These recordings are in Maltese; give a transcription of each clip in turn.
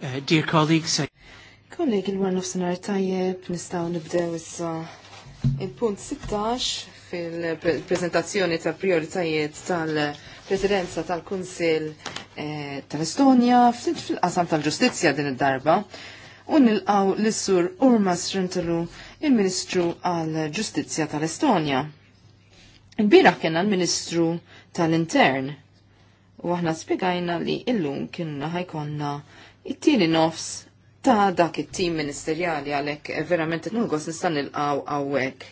Uh, dear colleagues, I... Kollegi l-għan nofsenar tajjeb, nistaw nibdew issa il-punt 16 fil-prezentazzjoni ta' prioritajiet tal-presidenza tal-Kunsil eh, tal-Estonja fil-qasam tal-ġustizja din id-darba u nilqaw l-sur Urmas Rentelu, il-Ministru għal-Ġustizja tal-Estonja. Il-bira kena l-Ministru tal-Intern u aħna spiegajna li illum kienna ħajkonna It-tieni nofs ta' dak it-tim ministerjali għalhekk eh, verament nistan il nilqgħu hawnhekk.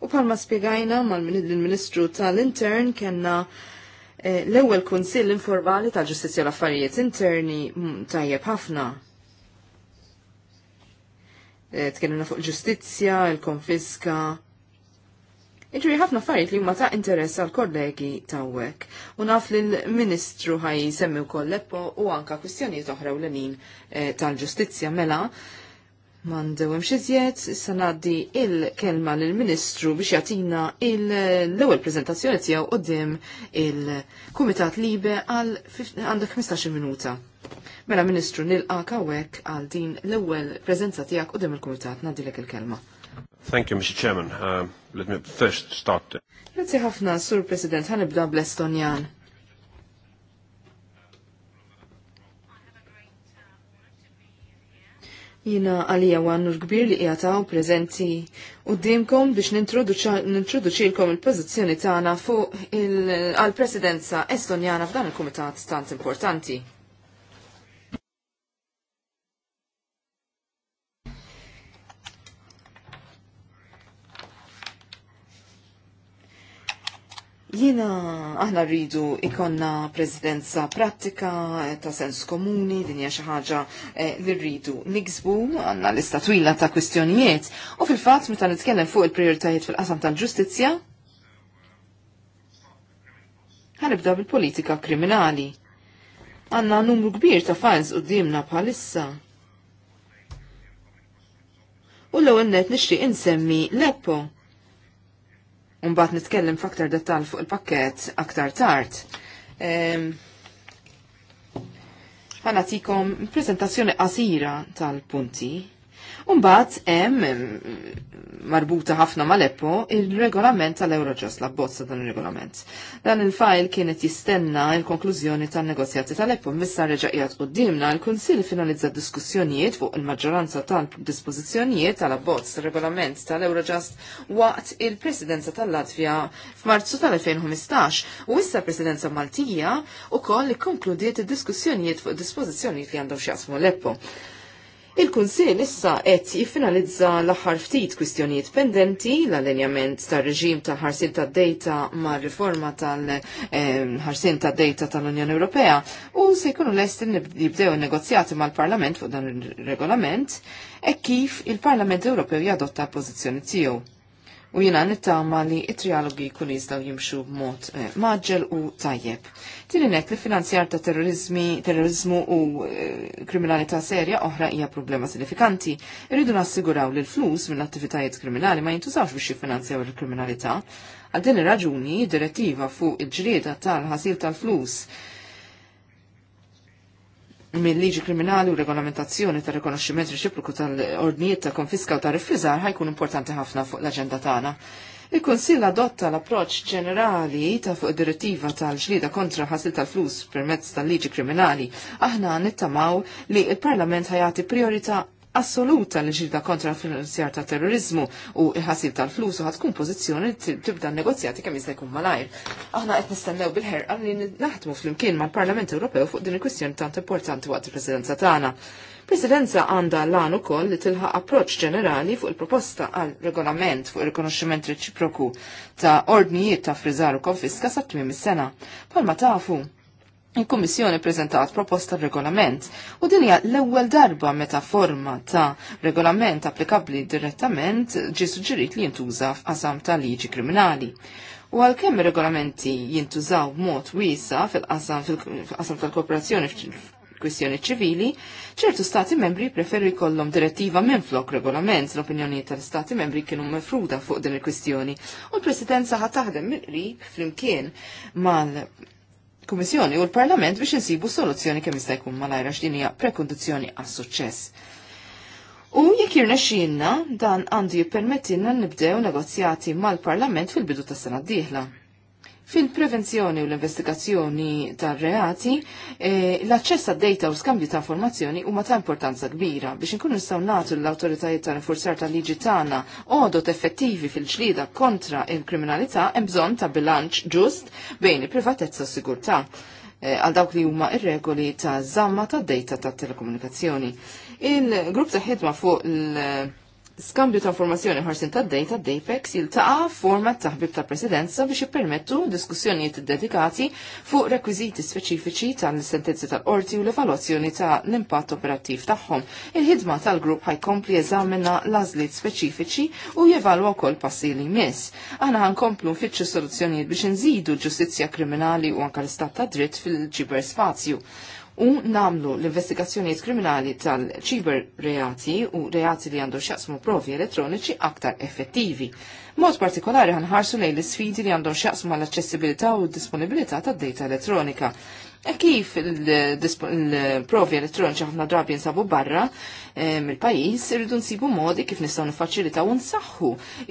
U palma spiegajna mal-Ministru tal-Intern kena eh, l-ewwel kunsill informali tal-Ġustizzja l-Affarijiet Interni mm, tajjeb ħafna. Eh, Tkellimna fuq ġustizzja, il-konfiska, Iġri ħafna affarijiet li huma ta' interess għal kollegi tawwek. U naf li l-Ministru ħaj semmi wkoll Leppo u anka kwistjonijiet oħra u l-għanin eh, tal-ġustizzja mela. Mandew hemm xiżjed, issa ngħaddi il-kelma lill-Ministru biex jagħtina l-ewwel preżentazzjoni tiegħu qudiem il-Kumitat Libe għal għandek 15 minuta. Mela Ministru nilqa' hawnhekk għal din l-ewwel preżenza tiegħek qudiem il-Kumitat ngħaddilek il-kelma. il kumitat il il kumitat ngħaddilek il kelma Thank you, Mr. Chairman. Uh, let me first start. see uh, ħafna, Sur President, ħanibda bl-Estonjan. Jina għalija għannur kbir li jgħataw prezenti u dimkom biex nintroduċilkom il-pozizjoni tagħna fuq il-presidenza estonjana f'dan il-komitat tant importanti. Jina, aħna rridu ikonna prezidenza pratika eh, ta' sens komuni, din hija xi ħaġa eh, li rridu niksbu, għandna lista twila ta' kwistjonijiet, u fil-fatt meta nitkellem fuq il-prijoritajiet fil-qasam tal-ġustizzja, ħanibda bil-politika kriminali. Għandna numru kbir ta' files qudiemna bħalissa. U l-ewwel nett nixtieq insemmi l-Eppo Unbat nitkellem f'aktar dettal fuq il-pakket aktar tard. Ehm, Għanatikom prezentazzjoni qasira tal-punti Umbat hemm marbuta ħafna mal-Eppo il-regolament tal-Eurojust la bozza dan il-regolament. Dan il-fajl kienet jistenna il-konklużjoni tan-negozjati tal-Eppo missa reġaqjat qudiemna l-Kunsill finalizza diskussjonijiet fuq il-maġġoranza tal-dispożizzjonijiet tal-abbozz regolament tal-Eurojust waqt il-Presidenza tal-Latvja f'Marzu tal-2015 u issa presidenza Maltija u koll ikkonkludiet id-diskussjonijiet fuq dispożizzjonijiet li għandhom xjaqsmu l-Eppo. Il-Kunsil issa qed jiffinalizza l-aħħar ftit kwistjonijiet pendenti l-allenjament tar-reġim ta' ħarsin ta' data ma' riforma tal-ħarsin ehm, ta' data tal-Unjoni Ewropea u se jkunu lest jibdew negozjati mal-Parlament fuq dan ir regolament e kif il-Parlament Ewropew jadotta l-pożizzjoni tiegħu u jina nittama li it-trialogi kun jizdaw jimxu b'mod eh, maġġel u tajjeb. Tilinet li finanzjar ta' terrorizmi, terrorizmu u eh, kriminalità serja oħra hija problema sinifikanti. Irridu nassiguraw li l-flus minn attivitajiet kriminali ma jintużawx biex jiffinanzjaw il-kriminalità. Għal din ir-raġuni, direttiva fuq il-ġrieda tal-ħasil tal-flus mill-liġi kriminali u regolamentazzjoni ta' rikonoxximent reċiproku tal-ordnijiet ta' konfiska u ta' rifriżar ħajkun importanti ħafna fuq l-aġenda tagħna. Il-Konsill adotta l-approċ ġenerali ta' fuq direttiva tal-ġlida kontra ħasil tal-flus permezz tal-liġi kriminali. Aħna nittamaw li il-Parlament ħajati priorità assoluta li ġilda kontra l-finanzjar ta' terrorizmu u iħasib ħasil tal-flus u ħatkun pozizjoni tibda negozjati kemm jista' jkun malajr. Aħna qed nistennew bil-ħerqa li naħdmu flimkien mal-Parlament Ewropew fuq din il-kwistjoni tant importanti waqt il-Presidenza tagħna. Presidenza għandha lan ukoll li tilħaq approċċ ġenerali fuq il-proposta għal regolament fuq ir-rikonoxximent reċiproku ta' ordnijiet ta' friżar u konfiska sa' tmiem is-sena. Palma tafu, Il-Kummissjoni prezentat proposta regolament u dinja l-ewwel darba meta forma ta' regolament applikabbli direttament ġi suġġerit li jintuża f'qasam ta' liġi kriminali. U għalkemm ir-regolamenti jintużaw b'mod wiesa fil-qasam fil-qasam tal-kooperazzjoni kwistjoni ċivili, ċertu stati membri preferu jkollhom direttiva minn flok regolament l-opinjoni tal-stati membri kienu mefruda fuq din il-kwistjoni u l-presidenza ħat taħdem mill-qrib flimkien mal kummissjoni u l-Parlament biex insibu soluzzjoni kemm jista' jkun malajra x'din hija prekondizzjoni għas-suċċess. U jekk jirnexxinna dan għandu jippermettilna nibdew negozjati mal-Parlament fil-bidu tas-sena d-dieħla. Fil-prevenzjoni u l-investigazzjoni tar-reati, eh, l-aċċess għad-data u skambju ta' informazzjoni huma ta' importanza kbira biex inkunu nistgħu nagħtu l-awtoritajiet tal-infurzar tal-liġi tagħna għodot effettivi fil ġlieda kontra il-kriminalità hemm bżonn ta' bilanċ ġust bejn il-privatezza u sigurtà eh, għal dawk li huma ir-regoli ta' żamma ta' data ta' telekomunikazzjoni. Il-grupp ta' ħidma fuq il- skambju ta' formazzjoni ħarsin ta' dej ta' Dapex jiltaqa forma taħbib ta' presidenza biex jippermettu diskussjonijiet dedikati fuq rekwiżiti speċifiċi tal-sentenzi tal-qorti u l-evaluazzjoni ta' l-impatt operattiv tagħhom. Il-ħidma tal-grupp ħajkompli eżamina lażliet speċifiċi u jevalwa wkoll passi li jmiss. Aħna ħankomplu nfittxu soluzzjonijiet biex nżidu l-ġustizzja kriminali u anke l-istat ta' dritt fil-ċiberspazju u namlu l-investigazzjonijiet kriminali tal-ċiber reati u reati li għandu xaqsmu provi elettroniċi aktar effettivi. Mod partikolari għanħarsu lejn l-sfidi li għandhom xaqsmu għall aċċessibilità u disponibilità tad-data elettronika. E kif il-provi elettroniċi ħafna drabi jinsabu barra mill-pajis, irridu nsibu modi kif nistgħu nifacilita u nsaħħu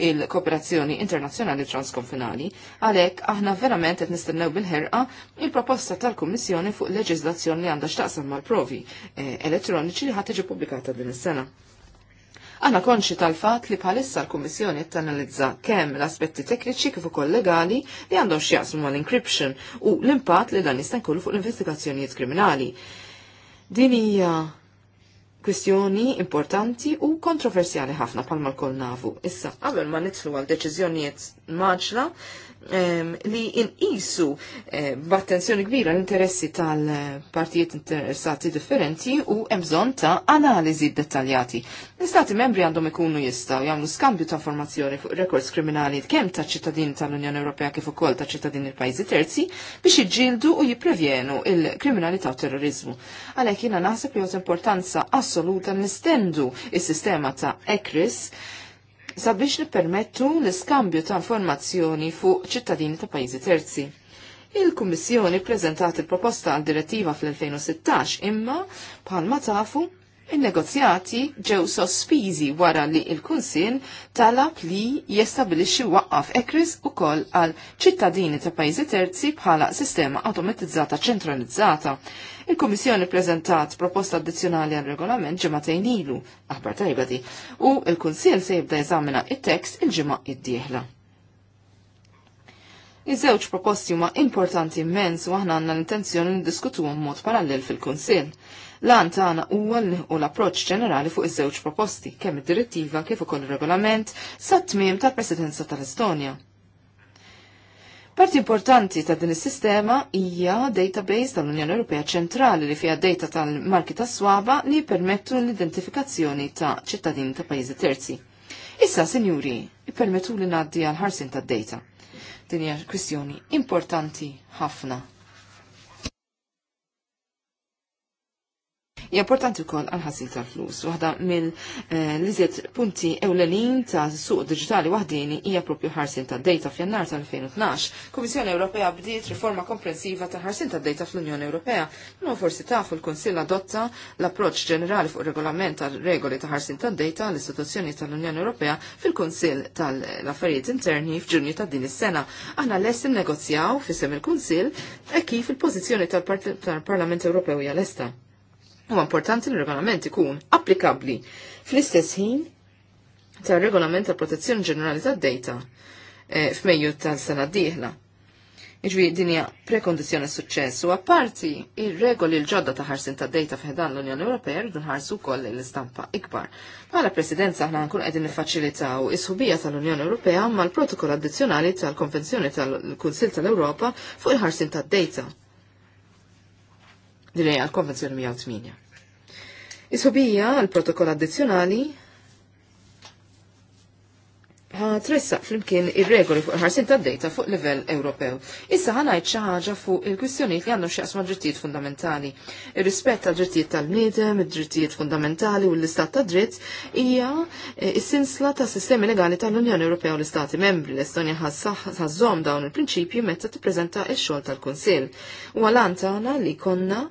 il-kooperazzjoni internazzjonali transkonfinali. Għalhekk aħna verament qed nistennew bil-ħerqa il-proposta tal-Kummissjoni fuq leġizlazzjoni li għandha x'taqsam mal-provi eh, elettroniċi li ħadd tiġi pubblikata din is-sena. Għana konxi tal-fat li bħalissa l-Kummissjoni tanalizza kemm l-aspetti tekniċi kif ukoll legali li għandhom x'jaqsmu mal-encryption u l-impatt li dan jista' jkollu fuq l-investigazzjonijiet kriminali. Din hija kwistjoni importanti u kontroversjali ħafna palma l-kol Issa, qabel ma nitlu għal deċiżjonijiet maġla, li inqisu b'attenzjoni kbira l-interessi tal-partijiet interessati differenti u emżon ta' analizi dettaljati. L-istati membri għandhom ikunu jistaw jagħmlu skambju ta' formazzjoni fuq rekords kriminali kemm ta' ċittadini tal-Unjoni Ewropea kif ukoll ta' ċittadini il-pajjiżi terzi biex jiġġieldu u jipprevjenu il-kriminalità u terrorizmu. Għalhekk jiena naħseb li importanza assoluta nistendu is-sistema ta' ECRIS sabiex nippermettu l-iskambju ta' informazzjoni fuq ċittadini ta' pajjiżi terzi. Il-Kummissjoni preżentat il-proposta għal direttiva fl-2016 imma bħalma tafu Il-negozjati ġew sospiżi wara li il-Kunsil talab li jestabilixxi waqqaf ekris ukoll għal ċittadini ta' pajjiżi terzi bħala sistema automatizzata ċentralizzata. Il-Kummissjoni ppreżentat proposta addizzjonali għal regolament ġimgħatejn ilu, aħbar tajbadi, u il-Kunsil se jibda jeżamina it-tekst il-ġimgħa id-dieħla. Iż-żewġ proposti huma importanti immens u aħna għandna l-intenzjoni niddiskutuhom mod parallel fil-Kunsil Lan tagħna huwa u l-approċċ ġenerali fuq iż-żewġ proposti, kemm id-direttiva kif ukoll ir-regolament sat-tmiem tal-Presidenza tal-Estonja. Parti importanti ta' din is-sistema hija database tal-Unjoni Ewropea ċentrali li fiha data tal-marki ta' swaba li permettu l-identifikazzjoni ta' ċittadini ta' pajjiżi terzi. Issa, sinjuri, permettu li ngħaddi għal ħarsin tad data. Din hija kwistjoni importanti ħafna Importanti wkoll għal ħasil tal-flus. Waħda mill eh, liżiet punti ewlenin ta' suq digitali waħdini hija propju ħarsin ta' data f'jannar tal-2012. Kummissjoni Ewropea bdiet riforma komprensiva ta' ħarsin ta' data fl-Unjoni Ewropea. No forsi ta' fil-Kunsill adotta l-approċċ ġenerali fuq regolament tal regoli ta' ħarsin ta' data l-istituzzjoni tal-Unjoni Ewropea fil-Kunsill tal-Affarijiet Interni f'Ġunju ta' din is-sena. Aħna lest negozjaw fisem il-Kunsill e kif il-pożizzjoni tal-Parlament Ewropew hija l-Esta. Huwa importanti li regolament ikun applikabli fl-istess ħin tar regolament tal protezzjoni ġenerali tad-data e, eh, f'Mejju tal-sena d-dieħla. Iġvi dinja prekondizjoni suċċess u apparti il regoli l-ġodda ta' ħarsin ta' data f'ħedan l-Unjoni Ewropea rridu nħarsu wkoll l-istampa ikbar. Bħala Presidenza aħna nkun qegħdin niffaċilitaw is-subija tal-Unjoni Ewropea mal-protokoll addizzjonali tal-Konvenzjoni tal-Kunsil tal-Ewropa fuq il-ħarsin ta' data Dinja għal-Konvenzjoni 108. Isobija għal protokoll addizjonali tressaq flimkien ir-regoli fuq ħarsin tad dejta fuq livell Ewropew. Issa ħanajt xi ħaġa fuq il-kwistjonijiet li għandhom x'jaqsma drittijiet fundamentali. Ir-rispett tal drittijiet tal-bniedem, id-drittijiet fundamentali u l-istat ta' dritt hija eh, s sinsla ta' sistemi legali tal-Unjoni Ewropea u l-Istati Membri. L-Estonja ħażżomm dawn il-prinċipji meta tippreżenta x-xogħol tal-Kunsill. U għal tagħna li konna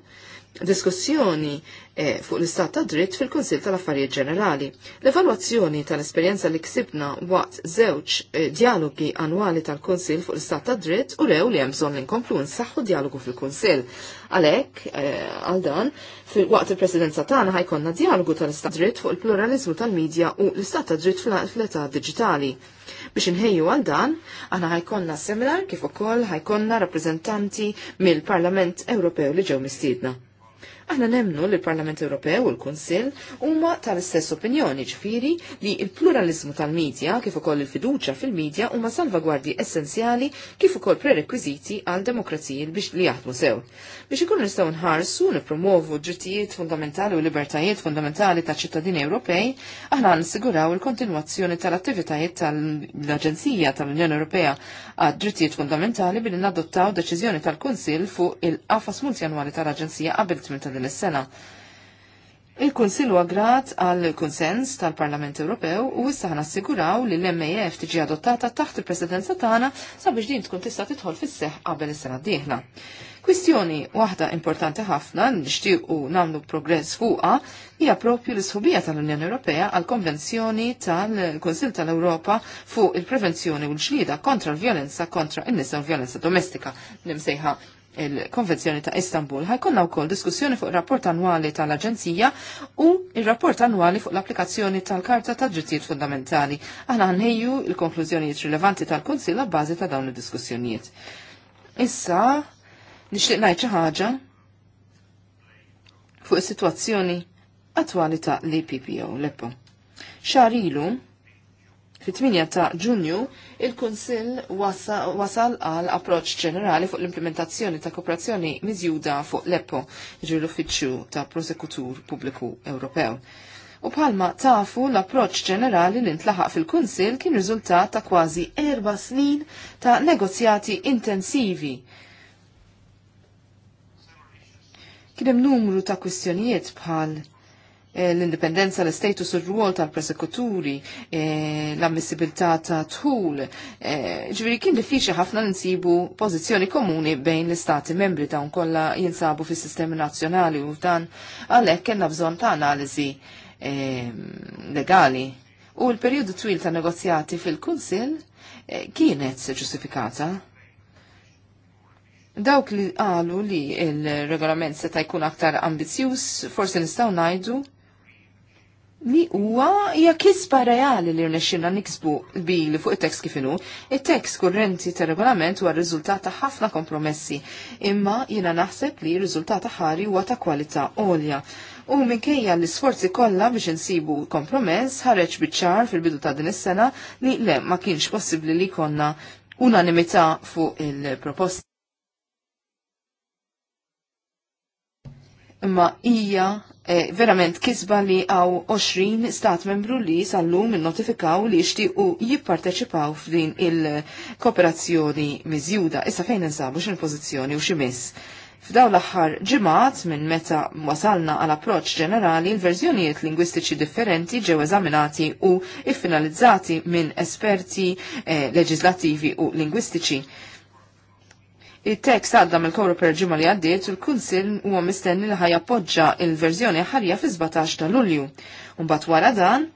diskussjoni E, fuq l-istat ta' dritt fil-Konsil tal-Affarijiet Ġenerali. L-evalwazzjoni tal-esperjenza li ksibna waqt żewġ e, dialogi annwali tal-Konsil fuq l-istat ta' dritt u rew li hemm bżonn nkomplu nsaħħu dialogu fil-Kunsill. Għalhekk e, għal dan, waqt il-presidenza tagħna ħajkonna dialogu tal-istat dritt fuq il-pluralizmu tal-medja u l-istat ta' dritt fl-età diġitali. Biex inħejju għal dan, aħna ħajkonna seminar kif ukoll ħajkonna rappresentanti mill-Parlament Ewropew li ġew mistiedna. Aħna nemnu li l-Parlament Ewropew u l-Kunsill huma tal-istess opinjoni ġifiri li il-pluralizmu tal-medja kif ukoll il-fiduċa fil-medja huma salvagwardji essenzjali kif ukoll prerekwiżiti għal demokrazija biex li jaħdmu sew. Biex ikunu nistgħu nħarsu nippromovu drittijiet fundamentali u libertajiet fundamentali ta' ċittadini Ewropej, aħna nsiguraw il-kontinwazzjoni tal-attivitajiet tal-Aġenzija tal-Unjoni Ewropea għad drittijiet fundamentali billi nadottaw deċiżjoni tal-Kunsill fuq il-qafas multjanwali tal-Aġenzija qabel 8 din is-sena. Il-Kunsill huwa grat għal konsens tal-Parlament Ewropew u issa ħana assiguraw li l-MAF tiġi adottata taħt il-presidenza tagħna sabiex din tkun tista' tidħol fis-seħħ qabel is-sena d-dieħla. Kwistjoni waħda importanti ħafna li nixtieq u nagħmlu progress fuqha hija propju l-isħubija tal-Unjoni Ewropea għal konvenzjoni tal-Kunsill tal-Ewropa fuq il-prevenzjoni u l-ġlida kontra l-vjolenza kontra in-nisa u l-vjolenza domestika li msejħa il-Konvenzjoni ta' Istanbul. Ħajkonna wkoll diskussjoni fuq rapport annwali tal-Aġenzija u il-rapport annwali fuq l-applikazzjoni tal-Karta ta' Drittijiet Fundamentali. Aħna ħanħeju il-konklużjonijiet rilevanti tal kunsilla bażi ta' dawn id-diskussjonijiet. Issa nixtieq ngħid xi ħaġa fuq is-sitwazzjoni attwali ta' l-EPPO l-EPPO. Xar ilu, fi 8 ta' ġunju, il-Kunsill wasal għal approċ ġenerali fuq l-implementazzjoni ta' kooperazzjoni miżjuda fuq l-EPPO, ġir l-Uffiċċju ta' Prosekutur Pubbliku Ewropew. U bħalma tafu l-approċ ġenerali li ntlaħaq fil-Kunsill kien riżultat ta' kważi erba snin ta' negozjati intensivi kien hemm numru ta' kwistjonijiet bħal Eh, l-indipendenza, l-status, il-ruol tal-persekuturi, eh, l-ammissibilità ta' tħul. Eh, ġviri kien diffiċi ħafna nsibu pozizjoni komuni bejn l-istati membri ta' kollha jinsabu fis sistemi nazzjonali u dan għalhekk kena bżonn ta' analiżi ehm, legali. U l-periodu twil ta' negozjati fil-Kunsil kienet ġustifikata. Dawk li qalu li il-regolament seta' jkun aktar ambizjuż, forsi nistgħu ngħidu li huwa hija kisba reali li rnexxinna niksbu bili fuq it-tekst kif inhu. It-tekst kurrenti tar-regolament huwa r-riżultat ta' ħafna kompromessi, imma jiena naħseb li r-riżultat ħari huwa ta' kwalità għolja. U minkejja l-isforzi kollha biex insibu kompromess ħareġ biċ-ċar fil-bidu ta' din is-sena li le ma kienx possibbli li konna unanimità fuq il-proposta. Imma hija E, verament kisba li għaw 20 stat membru li sallu min notifikaw li jishtiqu jipparteċipaw f'din il-kooperazzjoni miżjuda. Issa fejn nsabu xin pozizjoni u ximis. F'daw l-aħħar ġimgħat minn meta wasalna għal approċċ ġenerali l-verżjonijiet lingwistiċi differenti ġew eżaminati u iffinalizzati minn esperti eh, leġislattivi u lingwistiċi. Il-tekst għadda mill koreper ġimma li għaddiet u l-Kunsil huwa mistenni li ħajappoġġa il-verżjoni ħarja fi 17 ta' Lulju. Mbagħad wara dan,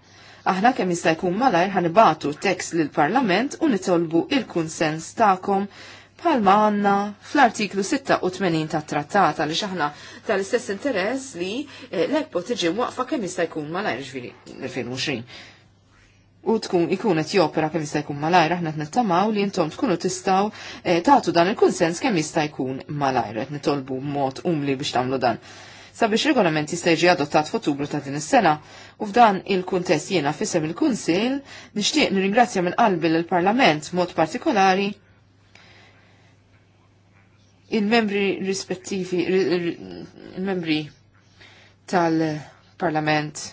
aħna kemm jista' jkun malajr ħanibatu tekst lil parlament u nitolbu il-kunsens tagħkom bħalma għanna fl-artiklu 86 ta' trattat għaliex aħna tal-istess interess li eh, l-ekpo tiġi waqfa kemm jista' jkun malajr ġviri 2020 u tkun ikun qed jopera kemm jista' jkun malajr aħna qed nittamaw li intom tkunu tistgħu eh, tagħtu dan il-kunsens kemm jista' jkun malajr qed nitolbu mod umli biex tagħmlu dan. Sabiex regolament jista' jiġi adottat f'Ottubru ta' din is-sena u f'dan il-kuntest jiena fisem il-Kunsill nixtieq nirringrazzja minn qalbi l parlament mod partikolari il-membri rispettivi il-membri tal-Parlament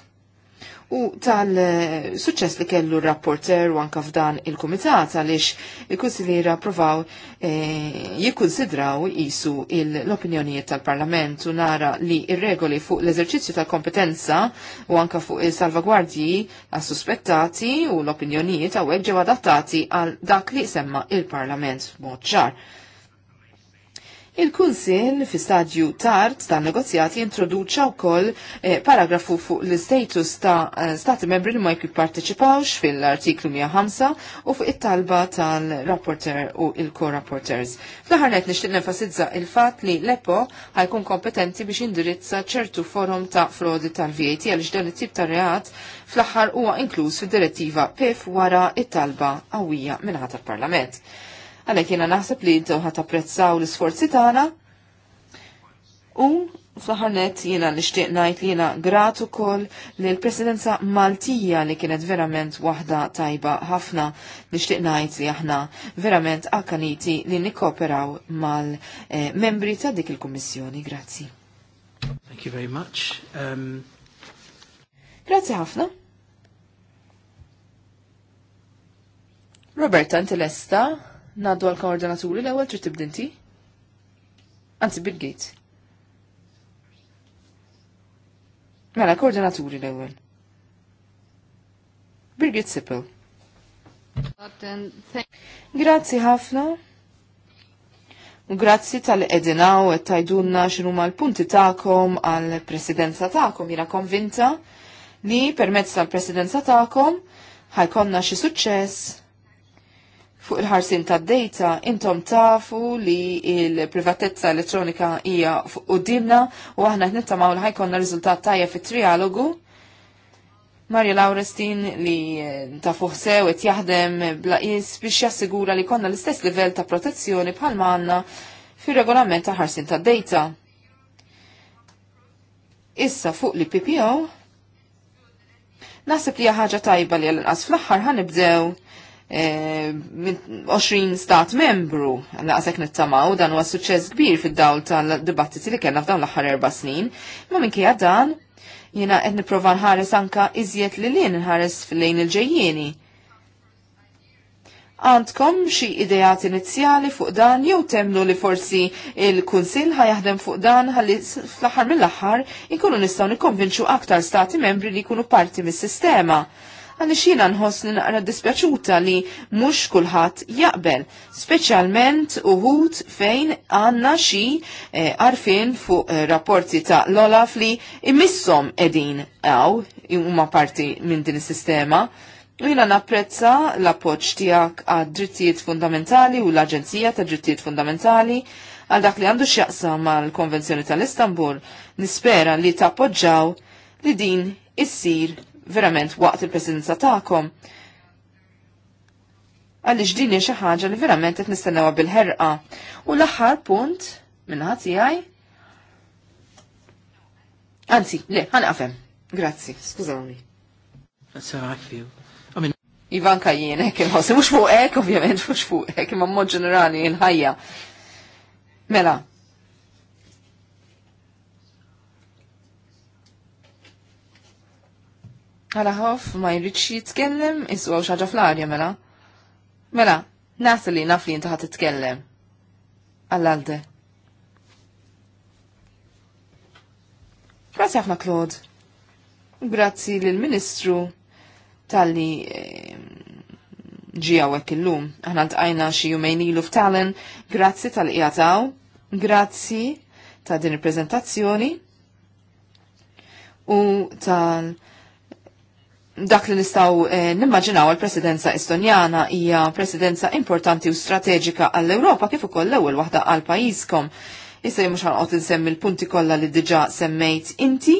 u tal-suċċess li kellu r-rapporter u anka f'dan il-Kumitat għaliex il-Kunsilira provaw eh, jikkunsidraw jisu l-opinjonijiet tal-Parlament u nara li ir-regoli fuq l-eżerċizzju tal-kompetenza u anka fuq il-salvagwardji għas-suspettati u l-opinjonijiet għawek ġew adattati għal dak li semma il-Parlament b'mod ċar. Il-Kunsil fi stadju tard ta' negozjati introduċa wkoll eh, paragrafu fuq l-status ta' eh, stati membri li ma jipparteċipawx fil-artiklu 105 u fuq it-talba tal-rapporter u il-co-rapporters. Fl-aħħar net nixtieq nenfasizza il-fatt li l-EPO ħajkun kompetenti biex indirizza ċertu forum ta' frodi tal-VAT għal dan it-tip ta' reat fl-aħħar huwa inkluż fil direttiva PIF wara it-talba qawwija minn tal il-Parlament. Għalhekk jiena naħseb li intom ħat apprezzaw l-isforzi tagħna. U fl-ħarnet jiena nixtieq ngħid li jiena grat ukoll lill presidenza Maltija li kienet verament waħda tajba ħafna nixtieq ngħid li aħna verament akkaniti li nikoperaw mal-membri eh, ta' dik il-Kummissjoni. Grazzi. Thank you very much. Um... Grazzi ħafna. Roberta, Antilesta. lesta? Naddu għal-koordinaturi l-ewel trid tibdinti? Anzi, Bill Gates. Mela, koordinaturi l-ewel. Birgit Sippel. Grazzi ħafna. U grazzi tal-edina u tajdunna xinuma l-punti ta'kom għal-presidenza ta'kom. Jina konvinta li permezz tal-presidenza ta'kom ħajkonna xi suċċess fuq il-ħarsin ta' data intom tafu li il-privatezza elettronika hija fuq qudiemna u aħna qed nittamaw li ħajkonna riżultat tajja fit-trialogu. Marja Laurestin li eh, ta' fuħsew qed jaħdem blaqis biex jassigura li konna l-istess livell ta' protezzjoni bħalma għandna fir-regolament ta' ħarsin ta' data. Issa fuq li PPO Nasib li ħaġa tajba li għal-inqas fl-axħar ħanibdew 20 eh, stat membru għasek nittamaw dan huwa suċċess kbir fid-dawl tal-dibattiti li kellna f'dawn l-aħħar erba' snin, ma minkejja dan jiena qed nipprova nħares anka iżjed li lien nħares fil-lejn il-ġejjieni. Għandkom xi ideat inizjali fuq dan jew temnu li forsi il-Kunsill ħajaħdem fuq dan ħalli fl-aħħar mill-aħħar ikunu nistgħu nikkonvinċu aktar stati membri li jkunu parti mis-sistema għalli xina nħossni naqra dispjaċuta li mux kullħat jaqbel, specialment uħut fejn għanna xi eh, għarfin e, fuq eh, rapporti ta' l-olaf li imissom edin għaw, huma parti minn din sistema U jina napprezza l-appoċ tijak għad drittijiet fundamentali u l-Aġenzija ta' drittijiet fundamentali għal dak li għandu xjaqsa mal-Konvenzjoni tal-Istanbul, nispera li tappoġġaw li din issir verament waqt il presenza ta'kom. Għalix din xi ħaġa li verament qed nistennewha bil-ħerqa. U l-aħħar punt ħadd tiegħi. Anzi, le, ħanqafem. Grazzi, skużawni. Ivanka jien Ivan kajjien, hekk il-ħossi, mhux fuq hekk, ovvjament, mhux fuq hekk, imma mod ġenerali jien ħajja Mela, Għala ħof ma jridx jitkellem, iswaw xaġa fl-arja mela. Mela, nas li naf li inti ħat titkellem. Għallalde. Grazzi ħafna Klod. Grazzi lill-Ministru tal-li eh, ġi għawek il-lum. Aħna l-tqajna xie jumejn ilu f'talen. Grazzi tal-qijataw. Grazzi ta' din il-prezentazzjoni. U tal- dak li nistaw eh, nimmaġinaw għal-presidenza estonjana hija presidenza importanti u strateġika għall-Ewropa kif ukoll l-ewwel waħda għal pajjiżkom. Issa mhux ħanqod insemmi l-punti kollha li diġà semmejt inti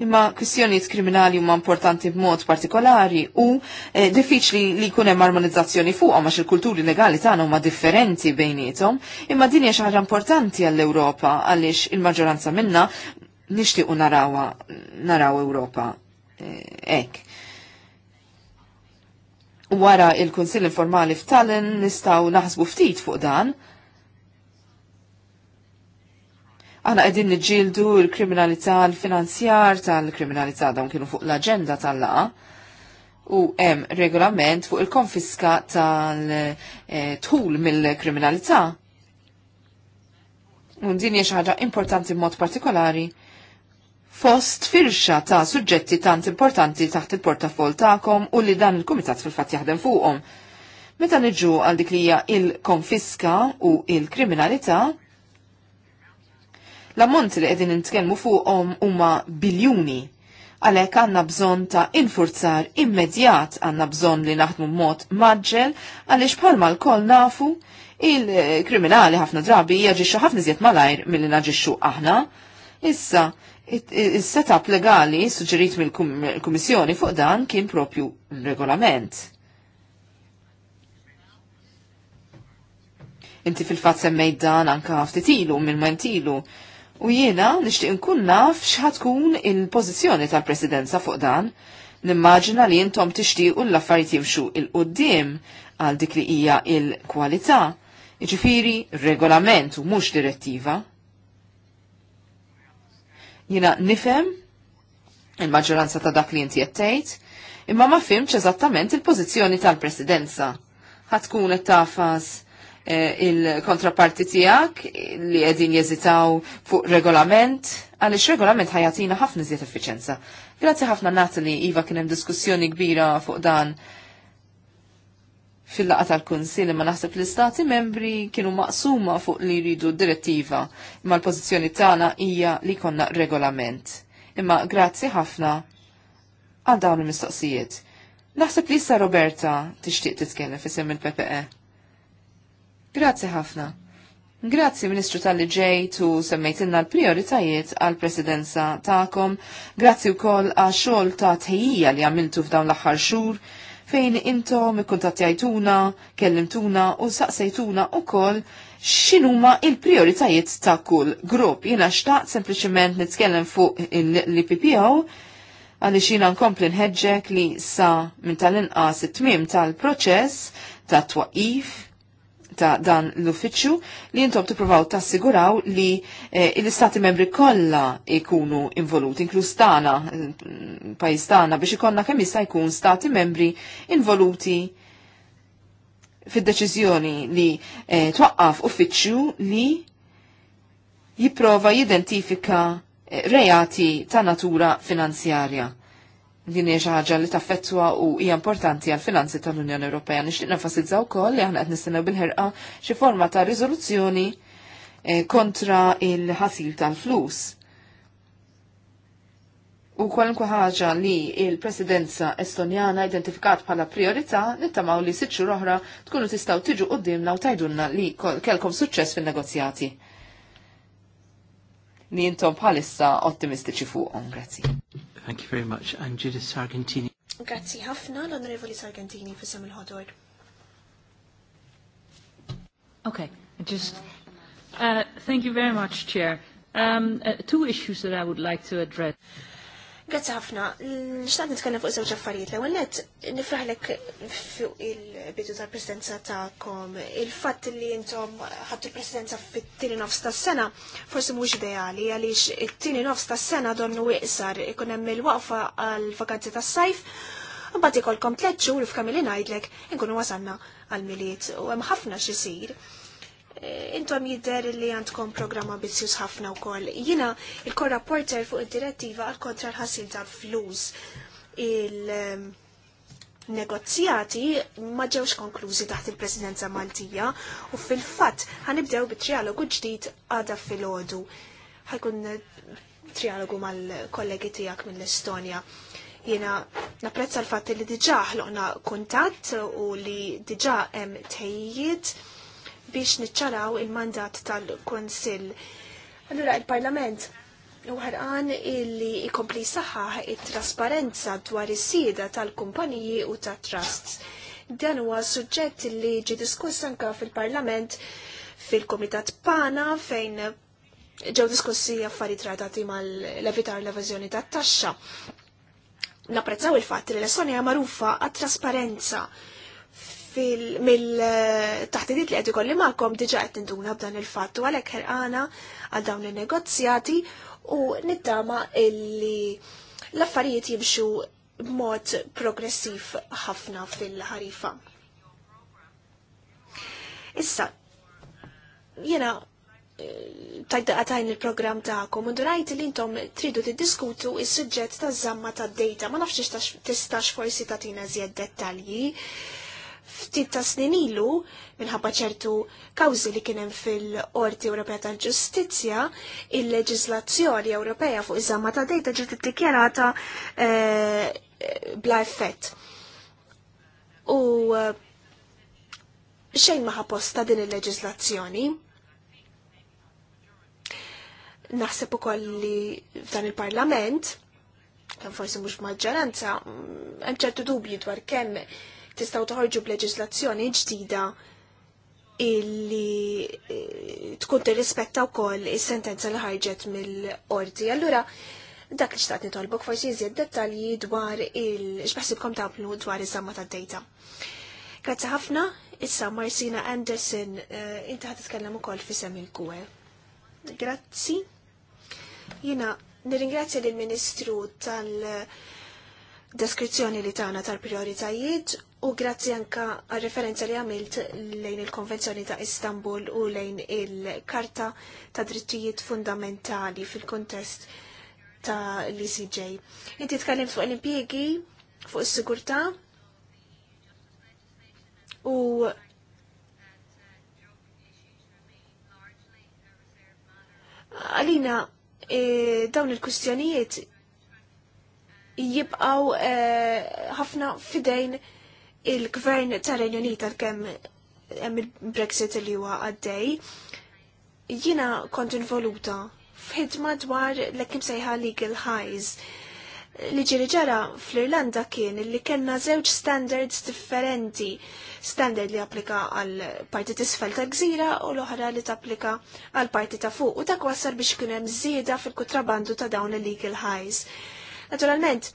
Imma kwistjonijiet kriminali huma importanti b'mod partikolari u eh, diffiċli li jkun hemm armonizzazzjoni fuqhom għax il-kulturi legali tagħna huma differenti bejniethom, imma din hija xi ħaġa importanti għall-Ewropa għaliex il-maġġoranza minnha nixtiequ narawha naraw Ewropa eh, hekk. Wara il-Kunsill Informali f'Tallinn nistgħu naħsbu ftit fuq dan Aħna qegħdin niġġieldu l-kriminalità l-finanzjar tal-kriminalità dawn kienu fuq l-aġenda tal-laqa u hemm regolament fuq il-konfiska tal-tul mill-kriminalità. Un din hija xi ħaġa importanti b'mod partikolari fost firxa ta' suġġetti tant importanti taħt il-portafol ta'kom u li dan il-Kumitat fil-fatt jaħdem fuqhom. Meta niġu għal dik li hija il-konfiska u il-kriminalità, L-ammonti li qegħdin nitkellmu fuqhom huma biljuni għalek għanna bżon ta' infurzar immedjat għanna bżon li naħdmu mod maġġel għalix bħalma l kol nafu il-kriminali ħafna drabi jaġixxu ħafna ziet malajr mill-li naġixxu aħna. Issa, il-setup legali suġġerit mill-Kummissjoni fuq dan kien propju regolament. Inti fil-fat semmejt dan anka ftitilu minn mentilu. ilu U jiena nixtieq nkun naf x'ħad tkun il-pożizzjoni tal-Presidenza fuq dan. Nimmaġina li intom tixtiequ l-affarijiet jimxu il-qudiem għal dik li hija il-kwalità, jiġifieri regolament u mhux direttiva. Jiena nifhem il-maġġoranza ta' dak li jinti qed tgħid, imma ma fimx eżattament il-pożizzjoni tal-Presidenza. Ħatkun qed tafas Eh, il-kontraparti tijak li għedin jeżitaw fuq regolament, għalix regolament ħajatina ħafna ziet effiċenza. Grazzi ħafna Natali, Iva kienem diskussjoni kbira fuq dan fil-laqa tal-Kunsil ma naħseb l-istati membri kienu maqsuma fuq li jridu direttiva, imma l-pozizjoni tagħna hija li konna regolament. Imma grazzi ħafna għal dawn il-mistoqsijiet. Naħseb li issa Roberta tixtieq titkellem fi il-PPE. Grazzi ħafna. Grazzi Ministru tal liġej tu u l-prioritajiet għal-presidenza ta'kom. Grazzi u koll għaxol ta' tħejija li għamiltu f'dawn l-axħar xur fejn intom ikkontattjajtuna, kellimtuna u saqsejtuna u koll xinuma il-prioritajiet ta' kull grupp. Jena xtaqt sempliciment nitkellem fuq l-IPPO għalli xina nkompli nħedġek li sa minn tal-inqas it-tmim tal-proċess ta' twaqif ta' dan l-uffiċċju li jintom tippruvaw tassiguraw li eh, l-istati membri kollha jkunu involuti, inklus tagħna eh, pajjiż tagħna biex ikonna kemm jista' jkun stati membri involuti fid-deċiżjoni li eh, twaqqaf uffiċċju li jipprova jidentifika eh, reati ta' natura finanzjarja. Din hija xi ħaġa li taffettwa u hija importanti għal finanzi tal-Unjoni Ewropea. Nixtieq nenfasizza wkoll li aħna qed nistennew bil-ħerqa xi forma ta' riżoluzzjoni eh, kontra il-ħasil tal-flus. U kwalunkwe ħaġa li il-presidenza estonjana identifikat bħala priorità nittamaw li sitxu xhur oħra tkunu tistgħu tiġu qudiemna u tajdunna li kelkom suċċess fin-negozjati li bħalissa ottimistiċi fuqhom. Grazzi. Thank you very much. And Judith Sargentini. Grazie ħafna l-Onorevoli Sargentini fissam il-ħodor. Okay, just uh, thank you very much, Chair. Um, uh, two issues that I would like to address. Grazzi ħafna, nixtaqt nitkellem fuq żewġ affarijiet. L-ewwel nett nifraħlek fuq il-bidu tal-presidenza tagħkom. Il-fatt li intom ħadtu l-presidenza fit-tieni nofs tas-sena forsi mhux ideali għaliex it-tieni nofs tas-sena donnu iqsar ikun hemm il-waqfa għall-vakanzi tas-sajf. Mbagħad ikolkom tliet xhur f'kamili ngħidlek inkunu wasanna għal miliet u hemm ħafna x'isir intom jidder li għandkom programma ambizzjuż ħafna wkoll. Jina il porter fuq id-direttiva għal kontra l-ħassil ta' flus il-negozjati ma ġewx konklużi taħt il-Presidenza Maltija u fil-fatt ħanibdew bit-trialogu ġdid għada fil-ħodu. Ħajkun trialogu mal-kollegi tijak mill-Estonja. Jena napprezza l fat li diġa ħloqna kuntat u li diġa hemm tejjiet biex niċċaraw il-mandat tal konsil Allura il-Parlament Uħarqan illi ikompli saħħaħ it-trasparenza dwar is-sida tal-kumpaniji u tat trusts. Dan huwa suġġett li ġi diskuss anka fil-Parlament fil-Komitat Pana fejn ġew diskussi affarijiet ratati mal-levitar l-evażjoni tat-taxxa. Napprezzaw il-fatt li l-Estonja magħrufa għat-trasparenza mill-taħtidiet li qed ikolli magħkom diġà qed tinduna b'dan il-fatt u għalhekk ħerqana għal dawn in-negozjati u nittama illi l-affarijiet jimxu b'mod progressiv ħafna fil-ħarifa. Issa, jena tajda għatajn il-program ta'kom, u durajt li intom tridu tiddiskutu il suġġett ta' zamma ta' data, ma nafx tistax forsi ta' tina zjed dettalji, ftit ta' snin ilu, minħabba ċertu kawzi li kienem fil-Qorti Ewropea tal-Ġustizzja, il-leġislazzjoni Ewropea fuq iż-żamma ta' dejta ġiet iddikjarata eh, bla effett. U eh, xejn ma ħaposta din il-leġislazzjoni. Naħseb ukoll li f'dan il-Parlament, kemm forsi mhux maġġoranza, mm, hemm ċertu dubji dwar kemm tistaw toħorġu b'leġislazzjoni ġdida illi eh, tkun tirrispetta wkoll is-sentenza li ħarġet mill-qorti. Allura dak li xtaqt nitolbok forsi jżid dettalji dwar il xbaħsibkom tagħmlu dwar iż-żamma tad-dejta. Grazzi ħafna, issa Marsina Anderson, eh, inti ħad titkellem ukoll fi semmi l Grazzi. Jiena nirringrazzja lill-Ministru tal- eh, deskrizzjoni li tagħna tal-prioritajiet U grazzi anka għal referenza li għamilt lejn il-Konvenzjoni ta' Istanbul u lejn il-Karta ta' Drittijiet Fundamentali fil-kontest ta' l icj Inti tkallim fuq l impiegi fuq is-sigurtà u għalina e, dawn il-kustjonijiet jibqaw e, ħafna fidejn il-gvern tal-Renju Unit għal-kem hemm il-Brexit li huwa għaddej, jiena kont involuta f'ħidma dwar l-ekim sejħa legal highs. Li ġiri ġara fl-Irlanda kien li kellna żewġ standards differenti. Standard li applika għal parti tisfel ta' gżira u l-oħra li tapplika għal parti ta' fuq u dak wassal biex kien hemm żieda fil-kutrabandu ta' dawn il-legal highs. Naturalment,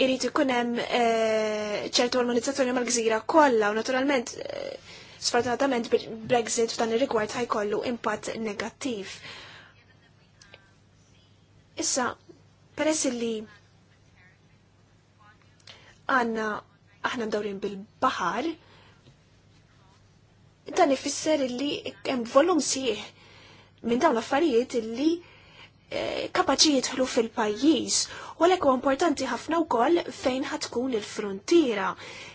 irrit ikun hemm eh, ċertu armonizzazzjoni mal-gżira kollha u naturalment eh, sfortunatament Brexit f'dan ir-rigward ħajkollu impatt negattiv. Issa, peress li għanna aħna mdawrin bil-bahar, dan ifisser li hemm volum sieħ minn dawn l-affarijiet li eh, kapaċi jidħlu fil-pajjiż U importanti ħafna koll fejn ħatkun il frontira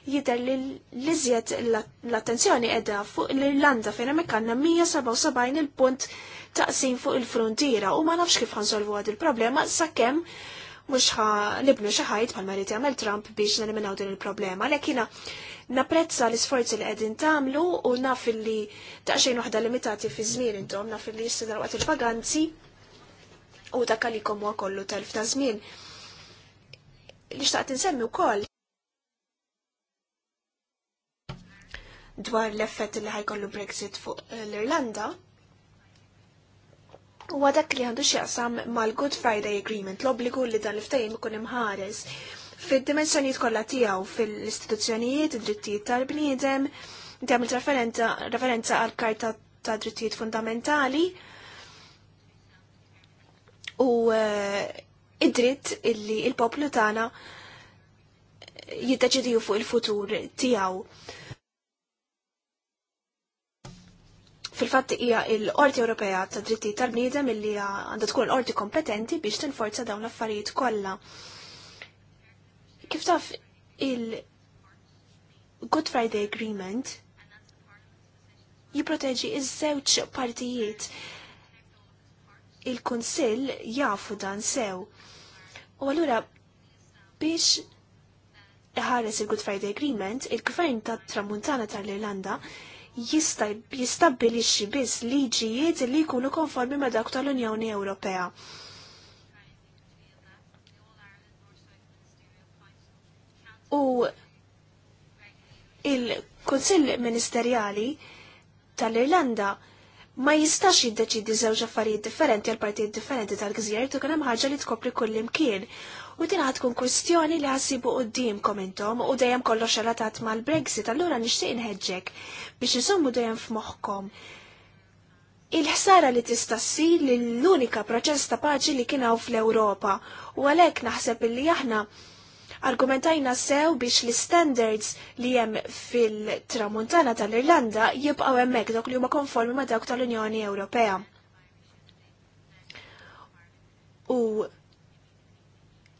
Jider li l-iżjed l-attenzjoni edha fuq l-Irlanda fejn hemm għandna 177 il-punt taqsim fuq il frontira u ma nafx kif ħansolvu għad il-problema sakemm mux ħa nibnu xaħajt pal mariti jagħmel Trump biex neliminaw din il-problema, lekina napprezza l-isforzi li qegħdin tagħmlu u naf li taqxajn waħda limitati fi żmien intom naf li jistidar waqt il-vaganzi u dak u huwa kollu telf ta' żmien li xtaqt insemmi wkoll dwar l-effett li ħajkollu Brexit fuq l-Irlanda huwa dak li għandu x'jaqsam mal-Good Friday Agreement, l-obbligu li dan l ftajim ikun imħares fid-dimensjonijiet kollha tiegħu fil-istituzzjonijiet, id-drittijiet tal-bniedem, jagħmel referenza għal karta ta' drittijiet fundamentali u eh, id-dritt illi il-poplu tagħna jiddeċidiju fuq il-futur tiegħu. Fil-fatt hija l-Qorti Ewropea ta' Dritti tal-Bniedem illi għandha tkun l-qorti kompetenti biex tinforza dawn l-affarijiet kollha. Kif taf il-Good Friday Agreement jipproteġi iż-żewġ partijiet il-Kunsill jafu dan sew. U allura biex ħares il-Good Friday Agreement, il-Gvern ta' Tramuntana tal-Irlanda jistabbilixxi biss liġijiet li jkunu konformi ma' dak tal-Unjoni Ewropea. U il kunsill Ministerjali tal-Irlanda ma jistax jiddeċidi żewġ affarijiet differenti għal partijiet differenti tal-gżir tu hemm ħaġa li tkopri kull imkien. U din ħad tkun kwistjoni li ħassibu qudiemkom intom u dejjem kollox relatat mal-Brexit, allura nixtieq inħeġġek biex isommu dejjem f'moħħkom il-ħsara li tista' ssir l-unika proċess ta' paċi li kien hawn fl-Ewropa u għalhekk naħseb illi aħna argumentajna sew biex li standards li jem fil-tramuntana tal-Irlanda jibqaw emmek dok li huma konformi ma' dawk tal-Unjoni Ewropea. U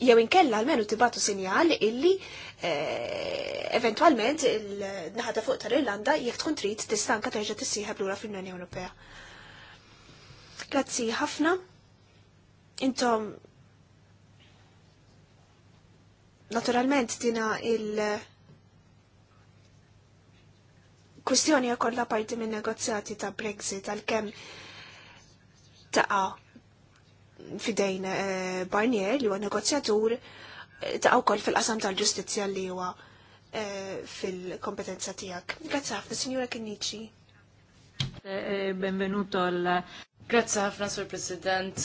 jew inkella almenu tibatu sinjal illi eh, eventualment il-naħata fuq tal-Irlanda jekk tkun trid tistanka terġa' tissieħab lura fl-Unjoni Ewropea. Grazzi ħafna. Intom Naturalment tina il- kwistjoni la parti minn negozjati ta' Brexit għalkemm taqa' fidejn eh, Barnier li huwa negozjatur taqa' wkoll fil-qasam tal-ġustizzja li huwa eh, fil-kompetenza tiegħek. Grazzi ħafna, Sinjura Kinnici. Eh, benvenuto al Grazzi ħafna, Sur President.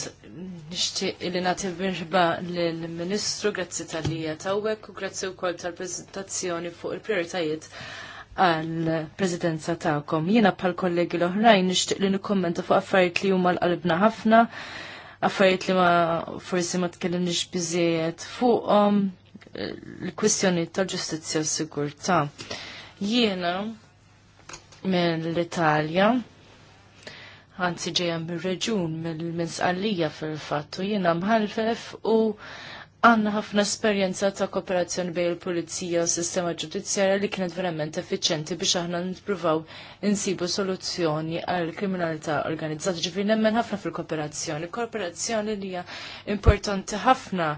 Nixtieq illi nagħti birba lill-Ministru, grazzi tal-lija tawwek u grazzi wkoll tal-preżentazzjoni fuq il-prioritajiet għal-prezidenza ta'kom. Jiena bħal kollegi l-oħrajn nixtieq li nikkommenta fuq affarijiet li huma l-qalbna ħafna, affarijiet li ma forsi ma tkellimniex biżejjed fuqhom l-kwistjoni tal-ġustizzja u s-sigurtà. Jiena mill-Italja, Anzi ġejja mir-reġun mill-minsqallija fil fattu jina jiena mħalfef u għanna ħafna esperjenza ta' kooperazzjoni bejn il-Pulizija u s-sistema ġudizzjarja li kienet verament effiċenti biex aħna nippruvaw insibu soluzzjoni għal kriminalità organizzata ġifieri nemmen ħafna fil-kooperazzjoni. Kooperazzjoni li hija importanti ħafna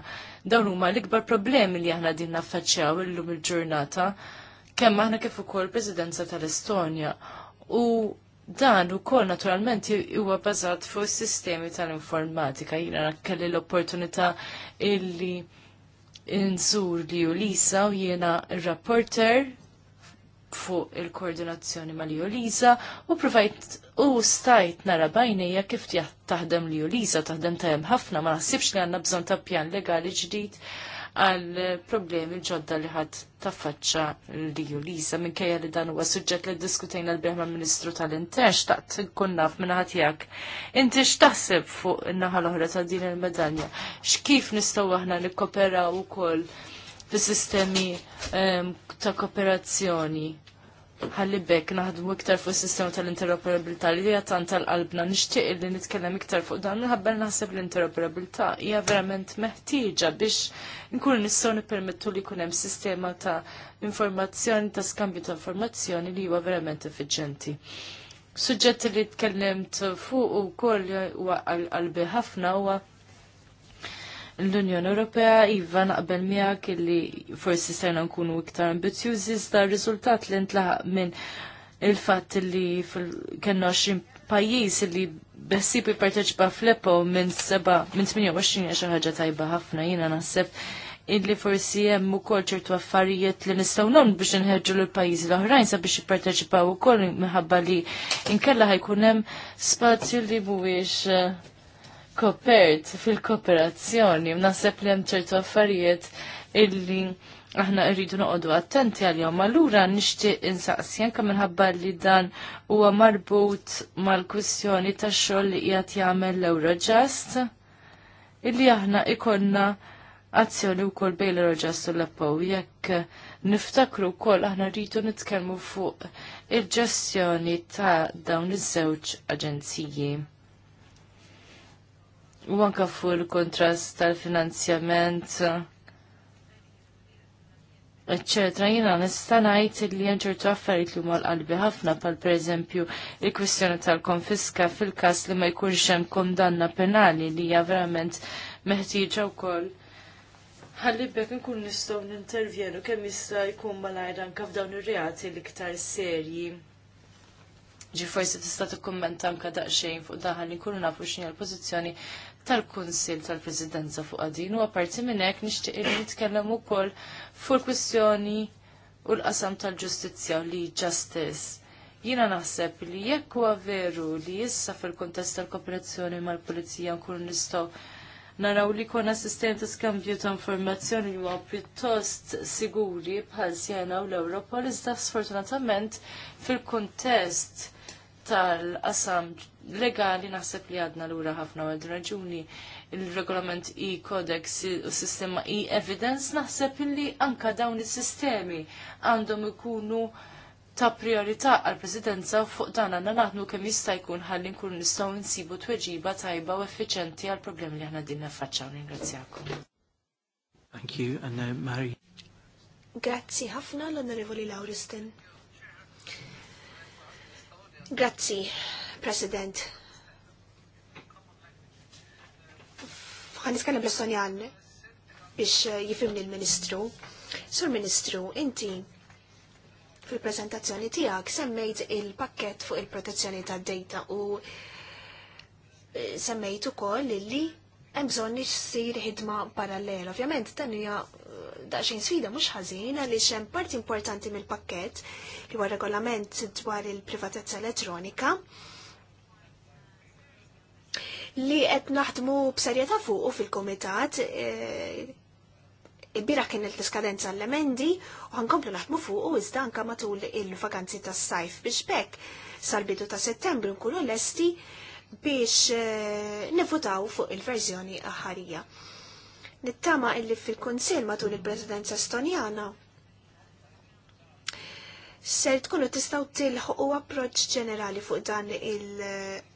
dawn huma l-ikbar problemi li aħna din naffaċċjaw illum il-ġurnata kemm aħna kif ukoll Presidenza tal-Estonja. U Dan u kol naturalment huwa bazat fuq sistemi tal-informatika. Jina kelli l-opportunità illi nżur li u Lisa u jiena rapporter fuq il-koordinazzjoni ma li u Lisa u provajt u stajt nara bajnija kif taħdem li u Lisa taħdem tajem ħafna ma naħsibx li għanna bżon ta' pjan legali ġdid għal problemi ġodda li ħadd taffaċċa li ju Lisa minkejja li dan huwa suġġett li diskutejna l-beħ ministru tal-Interx ta' nkun naf minn ħadd jekk. Inti x'taħseb fuq in-naħa l-oħra ta' din il-medalja? X'kif nistgħu aħna nikkoperaw ukoll fis-sistemi ehm, ta' kooperazzjoni ħalli bekk naħdmu iktar fuq is-sistema tal-interoperabilità li hija tant tal-qalbna nixtieq li nitkellem iktar fuq dan minħabba naħseb l-interoperabilità hija verament meħtieġa biex nkunu nistgħu nippermettu li jkun hemm sistema ta' informazzjoni ta' skambju ta' informazzjoni li huwa verament effiċjenti. Suġġett li tkellimt fuq ukoll huwa qalbi ħafna huwa l-Unjoni Ewropea iva naqbel miegħek illi forsi sejna nkunu iktar ambizjużi iżda r-riżultat li ntlaħaq minn il-fatt li kellna 20 pajjiż li bessib jipparteċipa fl-EPO minn seba' minn 28 xi ħaġa tajba ħafna jiena naħseb illi forsi hemm ukoll ċertu affarijiet li nistgħu nagħmlu biex inħeġġu l pajjiżi l-oħrajn sabiex jipparteċipaw ukoll minħabba li inkella ħajkun hemm spazju li mhuwiex eh, kopert fil-kooperazzjoni. Naħseb li hemm ċertu affarijiet illi aħna rridu noqogħdu attenti għal-jom. Allura nixtieq insaqsjen kemm minħabba li dan huwa marbut mal-kwistjoni tax-xogħol li qiegħed jagħmel l-Eurojust illi aħna ikonna azzjoni u kol bejl u l appow jekk niftakru kol aħna rridu nitkellmu fuq il-ġestjoni ta' dawn iż-żewġ aġenziji u anka fuq il-kontrast tal-finanzjament eccetera, jina nista' ngħid li hemm ċertu affarijiet li huma qalbi ħafna pal pereżempju il-kwistjoni tal-konfiska fil-każ li ma jkunx hemm kondanna penali li hija verament meħtieġa wkoll. Ħalli bekk nkun nistgħu nintervjenu kemm jista' jkun malajr anke f'dawn ir-reati l-iktar serji. Ġi forsi tista' tikkummenta anke daqsxejn fuq daħal li nkunu nafu x'inhi l-pożizzjoni tal-Kunsil tal-Presidenza fuq għadin u għaparti minnek nishtiq li nitkellem ukoll fuq kwistjoni u l-qasam tal-ġustizzja u li justice. Jina naħseb li jekk huwa veru li issa fil-kontest tal-kooperazzjoni mal-Pulizija nkunu nistgħu naraw li kon assistenti skambju ta' informazzjoni huwa pjuttost siguri bħal Siena u l-Ewropa li iżda sfortunatament fil-kontest tal-qasam legali naħseb li għadna lura ħafna għad raġuni il-regolament e-codex u sistema e-evidence naħseb li anka dawn is-sistemi għandhom ikunu ta' priorità għal presidenza u fuq dan għanna naħdmu kemm jista' jkun ħalli nkunu nistgħu nsibu tweġiba tajba u effiċenti għal problemi li aħna din naffaċċaw. Ringrazzjakom. Thank you and now uh, Mary. Grazzi ħafna l-Onorevoli Lauristin. Grazzi. President. Għan nitkellem bl-Estonjan biex eh, jifimni l-Ministru. Sur Ministru, inti fil-prezentazzjoni tiegħek semmejt il-pakket fuq il-protezzjoni tad-data u eh, semmejt ukoll li hemm bżonn sir ħidma parallel. Ovvjament dan hija eh, daqsxejn sfida mhux ħażin għaliex hemm parti importanti mill-pakkett li huwa regolament dwar il-privatezza elettronika li qed naħdmu b'serjetà fuq u fil-kumitat eh, Ibbira kien il-tiskadenza l-emendi u għankomplu naħdmu fuq u iżda anka matul il-vakanzi tas sajf biex bekk sal-bidu ta' settembru nkunu lesti biex eh, nivutaw fuq il-verżjoni aħarija. Nittama illi fil-Kunsil matul il-Presidenza Estonjana ser tkunu tistaw u approċ ġenerali fuq dan il-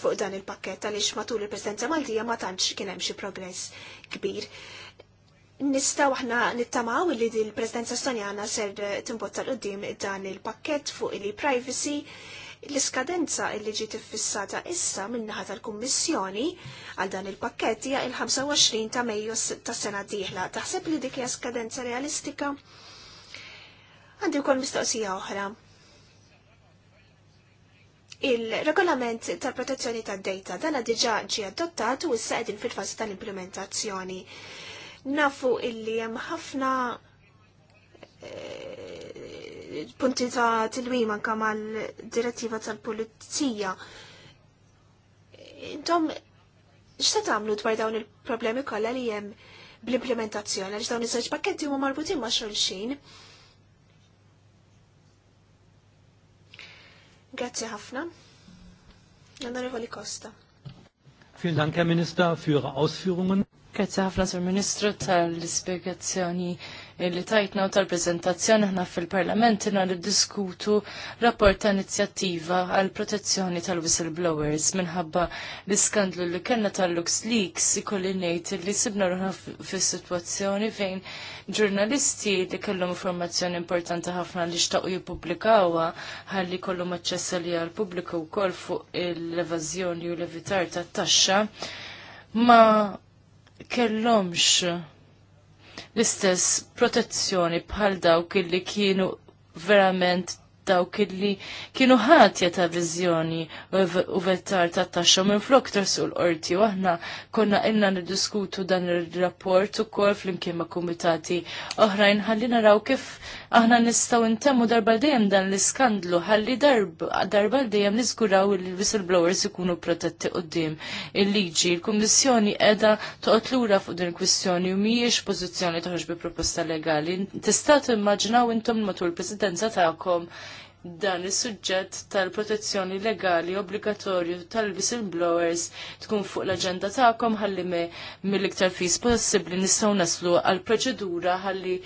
fuq dan il-pakket għaliex matul il-Presidenza Maltija ma tantx kien hemm xi progress kbir. Nistgħu aħna nittamaw li di l presidenza Estonjana ser timbotta l-qoddim dan il-pakket fuq il-privacy l-iskadenza li ġiet iffissata issa min-naħa tal-Kummissjoni għal dan il-pakket hija il-25 ta' Mejju tas-sena d-dieħla. Taħseb li dik hija skadenza realistika? Għandi wkoll mistoqsija oħra Il-regolament tal-protezzjoni tad-data dana diġa ġi adottat u issa qegħdin fil-fażi tal-implementazzjoni. Nafu illi hemm ħafna eh, punti ta' tilwim anka mal-direttiva tal-pulizija. Intom, x'ta tagħmlu dwar dawn il-problemi kollha li hemm bl-implementazzjoni għaliex dawn iż-żewġ pakketti huma marbutin ma' xulxin. Grazie ħafna. Onorevoli Costa. Vielen Dank, Herr Minister, für Ihre Ausführungen. Grazie Hafna, Sir Ministro, tal-ispiegazzjoni li tajtna u tal-prezentazzjoni ħna fil-Parlament inna li diskutu rapport ta' inizjattiva għal protezzjoni tal-whistleblowers minħabba l-iskandlu li kellna tal-Lux Leaks ikolli ngħid li sibna ruħna fis-sitwazzjoni fejn ġurnalisti li kellhom informazzjoni importanti ħafna li xtaqu jippubblikawha ħalli kollhom aċċess li għal-pubbliku wkoll fuq l-evażjoni u l-evitar tat-taxxa ma kellomx l-istess protezzjoni bħal dawk illi kienu verament dawk illi kienu ħatja ta' viżjoni u vettar ta' taxxa minn flok tersu l-qorti u aħna konna inna niddiskutu dan ir-rapport ukoll flimkien ma' kumitati oħrajn ħalli naraw kif aħna nistgħu ntemmu darba dejjem dan l-iskandlu ħalli darba dejjem niżguraw li l-whistleblowers ikunu protetti qudiem il-liġi. Il-Kummissjoni qiegħda toqgħod lura fuq din il-kwistjoni u mhijiex pożizzjoni toħroġ bi proposta legali. Tista' timmaġinaw intom matul il-presidenza tagħkom dan is-suġġett tal-protezzjoni legali obbligatorju tal-whistleblowers tkun fuq l-aġenda tagħkom ħalli me mill-iktar fis possibbli nistgħu naslu għal proċedura ħalli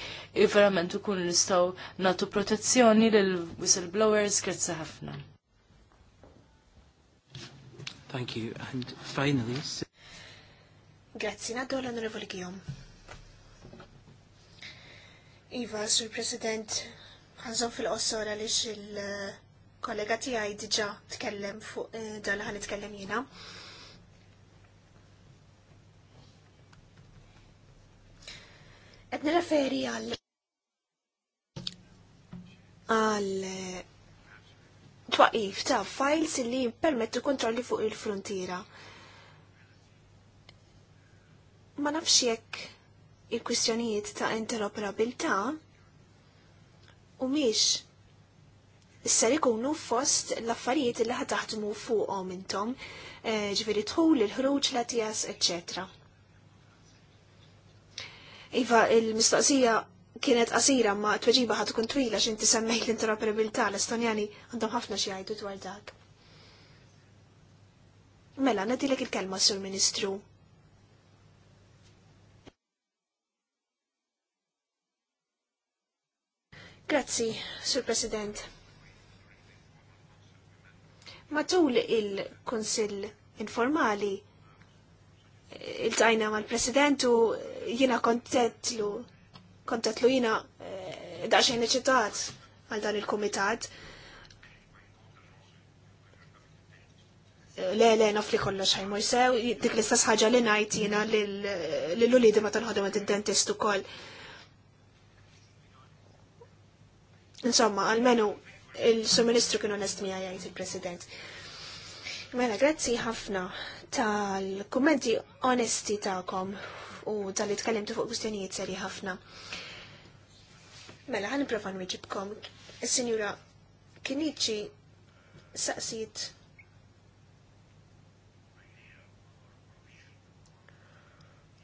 verament ukun nistgħu natu protezzjoni lil whistleblowers grazzi ħafna. Thank you and finally Grazzi nagħdu l-Onorevoli Iva, Sur President, għanżom fil-qossora li il-kollega tijaj diġa tkellem fuq eh, dan ħan itkellem jina. Għedni referi għal għal eh, twaqif ta' files li permettu kontrolli fuq il-frontiera. Ma nafx jekk il-kwistjonijiet ta' interoperabilità u miex issa ikunu fost l-affarijiet li ħataħdmu fuqhom intom, eh, ġifieri tħul il-ħruġ la tiegħek etc. Iva, il-mistoqsija kienet qasira ma tweġiba ħad tkun twila x'inti semmejt l-interoperabilità l-Estonjani għandhom ħafna xi jgħidu dwar dak. Mela, nadilek il-kelma sur Ministru Grazzi, Sur President. Matul il konsil informali il-tajna mal-President u jina kontetlu, kontetlu jina eh, daċħin eċitat għal dan il-Komitat. Eh, le, le, nofri kollox ħajmur sew, dik l-istess ħagġa li najt jina l-ulidi ma tanħodem għad id-dentist u koll Insomma, almenu il-Suministru kienu onest mi għajajt il-President. Mela, grazzi ħafna tal-kommenti onesti ta'kom u tal-li fuq kustjonijiet seri ħafna. Mela, ħan niprofa nwiġibkom. Il-Sinjura Kinici saqsit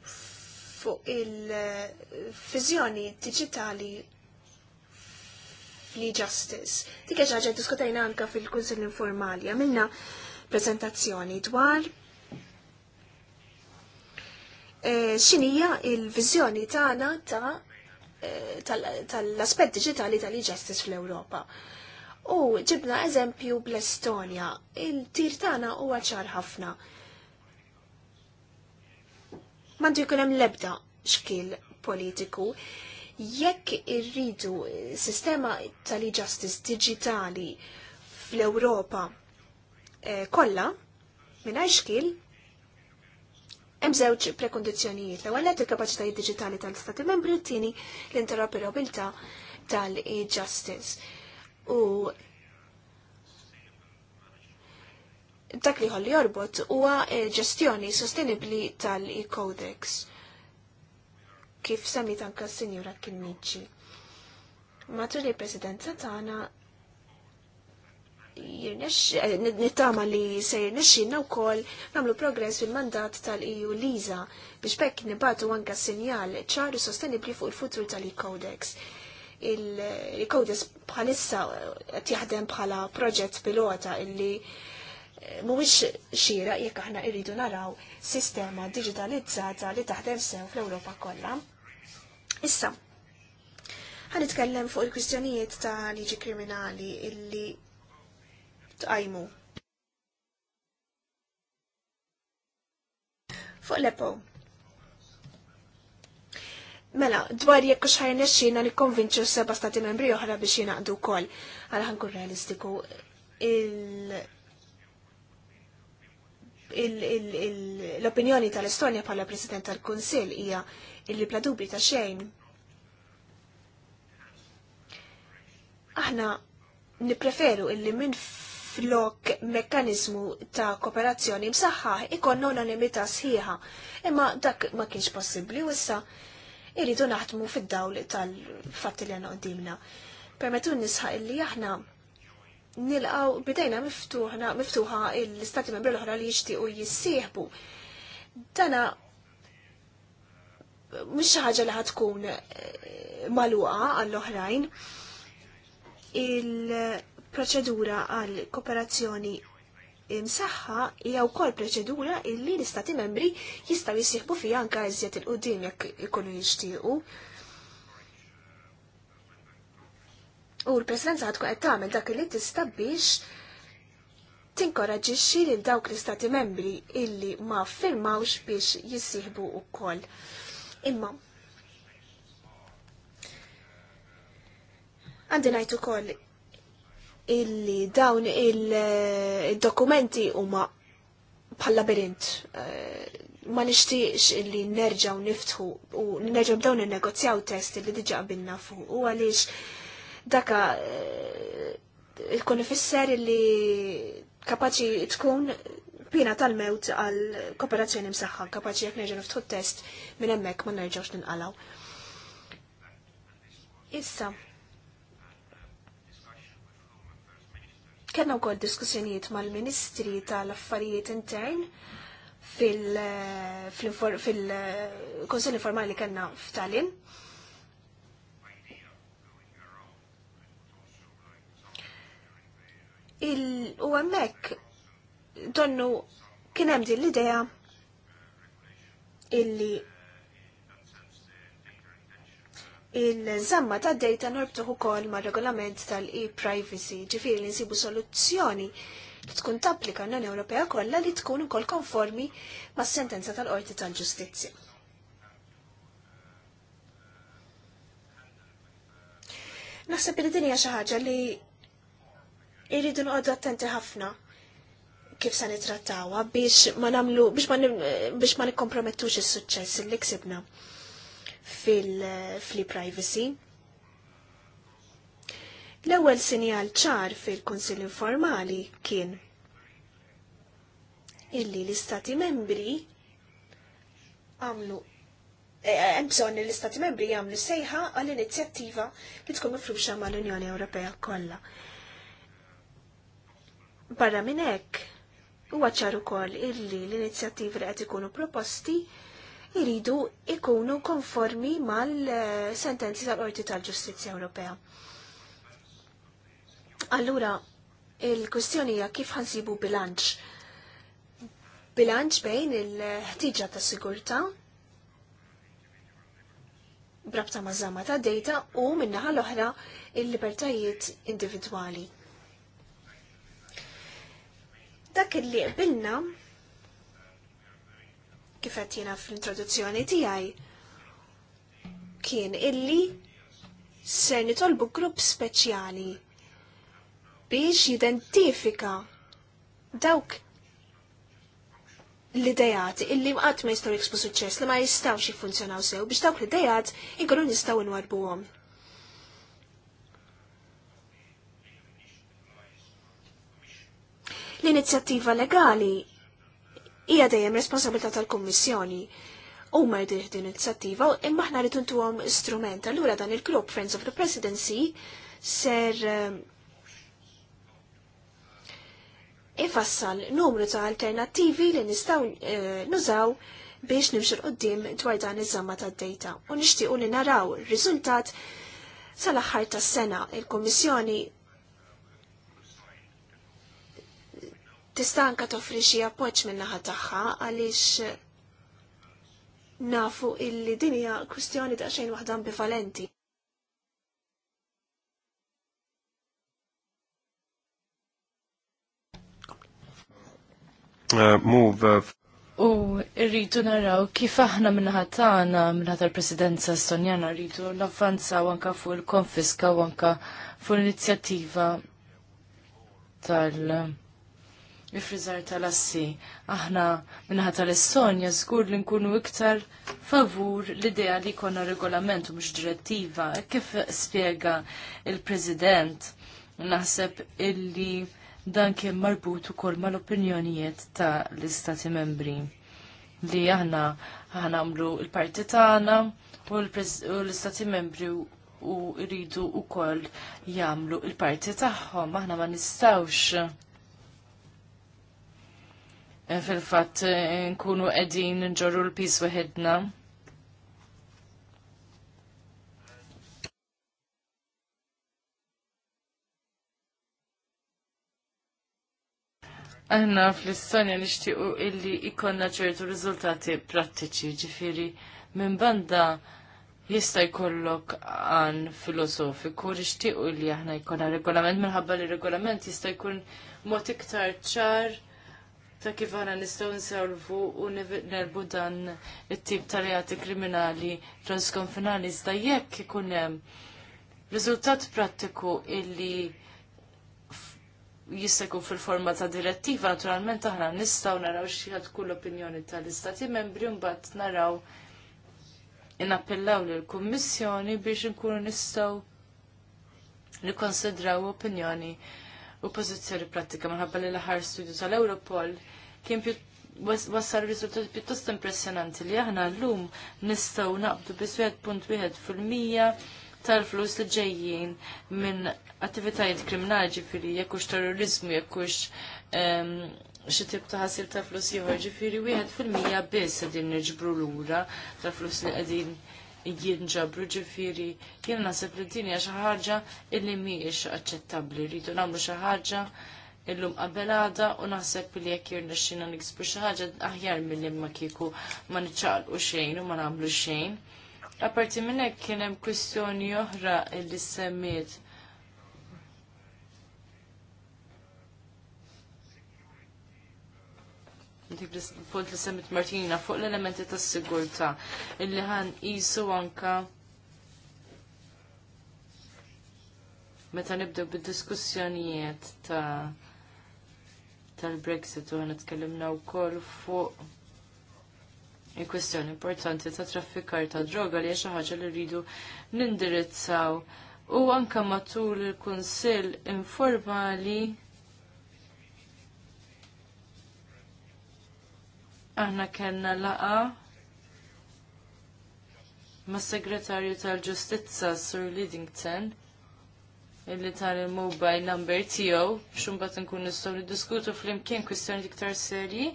fuq il-fizjoni eh, digitali fl-justice. Dik ħaġa diskutajna anka fil-Kunsill Informali. Għamilna prezentazzjoni dwar eh, xinija il-vizjoni tagħna ta' eh, tal-aspett digitali tal-e-justice fl-Ewropa. U ġibna eżempju bl-Estonja, il-tir tagħna huwa ċar ħafna. Mandu jkun hemm lebda xkil politiku. Jekk irridu sistema tal-e-justice digitali fl-Ewropa eh, kollha, minn xkil, hemm żewġ prekondizzjonijiet. L-ewwel qed il-kapaċitajiet digitali tal-Stati Membri, t-tieni l-interoperabilità tal-e-justice. U dak li ħolli jorbot huwa eh, ġestjoni sostenibbli tal-e-codex kif samit anka s-Sinjura Kinniċi. Matul il-Presidenza tagħna eh, nittama li se jirnexxinna wkoll nagħmlu progress fil-mandat tal-EU Liza biex bekk nibatu anka sinjal ċaru sostenibli fuq il-futur tal-e-codex. Il-codex bħalissa eh, qed jaħdem bħala proġett pilota illi eh, mhuwiex xira jekk aħna rridu naraw sistema digitalizzata li taħdem sew fl-Ewropa kollha. Issa, ħanitkellem fuq il-kwistjonijiet ta' liġi kriminali illi tqajmu. Fuq l-EPO. Mela, dwar jekk xħajn xina li konvinċu seba stati membri oħra biex jinaqdu kol. Għala ħankun realistiku. Il l-opinjoni tal-Estonja bħala President tal konsil hija illi bla dubi ta' xejn. Aħna nipreferu illi minn flok mekkanizmu ta' kooperazzjoni msaħħa ikonna unanimità sħiħa, imma dak ma kienx possibbli u issa irridu naħdmu fid-dawl tal-fatti li għanna qoddimna. Permetu nisħaq illi aħna nilqaw bidejna miftuħna miftuħa l istati membri l-oħra li jixtiequ jissieħbu. Dana mhux xi ħaġa li ħatkun eh, maluqa għall-oħrajn. Il-proċedura għall kooperazzjoni imsaħħa hija wkoll proċedura illi l-istati membri jistgħu jisieħbu fiha anke iżjed il-qudiem jekk ikunu jixtiequ. U l-Presidenza ħadkun qed tagħmel dak li tista' biex tinkoraġixxi lil dawk l-istati membri illi ma ffirmawx biex jissieħbu wkoll Imma. Għandi ngħid ukoll illi dawn il-dokumenti eh, huma bħal labirint eh, ma nishtiqx illi nerġaw niftħu u nerġaw dawn il-negozjaw test li diġa għabinna fu u għaliex daka eh, il konifisser illi kapaċi tkun pina tal-mewt għal kooperazzjoni msaħħa, kapaċi jek nerġa' niftħu test minn hemmhekk ma nerġgħux ninqalaw. Issa, Kenna wkoll diskussjonijiet mal-Ministri tal-Affarijiet Intern fil-Konsil Informali kellna f'Tallinn. U għemmek donnu kien hemm din l-idea illi il-żamma ta' data norbtuħ ukoll ma' regolament tal-e-privacy, ġifieri li nsibu soluzzjoni li tkun tapplika l-Unjoni Ewropea kollha li tkun ukoll konformi mas sentenza tal-Qorti tal-Ġustizzja. Naħseb li din hija xi ħaġa li irridu noqogħdu attenti ħafna kif sa nitrattawa biex ma namlu biex ma biex ma nikkompromettux is-suċċess li ksibna fil-privacy. L-ewwel sinjal ċar fil-Kunsill Informali kien illi l-Istati Membri għamlu eh, eh, hemm bżonn li l-Istati Membri jagħmlu sejħa għall-inizjattiva li tkun mifruxa mal-Unjoni Ewropea kollha. Barra minn hekk, Huwa ċar ukoll illi l-inizjattivi li qed ikunu proposti jridu ikunu konformi mal-sentenzi tal-Qorti tal-Ġustizzja Ewropea. Allura, il-kwestjoni hija kif ħansibu bilanċ. Bilanċ bejn il-ħtiġa ta' sigurtà brabta mażama ta' data u minnaħa l-oħra il-libertajiet individwali. Dak li qbilna kif qed jiena fl-introduzzjoni tiegħi kien illi se nitolbu grupp speċjali biex jidentifika dawk l-idejat illi mqatt ma jistgħu jiksbu suċċess li ma xie jiffunzjonaw sew biex dawk l-idejat inkunu nistgħu għom. L-inizjattiva legali hija dejjem responsabilità tal-Kummissjoni. Huma jdiħ din inizjattiva imma aħna rridu ntuhom strument. Allura dan il-grupp Friends of the Presidency ser ehm, ifassal numru ta' alternattivi li nistgħu eh, nużaw biex nimxu l-qoddim dwar dan iż-żamma tad-dejta u nixtiequ li naraw riżultat sal-aħħar tas-sena il-Kummissjoni tista' anka toffri xi appoġġ min-naħa tagħha għaliex nafu illi din hija kwistjoni xejn waħda ambivalenti. Uh, move uh, U rridu naraw kif aħna min-naħa tagħna minnaħat tal-Presidenza Estonjana rridu navvanzaw anka fuq il-konfiska u anka fuq l-inizjattiva tal- Mifrizar tal-assi. Aħna minnaħa tal-Estonja żgur li nkunu iktar favur l-idea li jkollna regolament u mhux direttiva. Kif spjega il-President naħseb illi dan kien marbut kol mal-opinjonijiet ta' l-Istati membri li aħna għamlu l-parti tagħna u l-Istati membri u rridu kol jagħmlu l-parti tagħhom aħna ma nistawx Eh, fil-fatt eh, nkunu qegħdin nġorru l-pis wahedna. Aħna fl-istanja nixtiequ illi ikonna ċertu riżultati prattiċi ġifiri minn banda jista jkollok għan filosofiku rixtiqu illi aħna jkollna regolament minħabba li regolament jista jkun mod iktar ċar ta' kif aħna nistgħu nservu u nerbu dan it-tip ta' reati kriminali transkonfinali iżda jekk ikun hemm riżultat prattiku illi jisseku fil-forma ta' direttiva, naturalment aħna nistaw naraw xieħat kull opinjoni tal-istati membri mbagħad naraw inappellaw lill-Kummissjoni biex nkunu nistaw nikkonsidraw opinjoni u pożizzjoni pratika minħabba li l-aħħar studju tal-Europol kien wassal riżultati pjuttost impressjonanti li aħna llum nistgħu naqbdu bis fil-mija tal-flus li ġejjin minn attivitajiet kriminali ġifiri jekkux terrorizmu jekkux ehm, xi tip ta' ħasil ta' flus ieħor ġifiri wieħed fil-mija biss qegħdin niġbru lura tal-flus li qegħdin jinġabru ġifiri jien naħseb li din hija xi ħaġa illi mhijiex aċċettabbli rridu nagħmlu xi ħaġa illum qabelada u naħseb li jekk xina niksbu xi ħaġa aħjar milli ma kieku ma niċċaqlqu xejn u ma nagħmlu xejn. Apparti minn hekk kien hemm kwistjoni oħra li semmiet punt li semmit Martina fuq l-elementi tas sigurtà illi ħan qisu anka meta nibdew bid-diskussjonijiet ta' tal-Brexit u għana tkellimna u koll fuq il-kwestjoni importanti ta' traffikar ta' droga li xi ħaġa li rridu nindirizzaw. U anka matul il-Kunsill informali aħna kellna laqa mas segretarju tal ġustizza Sir Lidington illi tar il-mobile number tiegħu xum bat nkun nistgħu niddiskutu flimkien kwistjoni iktar serji.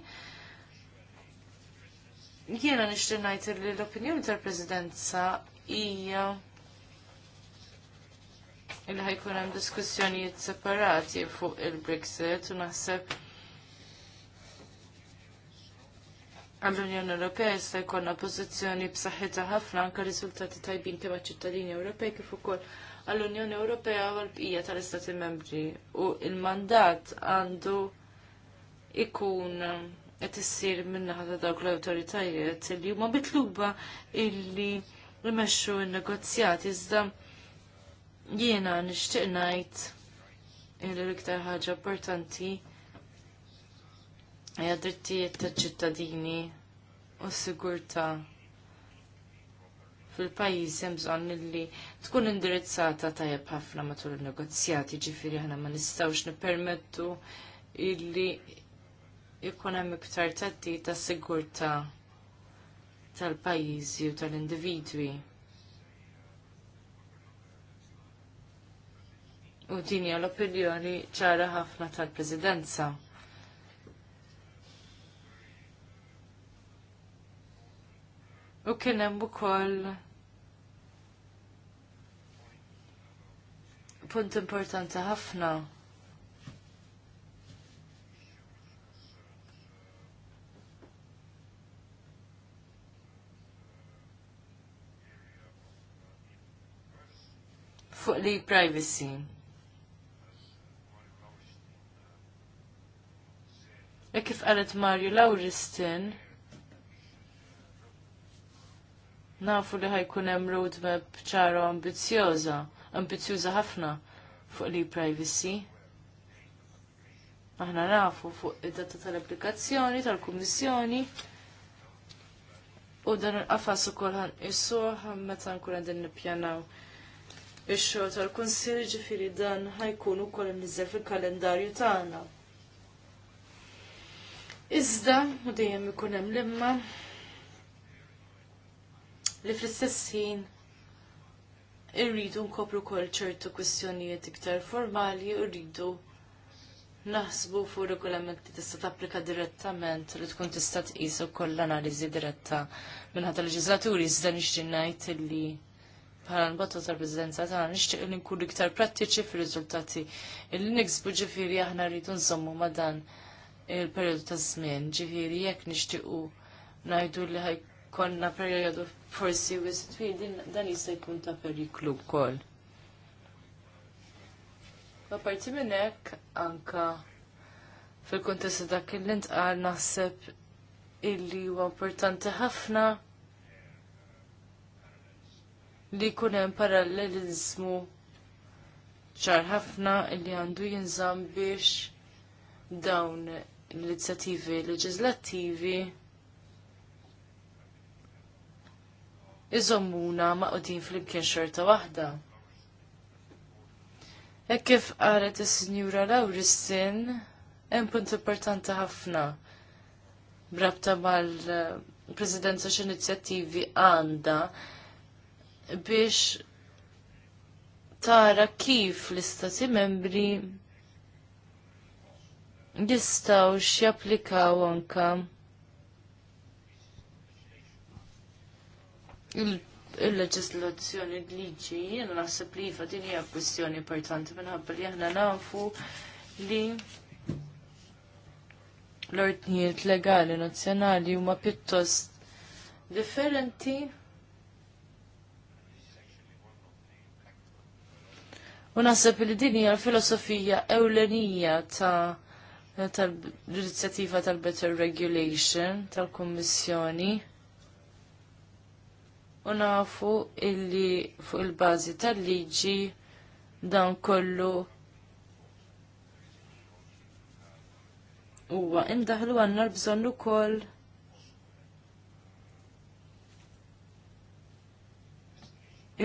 Jiena nixtieq ngħid li l-opinjoni tal-Presidenza hija illi ħajkun hemm diskussjonijiet separati fuq il-Brexit u naħseb għall-Unjoni Ewropea jista' jkollna pożizzjoni b'saħħitha ħafna anke riżultati tajbin kemm ċittadini Ewropej kif ukoll għall-Unjoni Ewropea u għall-bqija tal-Istati Membri u il-mandat għandu ikun qed issir minnaħa ta' dawk l-awtoritajiet li huma bitluba illi jmexxu n-negozjati iżda jiena nixtieq ngħid illi l-iktar ħaġa importanti hija drittijiet taċ ċittadini u s-sigurtà fil-pajjiż hemm bżonn illi tkun indirizzata tajjeb ħafna matul il-negozjati, ġifiri ħana ma nistawx nipermettu illi ikun hemm iktar tatti ta' sigurta tal-pajjiżi u tal-individwi. U din hija l-opinjoni ċara ħafna tal-Presidenza. U kien hemm ukoll punt importanti ħafna. Fuq li privacy. E kif qalet Marju Lauristin, nafu li ħajkun hemm roadmap ċara ambizjoża ambizjuża ħafna fuq li privacy. Aħna nafu fuq id-data tal-applikazzjoni, tal-kummissjoni. U dan il-qafas u kolħan issuħ, meta nkun għandin nipjanaw ix-xogħol tal-kunsil ġifieri dan ħajkun ukoll imniżel fil-kalendarju tagħna. Iżda, u dejjem ikun hemm l-imma li fl-istess ħin irridu nkopru kol ċertu kwistjonijiet iktar formali u rridu naħsbu fuq regolamenti tista' tapplika direttament li tkun tista' tqis ukoll l-analiżi diretta minħata leġislaturi iżda nixtieq ngħid li bħala nbatta tal-Presidenza tagħna nixtieq li nkunu iktar prattiċi fir-riżultati li niksbu ġifieri aħna rridu nżommu ma' dan il-perjodu ta' żmien, ġifieri jekk nixtiequ ngħidu li ħajkonna perjodu forsi wis twil dan jista' jkun ta' periklu wkoll. Apparti minn hekk anka fil-kuntest dak il intqal naħseb illi huwa importanti ħafna li jkun hemm parallelizmu ċar ħafna li għandu jinżamm biex dawn l-inizjattivi leġislattivi iżommuna maqdin fl-imkien xorta waħda. Hekk kif qalet is-Sinjura Lauristin, hemm punt importanti ħafna brabta mal-Presidenza x'inizjattivi għandha biex tara kif l-Istati membri jistgħu x'japplikaw anka. il-leġislazzjoni liġi jien naħseb li jiva din hija kwestjoni importanti minħabba li aħna nafu li l-ordnijiet legali nazzjonali huma pjuttost differenti U naħseb li din hija filosofija ewlenija ta' tal-inizjattiva tal-Better Regulation tal-Kummissjoni u nafu illi fuq il-bażi tal-liġi dan kollu huwa indaħlu għandna l-bżonn ukoll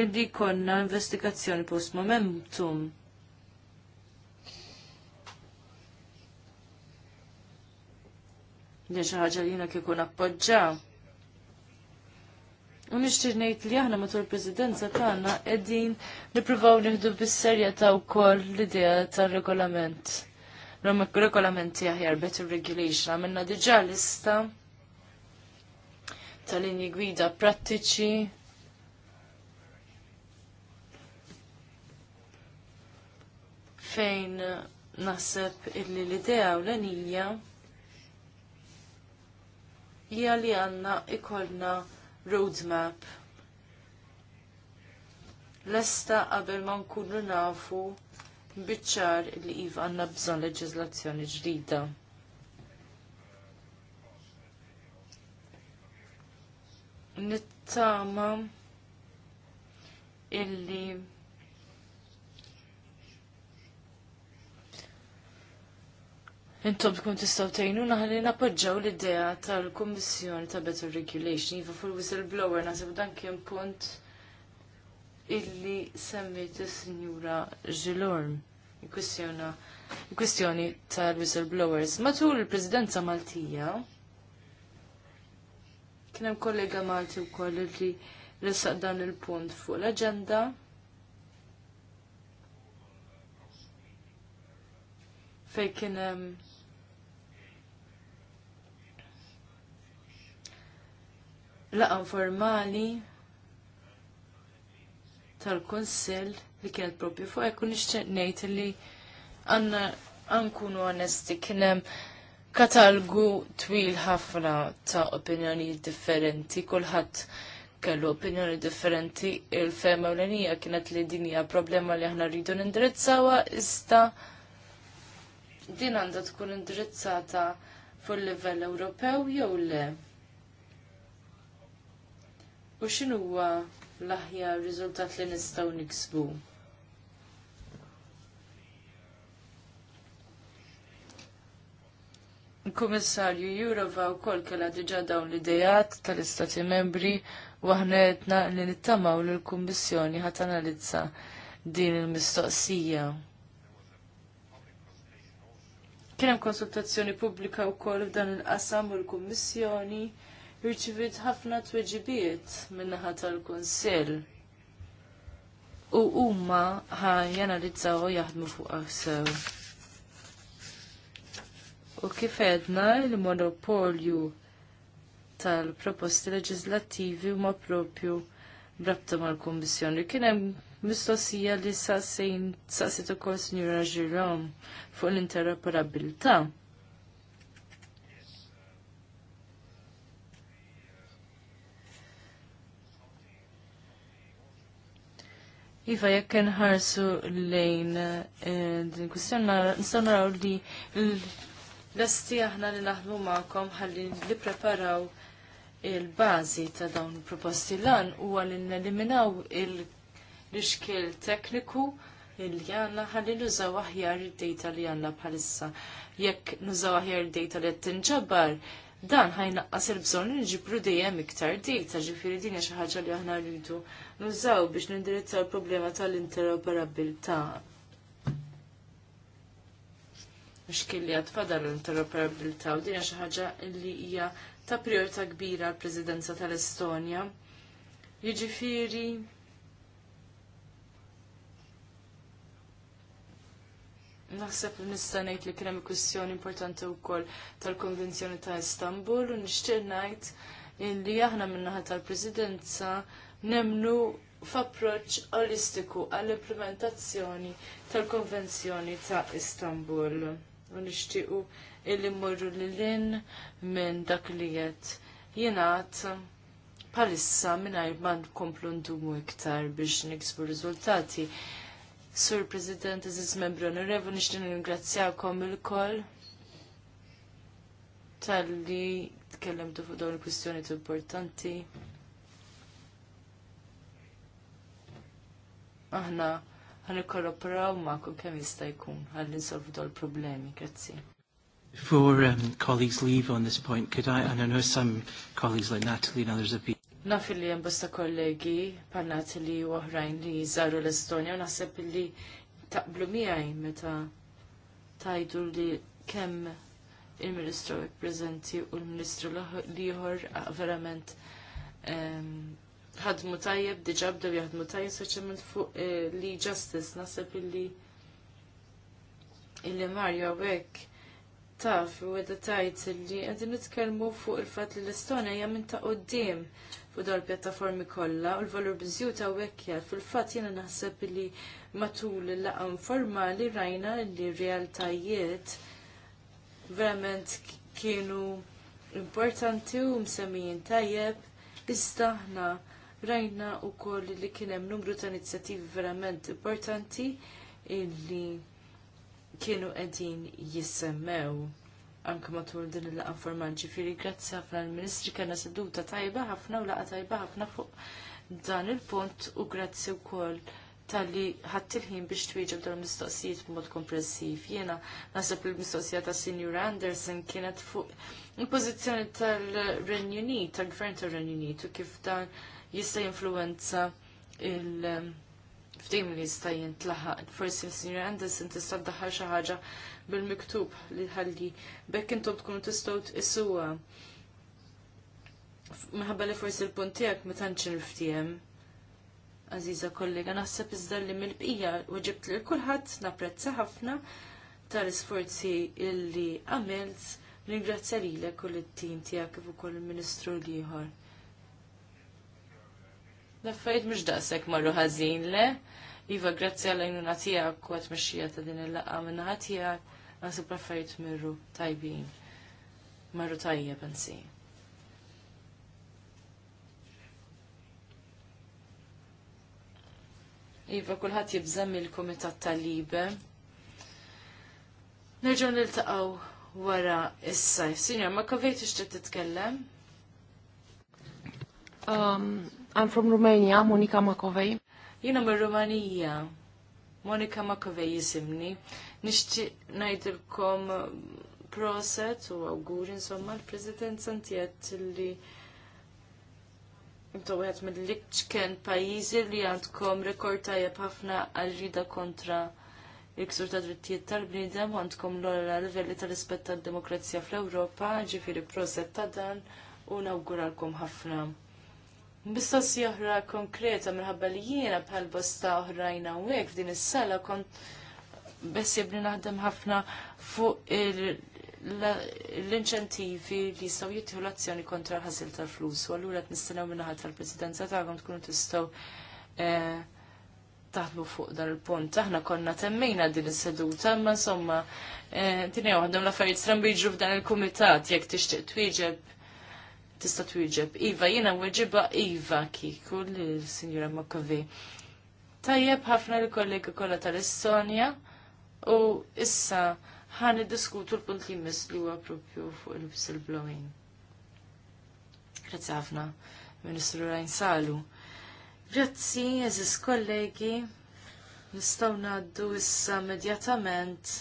illi konna investigazzjoni post momentum. Din ħaġa li jina kikun nappoġġaw. U nixtieq ngħid li aħna matul il-Presidenza tagħna qegħdin nihdu nieħdu bis-serjetà kol l-idea tar-regolament. Regolamenti aħjar better regulation għamilna diġà lista tal-linji gwida prattiċi fejn naħseb illi l-idea u l-anija hija li għanna ikollna roadmap lesta qabel ma nkunu nafu biċċar li iva għanna bżon leġizlazzjoni ġdida. Nittama illi intom tkun tistgħu tgħinuna ħalli nappoġġaw l-idea tal-Kummissjoni ta' Better Regulation iva fuq whistleblower nasib dan kien punt illi semmit is-Sinjura Gilorm. Il-kwistjoni tal-whistleblowers. Matul il-Presidenza Maltija, kien hemm kollega Malti wkoll li ressaq dan il-punt fuq l-aġenda. Fej kien hemm laqa informali tal-Kunsill li kienet propju fuq hekk nixtieq ngħid li għandna nkunu onesti kien hemm katalgu twil ħafna ta' opinjonijiet differenti, kulħadd kellu opinjoni differenti, il-fema l kienet li din hija problema li aħna rridu nindirizzawha iżda din għandha tkun indirizzata fuq livell Ewropew jew le. U xinu huwa l-aħjar riżultat li nistgħu niksbu? Il-Kummissarju Jurova wkoll kellha diġa' dawn l-idejat tal-Istati Membri u aħna qedna li nittamaw l-Kummissjoni ħadd analizza din il-mistoqsija kien hemm konsultazzjoni pubblika wkoll f'dan il-qasam u l-Kummissjoni rċivit ħafna tweġibiet minnaħa tal-Kunsill. U huma ħaj janalizzaw u jaħdmu fuq sew. U kif edna l-monopolju tal-proposti leġislattivi huma propju brabta mal-Kummissjoni. Kien hemm mistoqsija li saqsejn saqsit ukoll Sinjura Ġirom fuq l-interoperabilità. Iva, jekk nħarsu lejn eh, din kwistjoni, nistgħu naraw li l-lesti aħna li naħdmu magħkom ħalli li preparaw il-bażi ta' dawn il-proposti lan huwa li neliminaw il-rixkil tekniku li għanna ħalli nużaw aħjar id-data li għanna bħalissa. Jekk nużaw aħjar id-data li qed tinġabar, dan ħajnaqqas qasir bżonn li nġibru dejjem iktar dejta, ta' din hija xi ħaġa li aħna rridu nużaw biex nindirizzaw il-problema tal-interoperabilità. Mixkilli għad fadal l-interoperabilità u din hija xi ħaġa li hija ta' priorità kbira għall-Presidenza tal-Estonja. Jiġifieri Naħseb nista' ngħid li kien hemm kwistjoni importanti wkoll tal-Konvenzjoni ta' Istanbul u nixtieq ngħid li aħna min-naħa tal-Presidenza nemnu f'approċċ olistiku għall-implementazzjoni tal-Konvenzjoni ta' Istanbul u nixtiequ illi mmorru lilin minn dak li qed jingħad palissa mingħajr ma nkomplu ndumu iktar biex niksbu riżultati. Sur President, Aziz Membru, nirrevu nixtin ringrazzjakom il-koll tal-li tkellemtu fuq dawn il-kwistjoni importanti. Aħna ħan ikkollaboraw ma'kom kemm jista' jkun ħalli nsolvu dawn il-problemi. Grazzi. Before um, colleagues leave on this point, could I, and I know some colleagues like Natalie and others have been Naf li hemm bosta kollegi pannat li oħrajn li jżaru l-Estonja u naħseb li taqblu miegħi meta tajdu li kemm il-Ministru prezenti u l-Ministru liħor verament ħadmu tajjeb, diġab bdew jaħdmu tajjeb speċjalment fuq e, li justice naħseb illi illi Mario għawek taf u għedha tajt li għedin nitkellmu fuq il-fat li l-Estonja hija minn ta' qoddim u dar pjattaformi kollha u l-valur bizzju ta' wekja fil-fatt jiena naħseb li matul il-laqgħa informali rajna li realtajiet verament kienu importanti u msemmijin tajjeb iżda aħna rajna wkoll li kien hemm numru ta' inizjattivi verament importanti illi kienu qegħdin jissemmew anke matul din il-laqa formal ġifieri grazzi ħafna l-Ministri kellna seduta tajba ħafna u laqa tajba ħafna fuq dan il-punt u grazzi wkoll tal-li ħattilħin biex twieġeb dal mistoqsijiet b'mod komprensiv. Jena nasab il-mistoqsija ta' Senior Anderson kienet fuq il-pozizjoni tal-Renju Unit, tal-Gvern tal-Renju Unit, u kif dan jista' jinfluwenza il- ftim li jista' jintlaħaq. Forsi l-Senior Anderson tista' ddaħħal xi ħaġa bil-miktub li ħalli bekk intom tkunu tistgħu tqisuha. Minħabba li forsi l-punt tiegħek ma tantx niftihem. Aziza kollega, naħseb iżda li mill-bqija weġibt lil li kulħadd napprezza ħafna tal-isforzi illi għamilt. Ringrazzja lilek u l-tim tiegħek kif ukoll il-Ministru l-ieħor. Laffajt mhux daqshekk marru ħażin le, Iva, grazzi għal-għajnuna tijak, kwat meċxija ta' din il-laqqa minna tijak, għasib mirru tajbin, marru tajja pensi. Iva, kullħat jibżam il-komitat Talibe. libe Nerġaw nil-taqaw wara issa. Sinja, ma kavejt ixtiet titkellem? Um, I'm from Romania, Monika Makovej. Jina mir-Rumanija, Monika Makovej jisimni, nixtieq ngħidilkom uh, proset u awgur insomma l-President Santiet li Intu għed mill liċken pajizi li għandkom rekord tajjeb ħafna għal-rida kontra l-iksur ta' drittijiet tal-bnidem u għandkom l-għala livelli ta' rispett tad demokrazija fl-Ewropa, ġifiri proset ta' dan u nawguralkom ħafna Mistoqsi oħra konkreta minħabba li jiena bħal bosta oħrajn għek f'din is-sala kont bess jibni naħdem ħafna fuq l-inċentivi li jistaw jittiħu l-azzjoni kontra l-ħasil tal-flus. U allura t nistennew minnaħat tal-Presidenza tagħkom tkunu tistgħu eh, taħlu fuq dan il-punt. Aħna konna temmejna din is-seduta, imma insomma t eh, hija għandhom l affarijiet strambiġu f'dan il-kumitat jekk tixtieq twieġeb tista' twieġeb. Iva, jiena weġiba Iva kiku l-Sinjura Makovi. Tajjeb ħafna li kollega kollha tal-Estonja u issa ħan diskutu l-punt li jmiss li huwa propju fuq il-whistleblowing. Grazzi ħafna, Ministru Rajn Salu. Grazzi, eżis kollegi, nistaw naddu issa immedjatament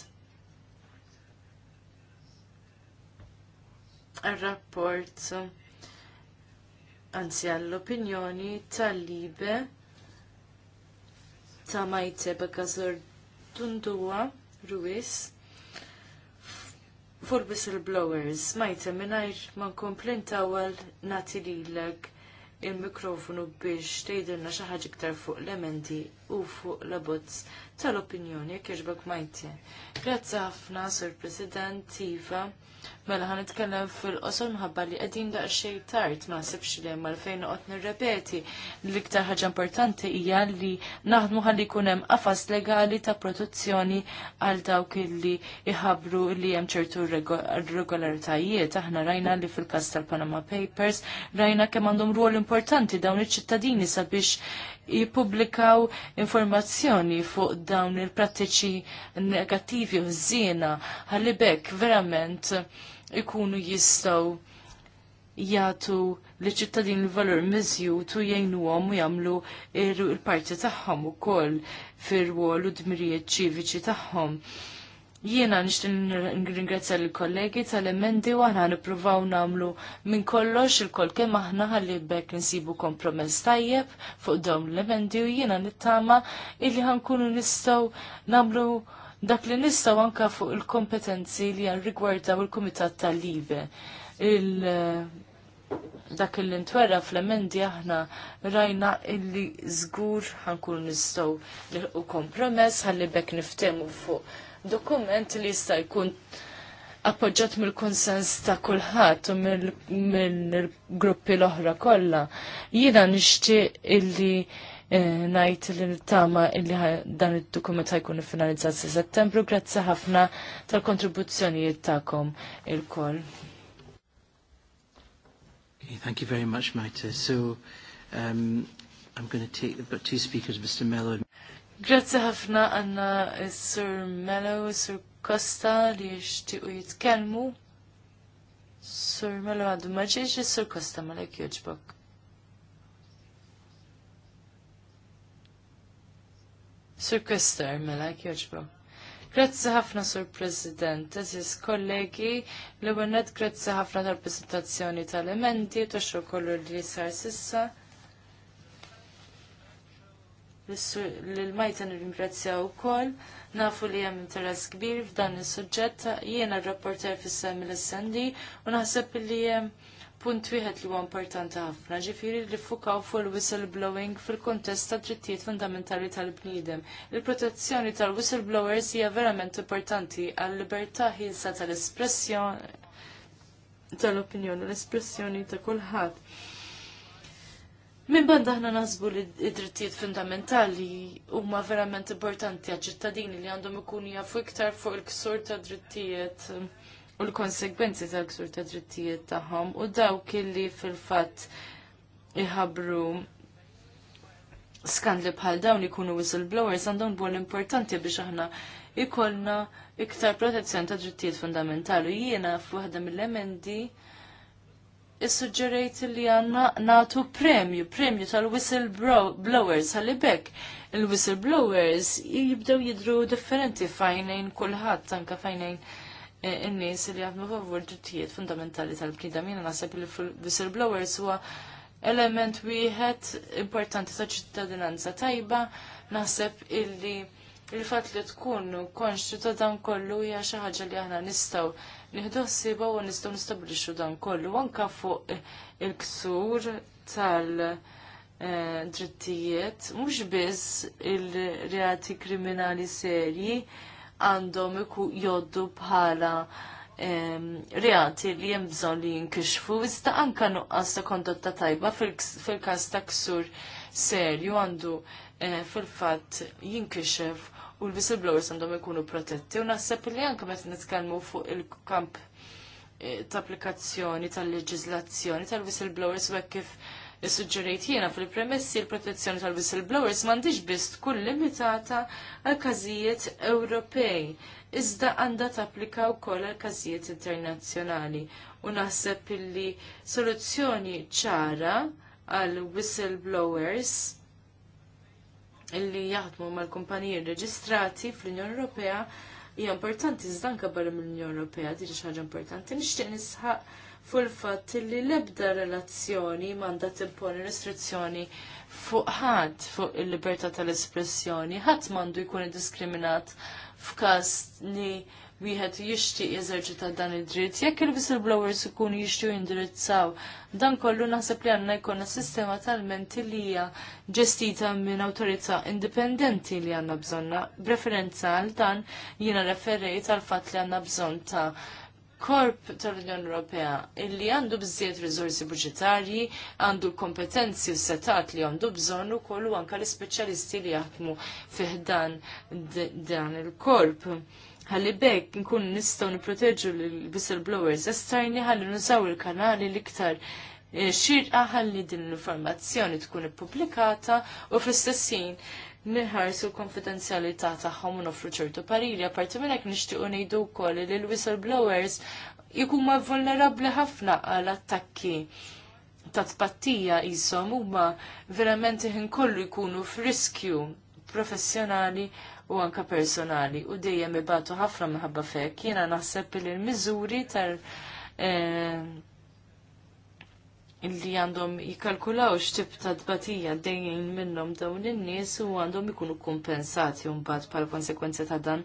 il rapport anzi għall-opinjoni tal-libe ta' Majte Bagazor Tundua Ruiz for whistleblowers. Majte mingħajr ma nkompli ntawal nagħti lilek il-mikrofonu biex tgħidilna xi ħaġa iktar fuq l-emendi u fuq l-abbozz tal-opinjoni jekk Majte. Grazzi ħafna, Sur President Iva. Mela ħan itkellem fil-qosor minħabba li qegħdin xejn tard ma nsibx li hemm għalfejn noqgħod nirrepeti. L-iktar ħaġa importanti hija li naħdmu ħalli jkun hemm qafas legali ta' protezzjoni għal dawk illi iħabru li hemm ċertu regolaritajiet. Aħna rajna li fil-każ tal-Panama Papers rajna kemm għandhom rwol importanti dawn iċ-ċittadini sabiex jipublikaw informazzjoni fuq dawn il-prattiċi negattivi u żiena ħalli bekk verament ikunu jistaw jgħatu li ċittadin l-valur mizju tu jgħinu għom u jgħamlu il-parti tagħhom ukoll fir-rwol u dmirijiet ċiviċi tagħhom. Jiena nixtin ringrazzja l-kollegi tal-emendi u għana nipruvaw namlu minn kollox il koll kemm aħna ħalli bekk nsibu kompromess tajjeb fuq dawn l-emendi u jiena nittama illi ħankunu nistaw namlu dak li nistaw anka fuq il-kompetenzi li għan rigwardaw il-Kumitat tal-Libe. Il eh, dak il ntwerra fl-emendi aħna rajna illi zgur ħankun nistaw u kompromess ħalli bekk niftemu fuq dokument li jista' jkun appoġġat mill-konsens ta' kulħadd u mill-gruppi l-oħra kollha. Jiena nixtieq illi Eh, najt li tama illi dan il-dokument ħajkun finalizzat sa' settembru. Grazzi ħafna tal-kontribuzzjonijiet ta'kom il-koll. thank you very much, Maite. So, um, I'm going to take, the two speakers, Mr. Mello. Grazie ħafna għanna Sir Mello, Sir Costa li jishtiqu jitkelmu. Sir Mello għadu maġiġ, Sir Costa malek joġbok. Sur Kester, mela, kjoġbo. Grazzi ħafna, Sur President, eżis kollegi, l għennet grazzi ħafna tal-prezentazzjoni tal-elementi, ta' xo kollu li sar sissa. L-majta nir-ingrazzja u koll, nafu li jem interess kbir f'dan il sujġetta jiena r-rapporter fissa mill snd u naħseb li jem punt wieħed li huwa importanti ħafna, ġifieri li fukaw fuq il-whistleblowing fil-kontest ta' drittijiet fundamentali tal-bniedem. Il-protezzjoni tal-whistleblowers hija verament importanti għal libertà ħielsa tal-espressjoni tal-opinjoni, l-espressjoni ta' kulħadd. Min banda aħna nasbu li id-drittijiet fundamentali huma verament importanti għal ċittadini li għandhom ikunu jafu iktar fuq il-ksur ta' drittijiet u l-konsekwenzi tal-ksur ta' drittijiet tagħhom u dawk li fil-fatt iħabru skandli bħal dawn ikunu whistleblowers għandhom bol importanti biex aħna ikollna iktar protezzjoni ta' drittijiet fundamentali. Jiena f'waħda mill-emendi issuġġerejt li għanna natu premju, premju tal-whistleblowers, għal-ibek. il-whistleblowers jibdew jidru differenti fajnejn kullħat, tanka fajnejn in nies li jaħdmu favur drittijiet fundamentali tal bnida Jiena naħseb li whistleblowers huwa element wieħed importanti ta' ċittadinanza tajba, naħseb illi il-fatt li tkun konxju ta' dan kollu hija xi ħaġa li aħna nistgħu nieħdu ħsieba u nistgħu nistabbilixxu dan kollu anke fuq il-ksur tal- eh, drittijiet, mhux biss il-reati kriminali serji, għandhom iku joddu bħala reati li hemm bżonn li jinkixfu, iżda anka nuqqas ta' kondotta tajba fil-każ ta' ksur serju għandu eh, fil-fatt jinkixef u l-whistleblowers għandhom ikunu protetti u naħseb li anke meta nitkellmu fuq il-kamp eh, ta' applikazzjoni tal-leġizlazzjoni tal-whistleblowers u kif Is-suġġerejt jiena fil-premessi l-protezzjoni tal-whistleblowers m'għandix biss tkun limitata għal każijiet Ewropej, iżda għandha tapplika wkoll għal każijiet internazzjonali. U naħseb illi soluzzjoni ċara għal whistleblowers illi jaħdmu mal-kumpaniji reġistrati fl-Unjoni Ewropea hija importanti iżda anke barra mill-Unjoni Ewropea, diġi ħaġa importanti. Nixtieq nisħaq fil-fatt li l-ebda relazzjoni m'għandha timponi restrizzjoni fuq ħadd fuq il-libertà tal-espressjoni, ħadd m'għandu jkun diskriminat f'każ li wieħed jixtieq jeżerċita dan id-dritt, jekk il-whistleblowers ikunu jixtiequ jindirizzaw dan kollu naħseb li għandna jkollna sistema tal-menti li hija ġestita minn awtorità indipendenti li għandna bżonna. Preferenza għal dan jiena referejt għal fatt li għandna bżonn ta' korp tal-Unjoni Ewropea illi għandu bżiet rizorsi budġetarji, għandu kompetenzi u setat li għandu bżonn ukoll kollu anke l-ispeċjalisti li jaħdmu fiħdan dan il-korp. Ħalli bekk nkun nistgħu nipproteġu l-whistleblowers esterni ħalli nużaw il-kanali l-iktar eh, xirqa ħalli din l-informazzjoni tkun ippubblikata u fl-istessin niħarsu konfidenzjalità tagħhom u nofru ċertu parili. Apparti minn hekk nixtiequ ngħidu wkoll li l-whistleblowers jikuma vulnerabbli ħafna għal attakki ta' tpattija jisom huma verament iħin kollu jkunu f'riskju professjonali u anka personali u dejjem ibatu ħafna minħabba fek. Jiena naħseb li l-miżuri tal- eh, illi għandhom jikalkulaw x'tib ta' dbatija dejjin minnhom dawn in-nies u għandhom ikunu kompensati mbagħad bħal konsekwenza ta' dan.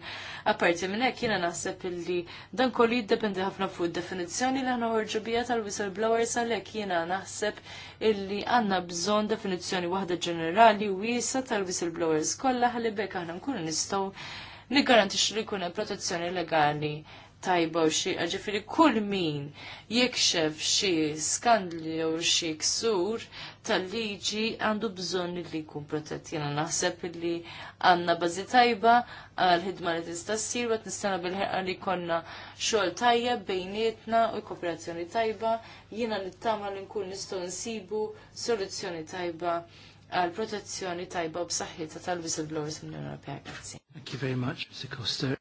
Apparti minn hekk jiena naħseb illi dan kollu jiddependi ħafna fuq id-definizzjoni li aħna ħorġu bija tal sal għalhekk jiena naħseb illi għandna bżonn definizzjoni waħda ġenerali u wiesa tal-whistleblowers kollha ħalli bekk aħna nkunu nistgħu niggarantix li jkun hemm protezzjoni legali tajba u xi ġifiri kull min jikxef xi skandli jew xi ksur tal-liġi għandu bżonn li jkun protett. Jena naħseb li għandna bażi tajba għal ħidma li tista' istassir għat nistana bil-ħerqa li konna xogħol tajja bejnietna u kooperazzjoni tajba. Jiena nittama li nkun nistgħu nsibu soluzzjoni tajba għal protezzjoni tajba u b'saħħitha tal-whistleblowers mill-Unjoni Thank you very much, Mr. Coster.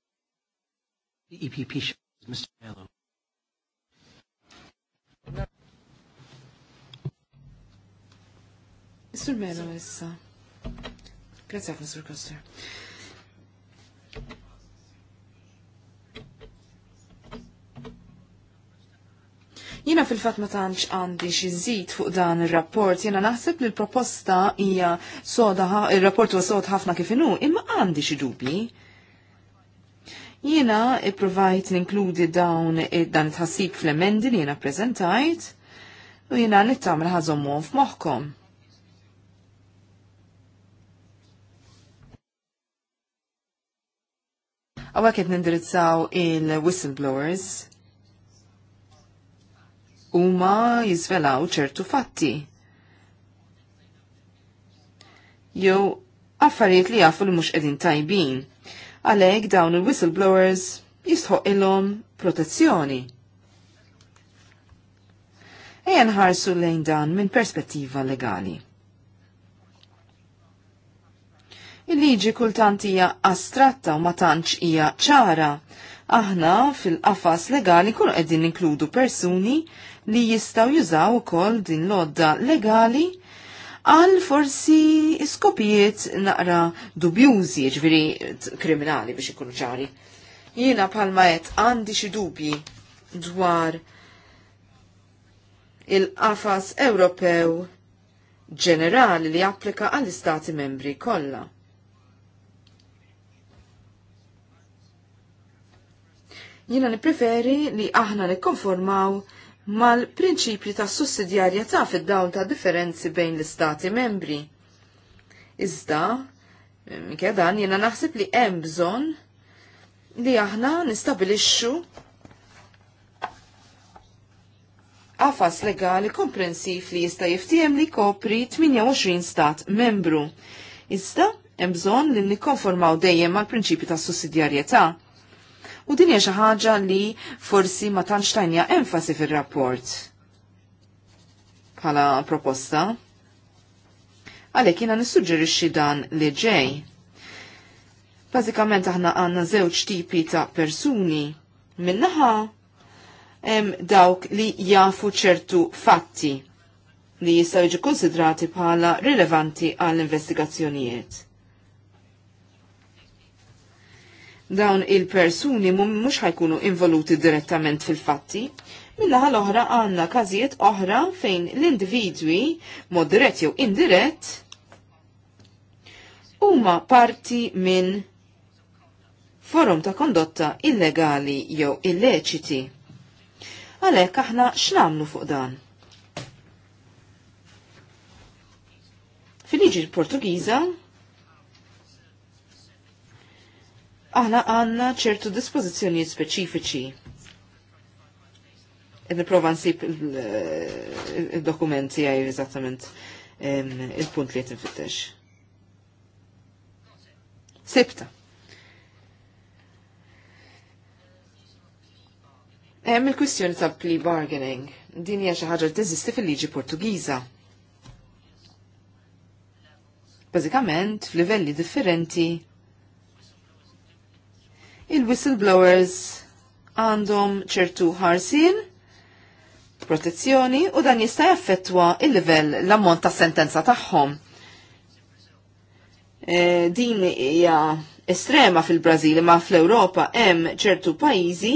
The EPP shows Mr. Mello. Sur Melo issa. Grazie għafna, Sur Koster. Jina fil-fat ma tantx għandi xi żid fuq dan ir-rapport, jiena naħseb li l-proposta hija soda, ir-rapport huwa sod ħafna kif inhu, imma għandi xi dubji. Jiena ipprovajt ninkludi dawn dan tħassib fl-emendi li jiena prezentajt u jiena u f f'moħħkom. Għawak qed nindirizzaw il-whistleblowers huma jizvelaw ċertu fatti. Jew affarijiet li jafu li mhux qegħdin tajbin għalhekk dawn il-whistleblowers il-lom protezzjoni. Ejja ħarsu lejn dan minn perspettiva legali. Il-liġi kultant hija astratta u ma tantx hija ċara. Aħna fil-qafas legali kull qegħdin inkludu persuni li jistgħu jużaw ukoll din lodda legali għal forsi skopijiet naqra dubjużi, ġviri kriminali biex ikunu ċari. Jiena palma qed għandi xi dubji dwar il-qafas Ewropew ġenerali li applika għall-istati membri kollha. Jiena nippreferi li aħna nikkonformaw mal-prinċipju ta' sussidjarjetà fid-dawn ta' differenzi bejn l-istati membri. Iżda, minkejja dan jiena naħseb li hemm bżonn li aħna nistabilixxu għafas legali komprensiv li jista' jiftiem li kopri 28 stat membru. Iżda, hemm bżonn li nikkonformaw dejjem mal-prinċipju ta' sussidjarjetà u din hija xi ħaġa li forsi ma tantx tajnija enfasi fir-rapport bħala proposta. Għalhekk jiena nissuġġerixxi dan li ġej. Bażikament aħna għandna żewġ tipi ta' persuni minnaħa hemm dawk li jafu ċertu fatti li jistgħu jiġu konsidrati bħala rilevanti għall investigazzjonijiet dawn il-persuni mhux ħajkunu involuti direttament fil-fatti. Mill-laħal oħra għanna każijiet oħra fejn l-individwi, mod dirett jew indirett, huma parti minn forum ta' kondotta illegali jew illeċiti. Għalhekk aħna x'namlu fuq dan? Fil-liġi Portugiża aħna għanna ċertu dispożizzjonijiet speċifiċi. Niprofa nsib il-dokumenti għaj eżattament il-punt li fittex. Sibta. Hemm il-kwistjoni ta' plea bargaining. Din hija xi ħaġa li teżisti fil-liġi Portugiża. Bażikament f'livelli differenti il-whistleblowers għandhom ċertu ħarsin, protezzjoni u dan jista' jaffettwa il-livell l-ammont ta' sentenza tagħhom. E, din hija estrema fil-Brażil ma fl-Ewropa hemm ċertu pajjiżi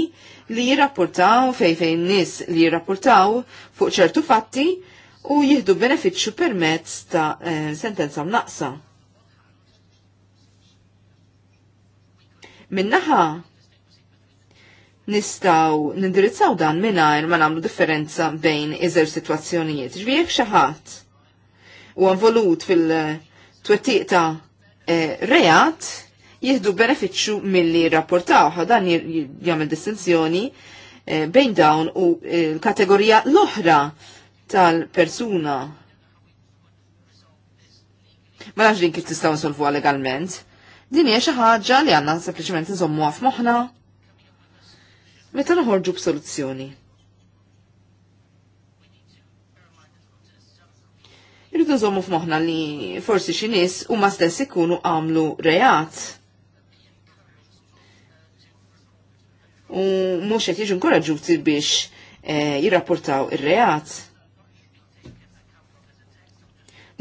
li jirrapportaw fejn fejn nies li jirrapportaw fuq ċertu fatti u jieħdu benefiċċju permezz ta' e, sentenza mnaqsa. Minnaħa nistaw nindirizzaw dan minnajr ma namlu differenza bejn iżer situazzjonijiet. Ġvijek xaħat u għanvolut fil-twettiq ta' e, eh, reat jihdu beneficju mill-li rapportaw, dan jgħamil distinzjoni e, bejn dawn u eh, l-kategorija l-oħra tal-persuna. Ma nafx din kif tistgħu nsolvuha legalment. Din hija xi ħaġa li għandna sempliċement nżommuha f'moħħna meta noħorġu b'soluzzjoni. Irridu nżommu f'moħħna li forsi xi nies huma stess ikunu għamlu reat. U mhux qed jiġu inkoraġġuti biex eh, jirrapportaw ir-reat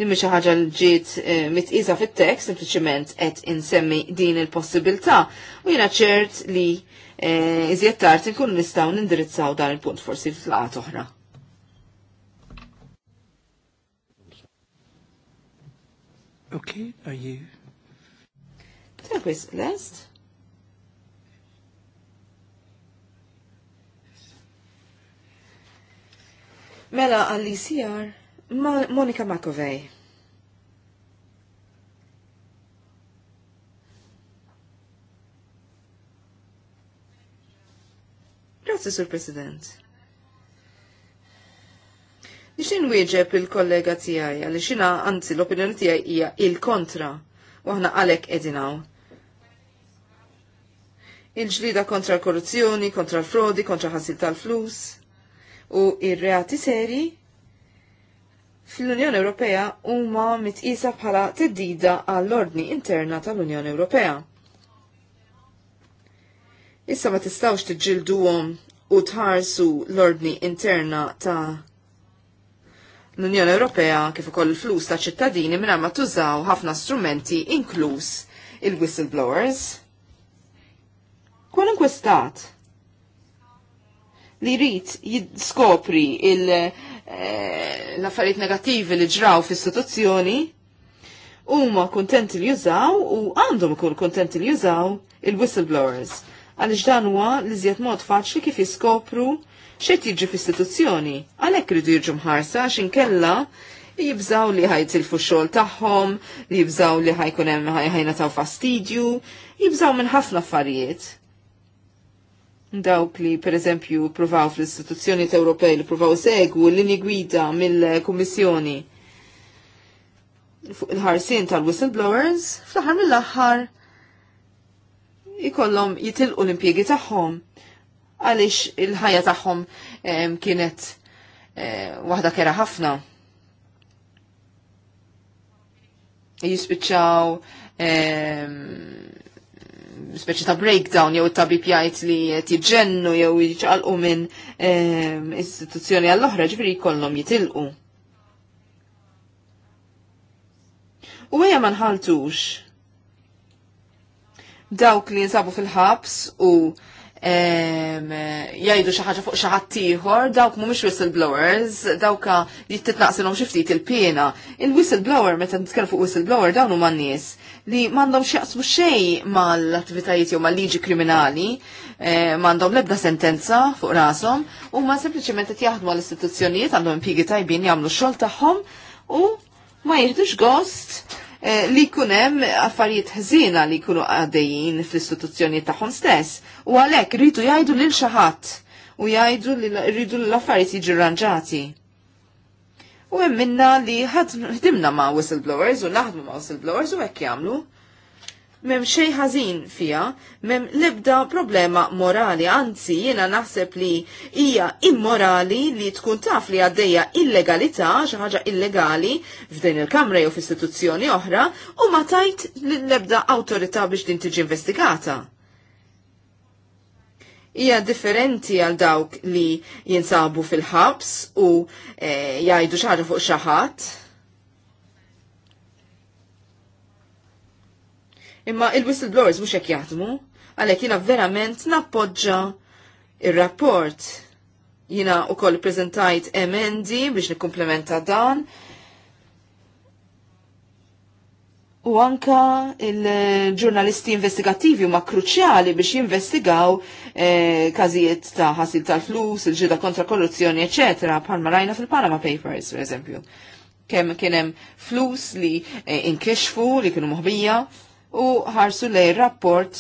nimmi xi ħaġa l ġiet eh, mitqisa fit-tekst, sempliċiment qed insemmi din il-possibilità u jiena ċert li eh, iżjed tard inkunu nistgħu nindirizzaw dan il-punt forsi f'laqgħat oħra. Okay, are you? Tankwis, lest? Mela għalli sijar. Monika Makovej. Grazie, Sur President. Nixin wieġeb il-kollega tijaj, għalli xina għanzi l-opinjoni tijaj hija il-kontra, u għahna għalek edinaw. Il-ġlida kontra l-korruzzjoni, kontra l-frodi, kontra ħasil tal-flus, u ir-reati seri fl-Unjoni Ewropea huma mitqisa bħala teddida għall-ordni interna tal-Unjoni Ewropea. Issa ma tistawx tiġġilduhom u tħarsu l-ordni interna ta' l-Unjoni Ewropea kif ukoll il-flus ta' ċittadini mingħajr ma tużaw ħafna strumenti inkluż il-whistleblowers. Kwalunkwe stat li jrid jiskopri il- Eh, l-affarijiet negattivi li ġraw fl-istituzzjoni huma kuntenti li jużaw u għandhom ikun kuntenti li jużaw il-whistleblowers għaliex dan huwa li żjed mod faċli kif jiskopru xejn jiġi fl-istituzzjoni għalhekk iridu jiġu mħarsa għax inkella jibżaw li ħajtilfu xogħol tagħhom, li jibżaw li ħajkun hemm ħajna taw fastidju, jibżaw minn ħafna affarijiet dawk li per eżempju provaw fl-istituzzjoni Ewropej li provaw segwu l-lini gwida mill-Kummissjoni fuq il-ħarsin tal-whistleblowers, fl-ħar mill-aħħar ikollhom jitilqu l impiegi tagħhom għaliex il-ħajja tagħhom kienet eh, waħda kera ħafna. Jispiċċaw speċi ta' breakdown jew ta' BPIt li tiġennu jew jiġalqu minn ehm, istituzzjoni għall-oħra ġifiri kollom jitilqu. U għeja ma nħaltux dawk li jinsabu fil-ħabs u jajdu xaħġa fuq xaħat tiħor, dawk mumiex whistleblowers, dawk dawka jittitnaqsilom xiftit il-pena. Il-whistleblower, meta nitkellem fuq whistleblower, dawnu man nies li mandom xieqsmu xej mal-attivitajiet jew mal-liġi kriminali, eh, mandom lebda sentenza fuq rasom, u ma sempliciment qed jaħdmu għall-istituzzjonijiet għandhom impjigi tajbin jagħmlu xogħol tagħhom u ma jihdux gost Eh, li kunem affarijiet ħżina li kunu għadejjin fl-istituzzjoni tagħhom stess. U għalhekk rridu jgħidu lil xi ħadd u jgħidu li rridu l-affarijiet jiġu rranġati. U hemm minna li ħadimna ma' whistleblowers u naħdmu ma' whistleblowers u hekk jagħmlu m'hemm xej ħażin fiha, m'hemm l-ebda problema morali, anzi jiena naħseb li hija immorali li tkun taf li għaddejja illegalità, xi ħaġa illegali f'din il-kamra jew f'istituzzjoni oħra u ma tajt li ebda awtorità biex din tiġi investigata hija differenti għal dawk li jinsabu fil-ħabs u e, jgħidu xaħġa fuq xaħat. Imma il-whistleblowers mhux hekk jaħdmu, għalhekk jiena verament nappoġġa ir-rapport. Jiena wkoll ippreżentajt emendi biex nikkumplementa dan. U anka il-ġurnalisti investigativi huma kruċjali biex jinvestigaw eh, każijiet ta' ħasil tal-flus, il-ġida kontra korruzzjoni, eċetera, bħalma rajna fil-Panama Papers, per eżempju. Kemm kien hemm flus li eh, li kienu moħbija u ħarsu lej rapport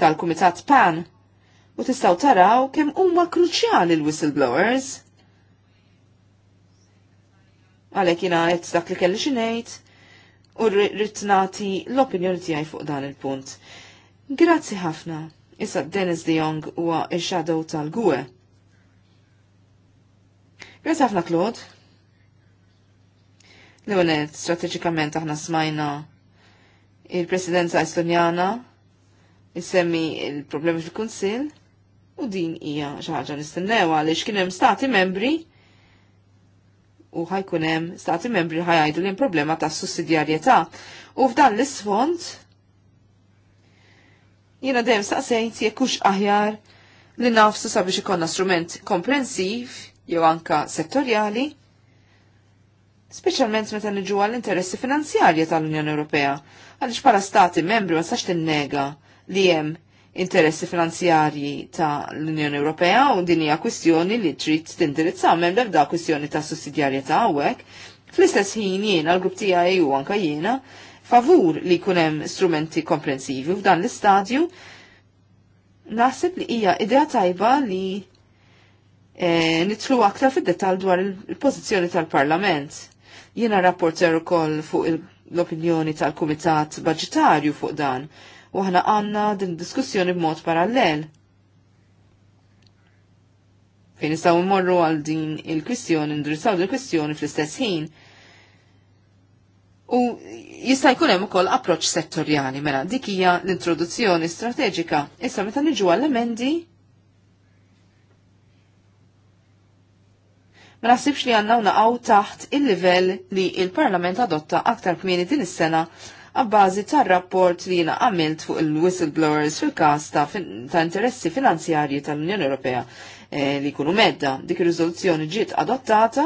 tal-Kumitat PAN u tistaw taraw kemm huma kruċjali l-whistleblowers. Għalhekk jiena qed dak li kelli xi ngħid u rrid nagħti l-opinjoni tiegħi fuq dan il-punt. Grazzi ħafna. Issa Dennis de Jong huwa x-shadow tal-Gwe. Grazzi ħafna Claude l strategikament aħna smajna il-presidenza estonjana, jissemmi il-problemi fil-Kunsil, u din hija xi ħaġa nistennew għaliex kien hemm stati membri u ħajkun hemm stati membri ħajgħidu li problema ta' sussidjarjetà. U f'dan l-isfond jiena dejjem staqsejt jekk hux aħjar li nafsu sabiex ikonna strument komprensiv jew anka settorjali speċjalment meta niġu għall-interessi finanzjarji tal-Unjoni Ewropea, għaliex bħala stati membri ma sax tinnega li hemm interessi finanzjarji tal unjoni Ewropea u din hija kwistjoni li trid tindirizzaw m'hemm l-ebda kwistjoni ta' sussidjarjetà hawnhekk. Fl-istess ħin jiena għall grupp tiegħi u anke jiena favur li jkun hemm strumenti komprensivi f'dan l-istadju naħseb li hija idea tajba li e, nitlu aktar fid dettall dwar il-pożizzjoni tal-Parlament Jiena rapporter ukoll fuq l-opinjoni tal-Kumitat Budgetarju fuq dan. U ħana għandna din diskussjoni b'mod parallel. Fejn nistgħu mmorru għal din il-kwistjoni, ndrissaw din il-kwistjoni fl-istess ħin. U jista' jkun hemm ukoll approċċ settorjali mela dik hija l-introduzzjoni strateġika. Issa meta niġu għall-emendi ma nasibx li għanna unaqaw taħt il-livell li il-Parlament adotta aktar kmieni din is-sena għabbażi tar-rapport li jina għamilt fuq il-whistleblowers fil-kas ta', fin ta interessi finanzjarji tal-Unjoni Ewropea e, li kunu medda. Dik ir-riżoluzzjoni ġiet adottata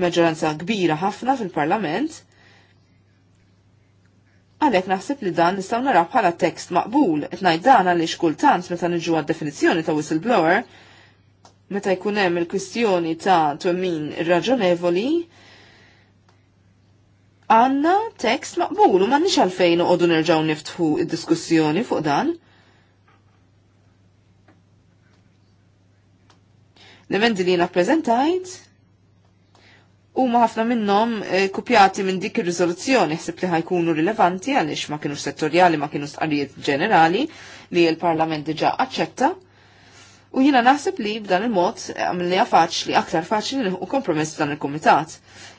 maġġoranza kbira ħafna fil-Parlament Għalek naħseb li dan nistaw naraw bħala tekst maqbul, etnaj dan għalix kultant meta niġu għad definizjoni ta' whistleblower, meta jkun hemm il-kwistjoni ta' twemmin raġonevoli, għanna tekst maqbul u m'għandniex għalfejn għodu nerġgħu niftħu id-diskussjoni fuq dan. L-emendi li napprezentajt u ħafna minnom eh, kopjati minn dik ir-riżoluzzjoni ħsib li ħajkunu rilevanti għaliex ma kienu settorjali ma kienu stqarijiet ġenerali li l-Parlament diġà aċċetta. U jina naħseb li b'dan il-mod għamilniha faċli, aktar faċli li kompromess dan il-komitat.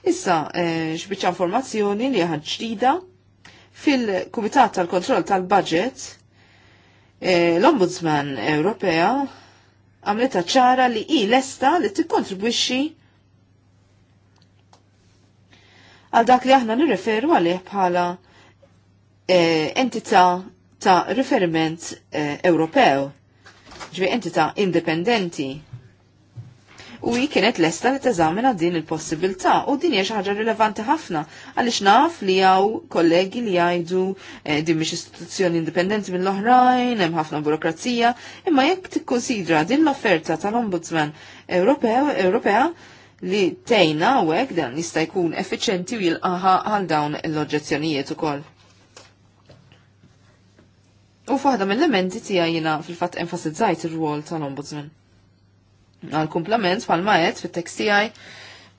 Issa, eh, xbiċa informazzjoni li għad ġdida fil-Kumitat tal-Kontroll tal-Budget, eh, l-Ombudsman Ewropea għamleta ċara li i lesta li tikkontribwixxi għal dak li aħna nirreferu għalih bħala eh, entità ta' riferiment Ewropew ġbi entita' indipendenti. U hi kienet lesta li teżamina din il-possibilità u din hija xi ħaġa rilevanti ħafna għaliex naf li hawn kollegi li jgħidu eh, din mhix istituzzjoni indipendenti mill-oħrajn, hemm ħafna burokrazija, imma jekk tikkonsidra din l-offerta tal-Ombudsman Ewropew Ewropea li tejna u dan jista' jkun effiċenti u jilqaħa għal dawn l-oġġezzjonijiet ukoll. U fuħda mill-elementi tiegħi jiena fil-fatt enfasizzajt ir-rwol tal-Ombudsman. għal komplement bħalma qed fit-tekst tiegħi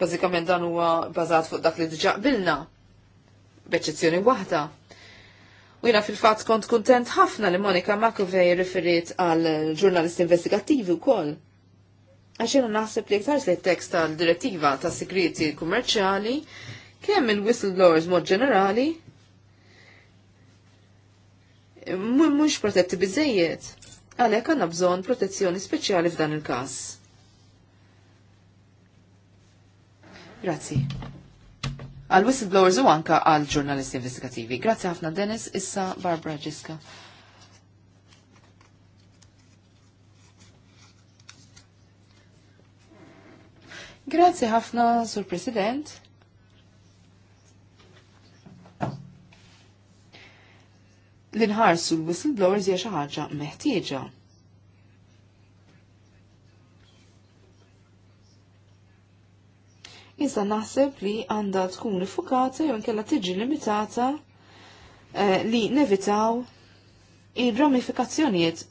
bażikament dan huwa bażat fuq dak li diġà qbilna b'eċċezzjoni waħda. U jina fil-fatt kont kontent ħafna li Monika Makovej referit għal ġurnalisti investigattivi wkoll. Għax Għaxina naħseb li iktar li t-tekst tal-direttiva tas sigriti kummerċjali kemm il-whistleblowers mod ġenerali mux protetti bizzejiet. Għalhekk għandna bżonn protezzjoni speċjali f'dan il-każ. Grazzi. Għal whistleblowers u anka għal ġurnalisti investigativi. Grazzi ħafna Dennis, issa Barbara Ġiska. Grazzi ħafna, Sur President. li nħarsu l-whistleblowers hija xi ħaġa meħtieġa. Iżda naħseb li għandha tkun rifukata jew inkella tiġi limitata eh, li nevitaw il-ramifikazzjonijiet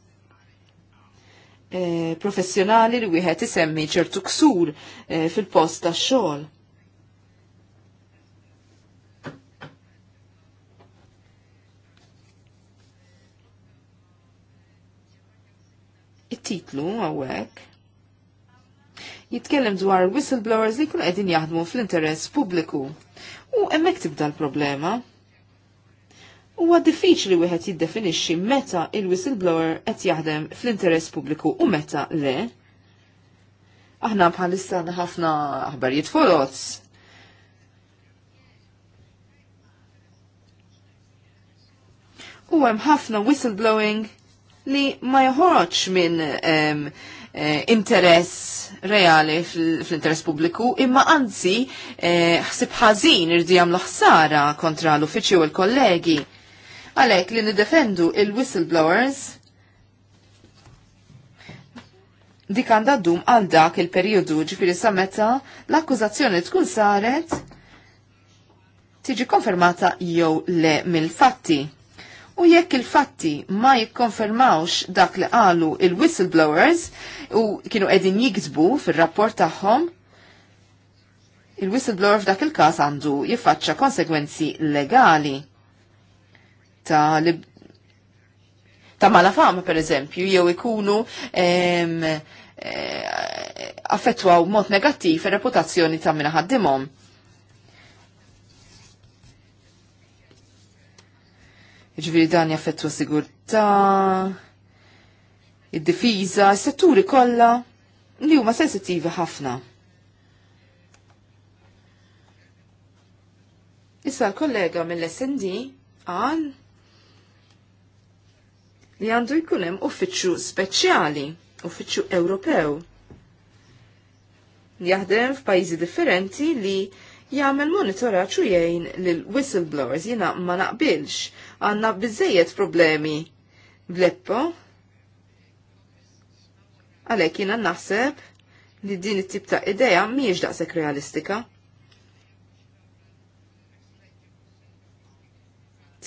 eh, professjonali li wieħed isemmi ċertu ksur eh, fil-post tax-xogħol. it-titlu għawek jitkellem dwar whistleblowers li kun għedin jaħdmu fl-interess pubbliku. U hemmhekk tibda l-problema. Huwa diffiċli wieħed jiddefinixxi meta il-whistleblower qed jaħdem fl-interess pubbliku u meta le. Aħna bħalissa ħafna aħbarijiet folots. U hemm ħafna whistleblowing li ma joħroġ minn um, interess reali fl-interess pubbliku, imma anzi eh, ħsib ħażin irdi għamlu ħsara kontra l-uffiċċju u l-kollegi. Għalhekk li nidefendu il-whistleblowers dik għandha ddum għal dak il-perjodu ġifiri sa meta l-akkużazzjoni tkun saret tiġi konfermata jew le mill-fatti. U jekk il-fatti ma jikkonfermawx dak li qalu il-whistleblowers u kienu edin jiksbu fil-rapport tagħhom, il-whistleblower f'dak il-każ għandu jiffaċċa konsegwenzi legali ta' li ta' malafam per eżempju, jew ikunu eh, affettwaw mod negattiv ir reputazzjoni ta' minna ħaddimhom. Ġviri dan jaffettwa sigurtà, id-difiża, s-setturi kollha li huma sensittivi ħafna. Issa l-kollega mill-SND għal li għandu jkun hemm uffiċċju speċjali, uffiċċju Ewropew. Jaħdem f'pajjiżi differenti li jagħmel monitoraġġ u jgħin lil whistleblowers jiena ma naqbilx għanna bizzejiet problemi bleppo. Għalek jina naħseb li din it-tip ta' ideja miex daqsek realistika.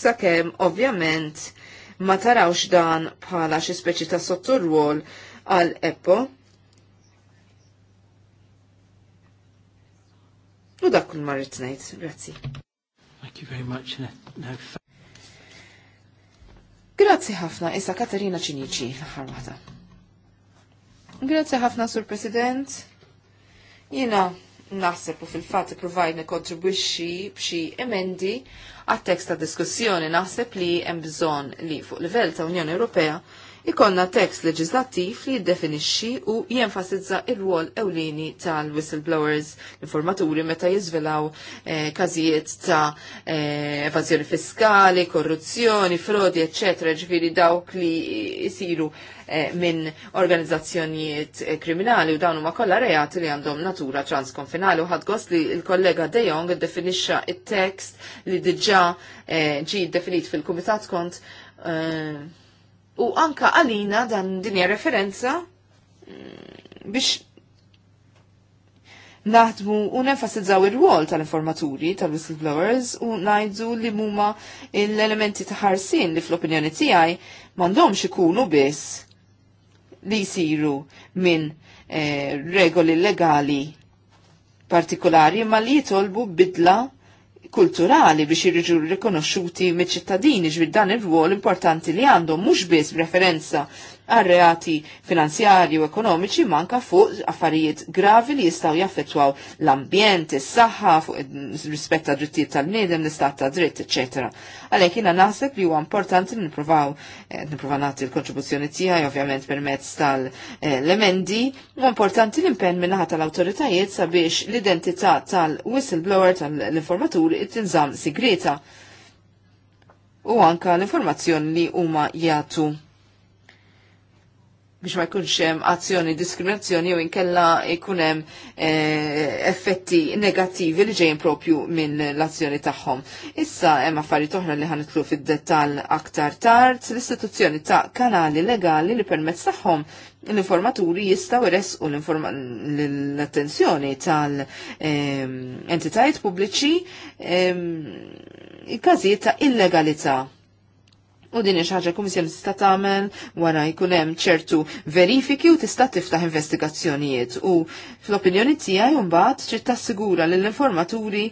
Sakem, ovvjament, ma tarawx dan bħala xi speċi ta' sotturwol għal Eppo. U dak kull marrit ngħid, grazzi. Thank you very much. Uh, no, Grazzi ħafna, issa Katerina Ċinici, l-ħar waħda. Grazzi ħafna, Sur President. Jina, naħseb u fil-fat provajt nikontribwixxi b'xi emendi għat-tekst ta' diskussjoni naħseb li hemm bżonn li fuq livell ta' Unjoni Ewropea ikonna tekst leġislattiv li jiddefinixxi u jenfasizza ir-rwol ewlieni tal-whistleblowers l informaturi meta jiżvelaw eh, każijiet ta' eh, evażjoni fiskali, korruzzjoni, frodi, eċetera, ġifieri dawk li jsiru eh, minn organizzazzjonijiet eh, kriminali u dawn huma kollha reati li għandhom natura transkonfinali u ħadgost li l-kollega De Jong iddefinixxa it-tekst li diġà eh, ġi definit fil-Kumitat kont eh, U anka għalina dan dinja referenza mm, biex naħdmu u nenfasizzaw ir-rwol tal-informaturi, tal-whistleblowers u najdu li muma l-elementi ta' li fl-opinjoni tiegħi m'għandhomx ikunu biss li jisiru minn eh, regoli legali partikolari ma li jitolbu bidla kulturali biex jirriġu rikonoxxuti miċ-ċittadini ġvid dan ir ruol importanti li għandhom mhux biss b'referenza għal-reati finanzjarji u ekonomiċi manka fuq affarijiet gravi li jistaw jaffettwaw l-ambjent, is-saħħa, fuq rispett ta' drittijiet tal-bniedem, l-istat ta' dritt, etc. Għalhekk jiena naħseb li huwa importanti li niprofaw eh, nippruvaw nagħti l-kontribuzzjoni tiegħi ovvjament permezz tal-emendi, u importanti l-impenn minnaħat tal-awtoritajiet sabiex l-identità tal-whistleblower tal-informatur it-tinżam sigreta u anka l-informazzjoni li huma jagħtu biex ma jkunx hemm azzjoni diskriminazzjoni jew inkella jkun hemm eh, effetti negattivi li ġejjin propju minn l-azzjoni tagħhom. Issa hemm affarijiet oħra li ħanitlu fid-dettall aktar tard l-istituzzjoni ta' kanali legali li permezz tagħhom l-informaturi jistaw jresqu l-attenzjoni tal-entitajiet ehm, pubbliċi ehm, każijiet ta' illegalità U din hija ħaġa kummissjoni tista' tagħmel wara jkun hemm ċertu verifiki u tista' tiftaħ investigazzjonijiet u fl-opinjoni tiegħi mbagħad trid tassigura lill informaturi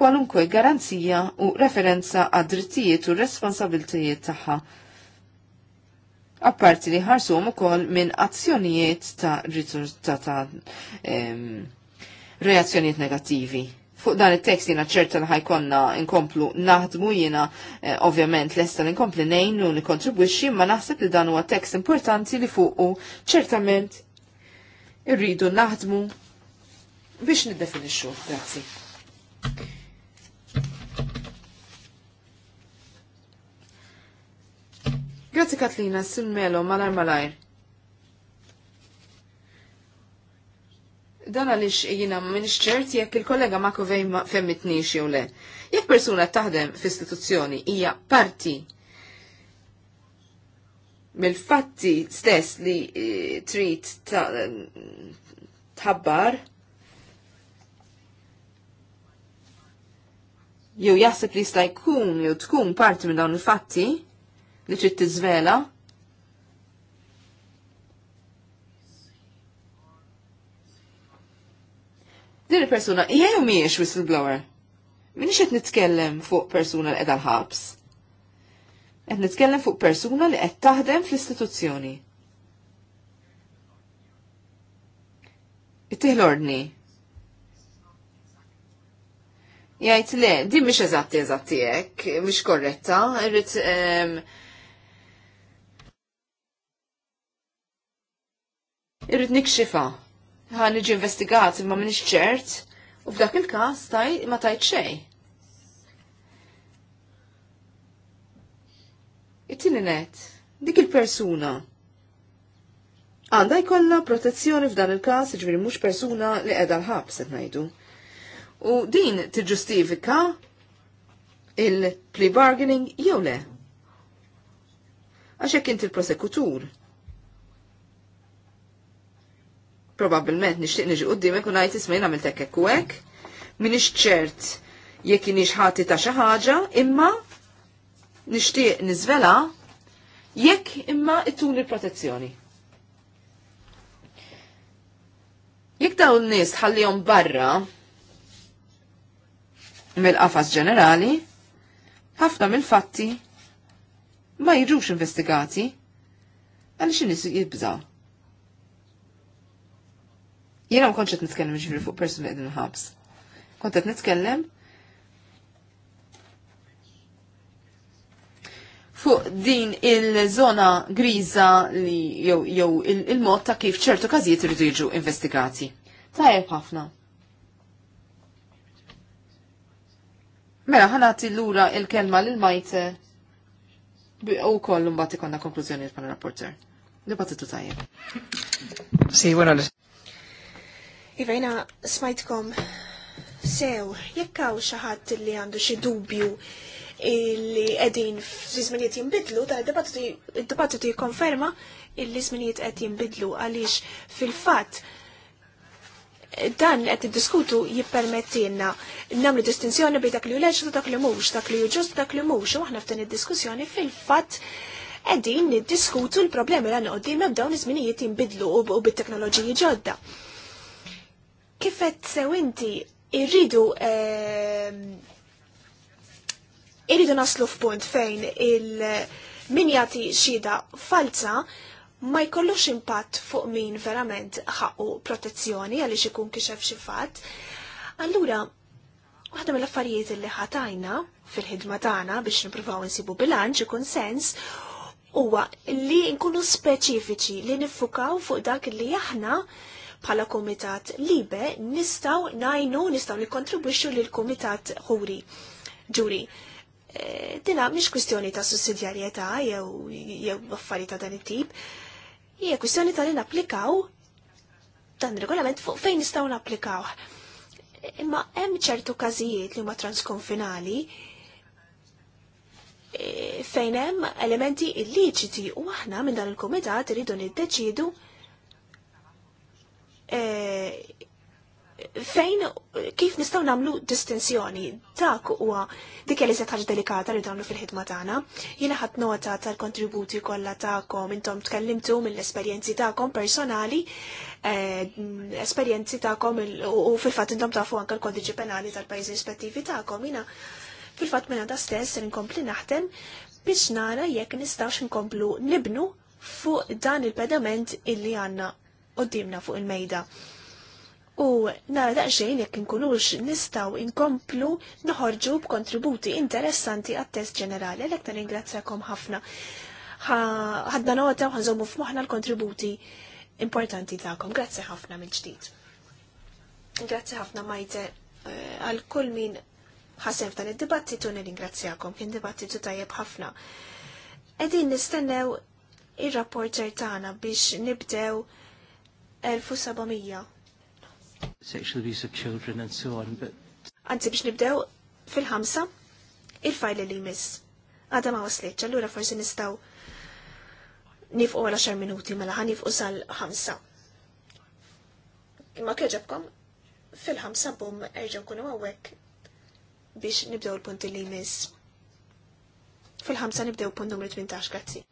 kwalunkwe garanzija u referenza għad drittijiet u responsabiltijiet tagħha. Apparti li ħarsuhom ukoll minn azzjonijiet ta' riżultata ta' ehm, reazzjonijiet negattivi fuq dan il-tekst jina ċerta li ħajkonna inkomplu naħdmu jina eh, ovvjament lesta li nkompli nejn u li ma naħseb li dan huwa tekst importanti li fuqu ċertament irridu naħdmu biex niddefinixxu. Grazzi. Grazzi Katlina, Melo malar malajr. Dan għaliex jiena minix ċert jekk il-kollega Makovej ma xie jew le. Jekk persuna taħdem istituzzjoni hija parti mill-fatti stess li eh, trid tħabbar jew jaħseb li jista' jkun jew tkun parti minn dawn il-fatti li trid tiżvela, Din il-persuna hija jew mhijiex whistleblower? Minix qed nitkellem fuq persuna li qiegħda l-ħabs. Qed nitkellem fuq persuna li qed taħdem fl-istituzzjoni. Ittieħ ordni Jgħid le, din mhix eżatti eżatti hekk, mhix korretta, irrid ehm, irrid nikxifa ħan iġi investigat imma minix ċert u f'dak il-każ taj ma tajt xej. it net, dik il-persuna għandha jkollha protezzjoni f'dan il-każ iġviri mhux persuna li qiegħda l ħab qed ngħidu. U din tiġġustifika il-plea bargaining jew le. Għax jekk inti il prosekutur probabilment nixtieq niġi qudiemek u ngħid isma' jien għamilt hekk hekk minix ċert jekk inix ħati ta' xi ħaġa, imma nixtieq niżvela jekk imma il protezzjoni. Jekk dawn nies tħallihom barra mill-qafas ġenerali, ħafna mill-fatti ma jiġux investigati għaliex in-nies jibżaw. Jena ma konċet nitkellem ġifri fuq person li għedin ħabs. Konċet nitkellem fuq din il-zona griża li jew jew il-mod ta' kif ċertu każijiet iridu jiġu investigati. Tajjeb ħafna. Mela ħanati lura il-kelma lil majt u koll mbagħad konna konklużjoni bħala rapporter. Dibattitu tajjeb. Si, Ivejna smajtkom sew, jekk hawn xi ħadd li għandu xi dubju li qegħdin fi żminijiet jinbidlu, dan id-dibattitu jikkonferma li żminijiet qed jinbidlu għaliex fil-fatt dan qed iddiskutu jippermettilna nagħmlu distinzjoni bejn dak li hu leġġ dak li mhux, dak li hu ġust dak li mhux, u aħna f'din id-diskussjoni fil-fatt qegħdin niddiskutu l-problemi li għandna qudiem hemm dawn iż-żminijiet jinbidlu u bit-teknoloġiji ġodda. Kifet sew inti irridu ehm, irridu naslu f'punt fejn il-min jagħti xhieda falsa ma jkollux impatt fuq min verament ħaqqu protezzjoni għaliex ikun kixef xi fatt. Allura, waħda mill-affarijiet li ħatajna fil-ħidma tagħna biex nippruvaw insibu bilanċ ikun sens huwa li nkunu speċifiċi li niffukaw fuq dak li aħna bħala komitat libe nistaw najnu, nistaw li l komitat ħuri. Ġuri, eh, dina mhix kwistjoni ta' sussidjarjetà jew jew affari ta' dan it-tip, hija kwistjoni ta' li napplikaw dan regolament fuq fejn nistgħu napplikawh. Imma hemm ċertu każijiet li huma transkonfinali eh, fejn hemm elementi illiċiti u aħna minn dan il-kumitat iridu niddeċidu kif nistgħu nagħmlu distinzjoni dak huwa dik li se ħaġa delikata li tagħmlu fil-ħidma tagħna. Jiena ħadd nota tal-kontributi kollha tagħkom intom tkellimtu mill-esperjenzi tagħkom personali, eh, esperjenzi tagħkom u fil-fatt intom tafu anke l kodiġi penali tal-pajjiżi rispettivi tagħkom. Jiena fil-fatt minn da stess se nkompli naħdem biex nara jekk nistgħux inkomplu nibnu fuq dan il-pedament illi għandna qoddimna fuq il-mejda. U nara daqxejn jekk inkunux nistaw inkomplu noħorġu b'kontributi interessanti għat-test ġenerali, għalhekk ta' ringrazzjakom ħafna. Ħadna nota u ħanżommu f'moħħna l-kontributi importanti tagħkom. Grazzi ħafna minn ġdid Grazzi ħafna Majte eh, għal kull min ħasef dan id-dibattitu nirringrazzjakom, kien dibattitu tajjeb ħafna. Edin nistennew ir-rapporter tagħna biex nibdew 1700 sexual abuse of children and so on, but... Għanzi biex nibdew fil-ħamsa, il fajli li jmiss. Għada ma waslitx, allura forsi nistaw nifqo għala xar minuti, mela għan nifqo sal-ħamsa. Ma kieġabkom, fil-ħamsa bum erġan kunu għawek biex nibdew l-punti li jmiss. Fil-ħamsa nibdew punt numru 18, grazzi.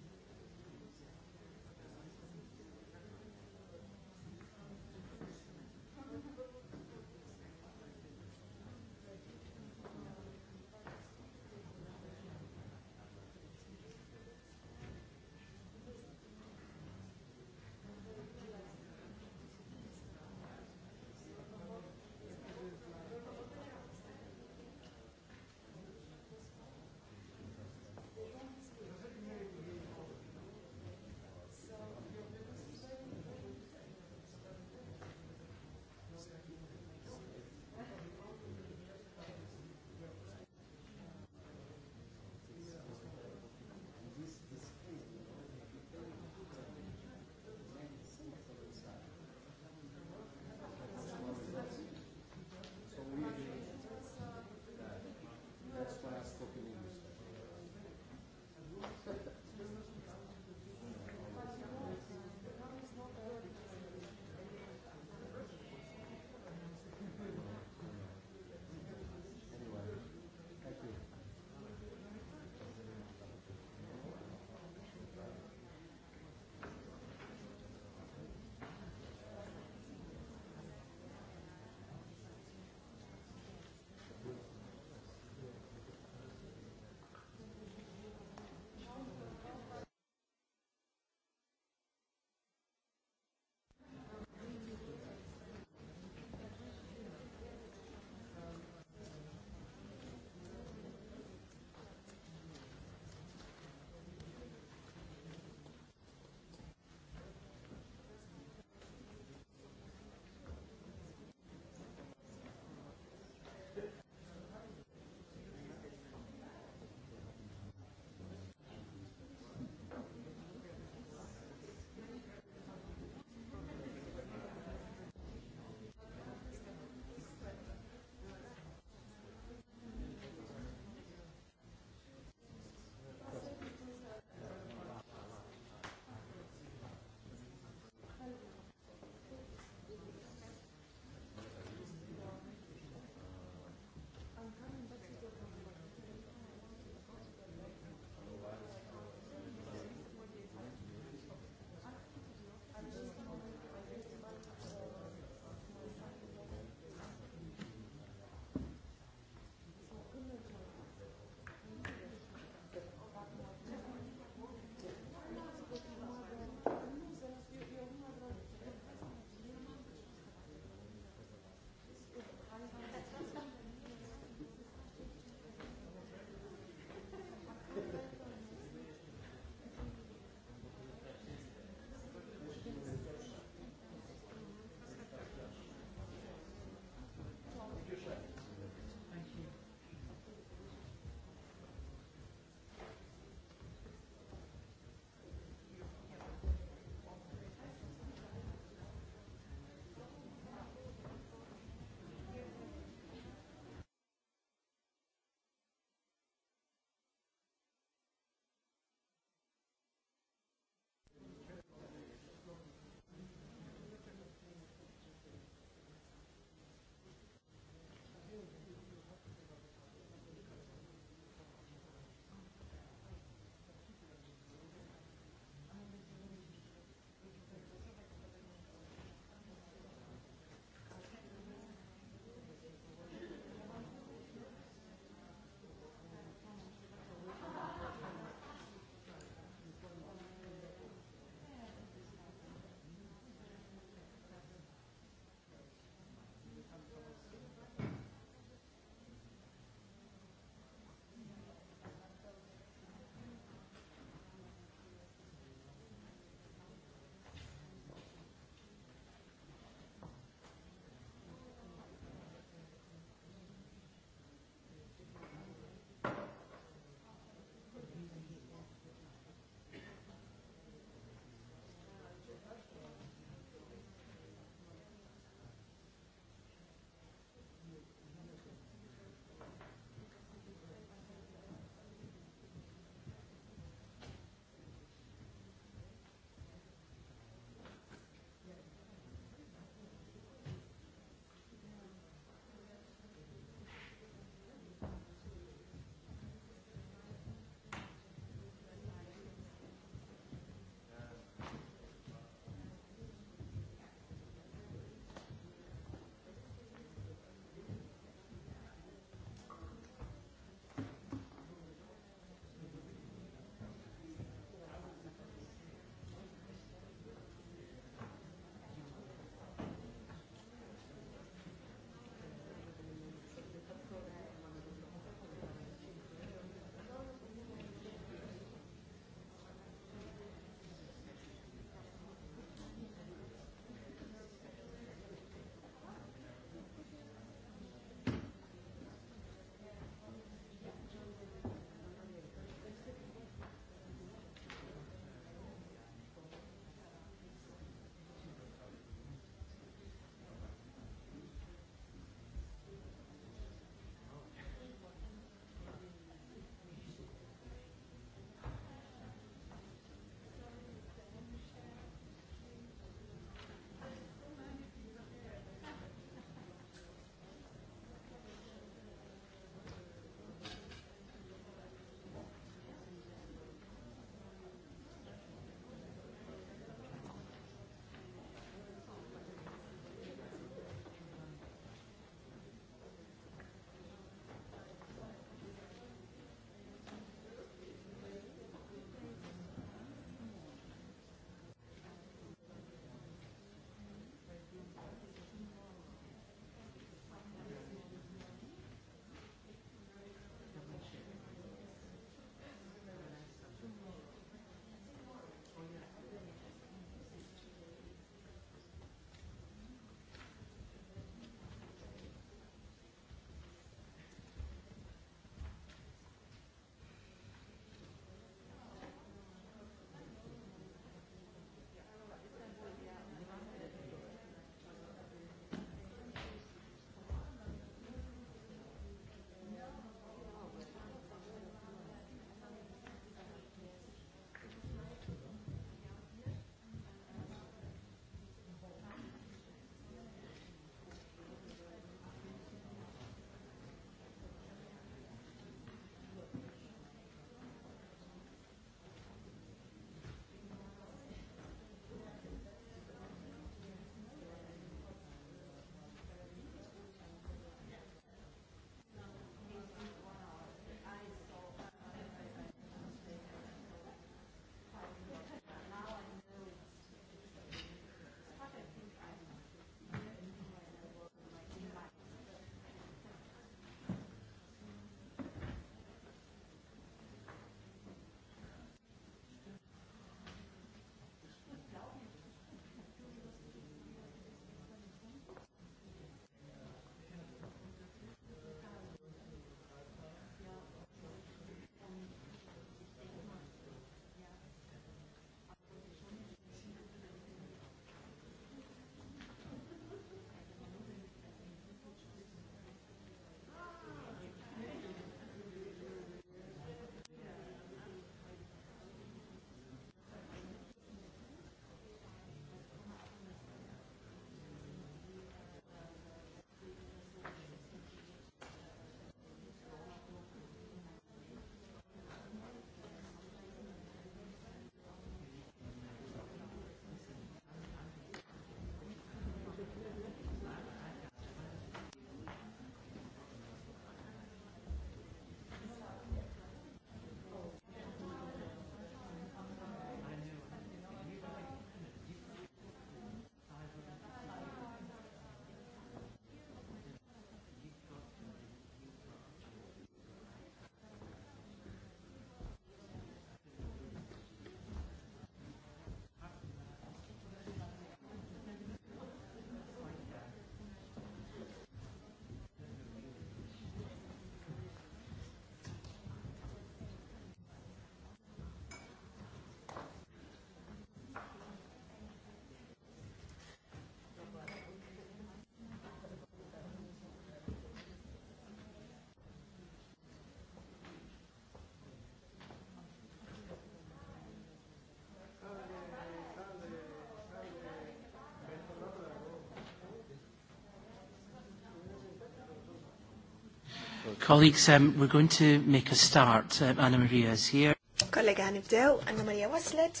Colleagues, um, we're going to make a start. Um, Anna Maria is here. Kollega ħanibdew, Anna Maria waslet,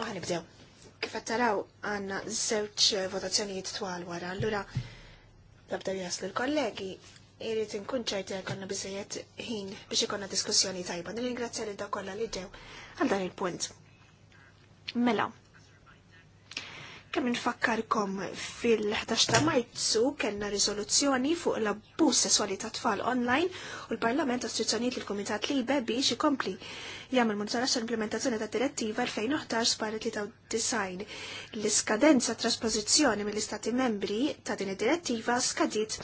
u ħanibdew. Kif taraw għanna zewċ uh, votazzjonijiet twal wara, allura nabdew jaslu l-kollegi, irrit nkun ċerti konna bizzejiet ħin biex ikonna diskussjoni tajba. Nil-ingrazzja li da kolla li ġew għal dan il-punt. Mela, Nixtieq nfakkarkom fil-11 ta' Marzu kellna rizoluzzjoni fuq l-abbuż sesswali ta' tfal online u l-Parlament ostruzzjoniet il-Kumitat Libe biex ikompli jagħmel monitoraġġ implementazzjoni ta' direttiva 2011 39 L-iskadenza trasposizzjoni mill-Istati membri ta' din id-direttiva skadit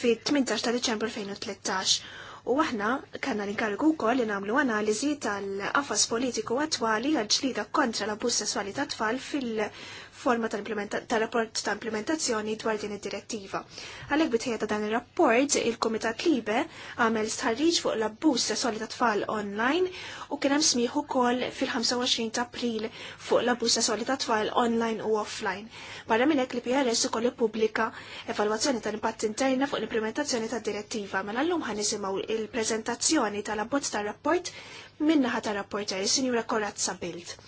fit-18 ta' Diċembru 2013 u aħna kanna l-inkarigu wkoll li nagħmlu analiżi tal-qafas politiku attwali għal ġlida kontra l-abbuż sesswali tat-tfal fil forma tal-rapport ta' implementazzjoni dwar din id-direttiva. Għalhekk bitħija ta' dan ir-rapport, il komitat Libe għamel stħarriġ fuq l abbus ta' ta' tfal online u kien hemm smieħ ukoll fil-25 ta' April fuq l abbus ta' ta' tfal online u offline. Barra minn hekk l-PRS ukoll pubblika evalwazzjoni tal-impatt interna fuq l-implementazzjoni tad-direttiva. Mela llum ħanisimgħu il-preżentazzjoni tal-abbozz tar-rapport minnaħa tar-rapporter, il sinjura Korazza Bild.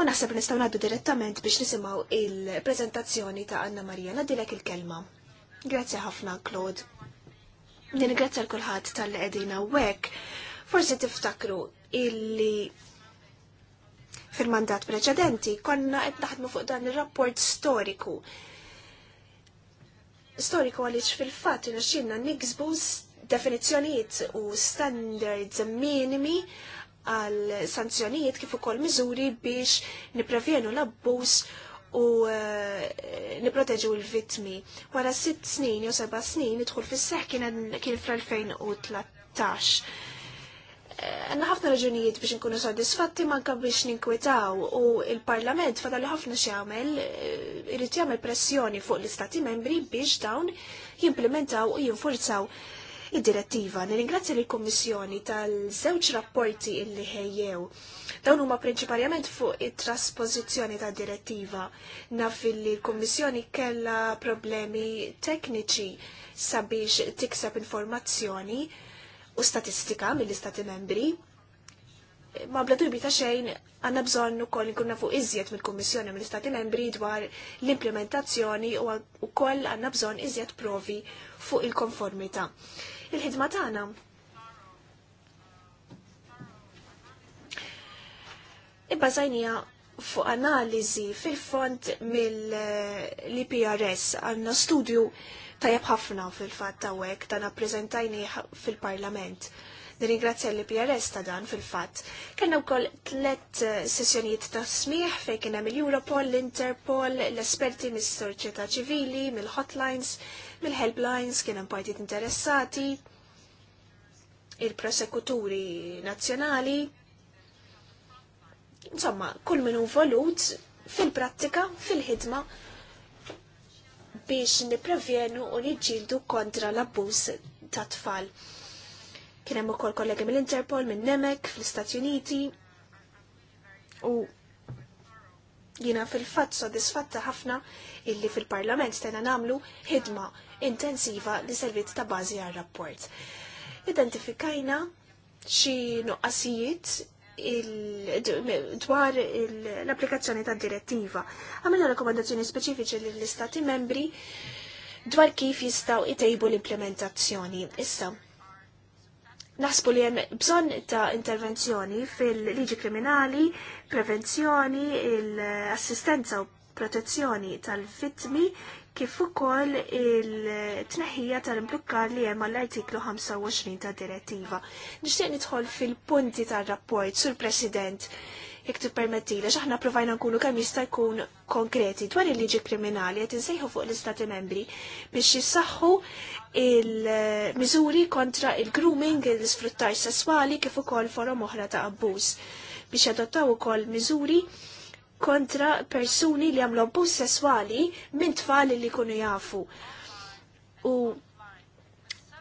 U naħseb nistgħu ngħaddu direttament biex nisimgħu il-preżentazzjoni ta' Anna Marija ngħadilek il-kelma. Grazzi ħafna Claude. Ningrazzja l-kulħadd tal qegħdin hawnhekk. Forsi tiftakru illi fil-mandat preċedenti konna qed naħdmu fuq dan ir-rapport storiku. Storiku għaliex fil-fatt inaxxinna niksbu definizzjonijiet u standards minimi għal sanzjonijiet kif ukoll miżuri biex niprevjenu l-abbuż u eh, niproteġu l-vittmi. Wara sitt snin jew seba' snin idħol fis-seħ kien fl-2013. Eh, Għanna ħafna raġunijiet biex nkunu soddisfatti manka biex ninkwitaw u il-Parlament li ħafna x'jagħmel eh, irid jagħmel pressjoni fuq l-Istati membri biex dawn jimplementaw u jinfurzaw id-direttiva. Nirringrazzja lill kummissjoni tal-żewġ rapporti illi ħejjew. Dawn huma prinċipalment fuq it-traspożizzjoni tad direttiva. Naf li l-Kummissjoni kellha problemi tekniċi sabiex tikseb informazzjoni u statistika mill-istati membri. Ma bla dubi ta' xejn għanna bżonn ukoll inkunna fuq iżjed mill-Kummissjoni mill-Istati Membri dwar l-implementazzjoni u wkoll għandna bżonn iżjed provi fuq il-konformità il-ħidma tagħna. Ibbażajnija fuq analiżi fil-fond mill-IPRS għandna studju tajab ħafna fil-fatt hawnhekk ta' appreżentajni fil-Parlament. fil parlament Nirringrazzja l-PRS ta' dan fil-fatt. u koll tlet eh, sessjonijiet ta' smieħ fejn kena hemm il-Europol, l-Interpol, l-esperti mis-soċjetà ċivili, mill-hotlines, mill-helplines, kien hemm partit interessati, il-prosekuturi nazzjonali. Insomma, kull min volut fil-prattika, fil-ħidma, biex niprevjenu u niġġieldu kontra l-abbuż ta' tfal. Kien hemm ukoll kollegi mill-Interpol, minn Nemek, fl-Istati Uniti. U jina fil-fatt sodisfatta ħafna illi fil-Parlament stajna namlu ħidma intensiva li servit ta' bażi għal rapport. Identifikajna xi nuqqasijiet dwar l-applikazzjoni ta' direttiva. Għamilna rakkomandazzjoni speċifiċi lill-Istati membri dwar kif jistaw itejbu l-implementazzjoni. Issa, Nasbu li hemm bżonn ta' intervenzjoni fil-liġi kriminali, prevenzjoni, l-assistenza u protezzjoni tal-vittmi kif ukoll il-tneħħija tal-implukkar li hemm għall-artiklu 25 ta' direttiva. Nixtieq nidħol fil-punti tar-rapport sur President jek tippermetti li xaħna provajna nkunu kemm jista' jkun konkreti dwar il-liġi kriminali qed insejħu fuq l-Istati membri biex jissaħħu il-miżuri kontra il-grooming, il sfruttaj sesswali kif ukoll forom oħra ta' abbuż biex adottaw ukoll miżuri kontra persuni li għamlu abbuż sesswali minn tfal li jkunu jafu. U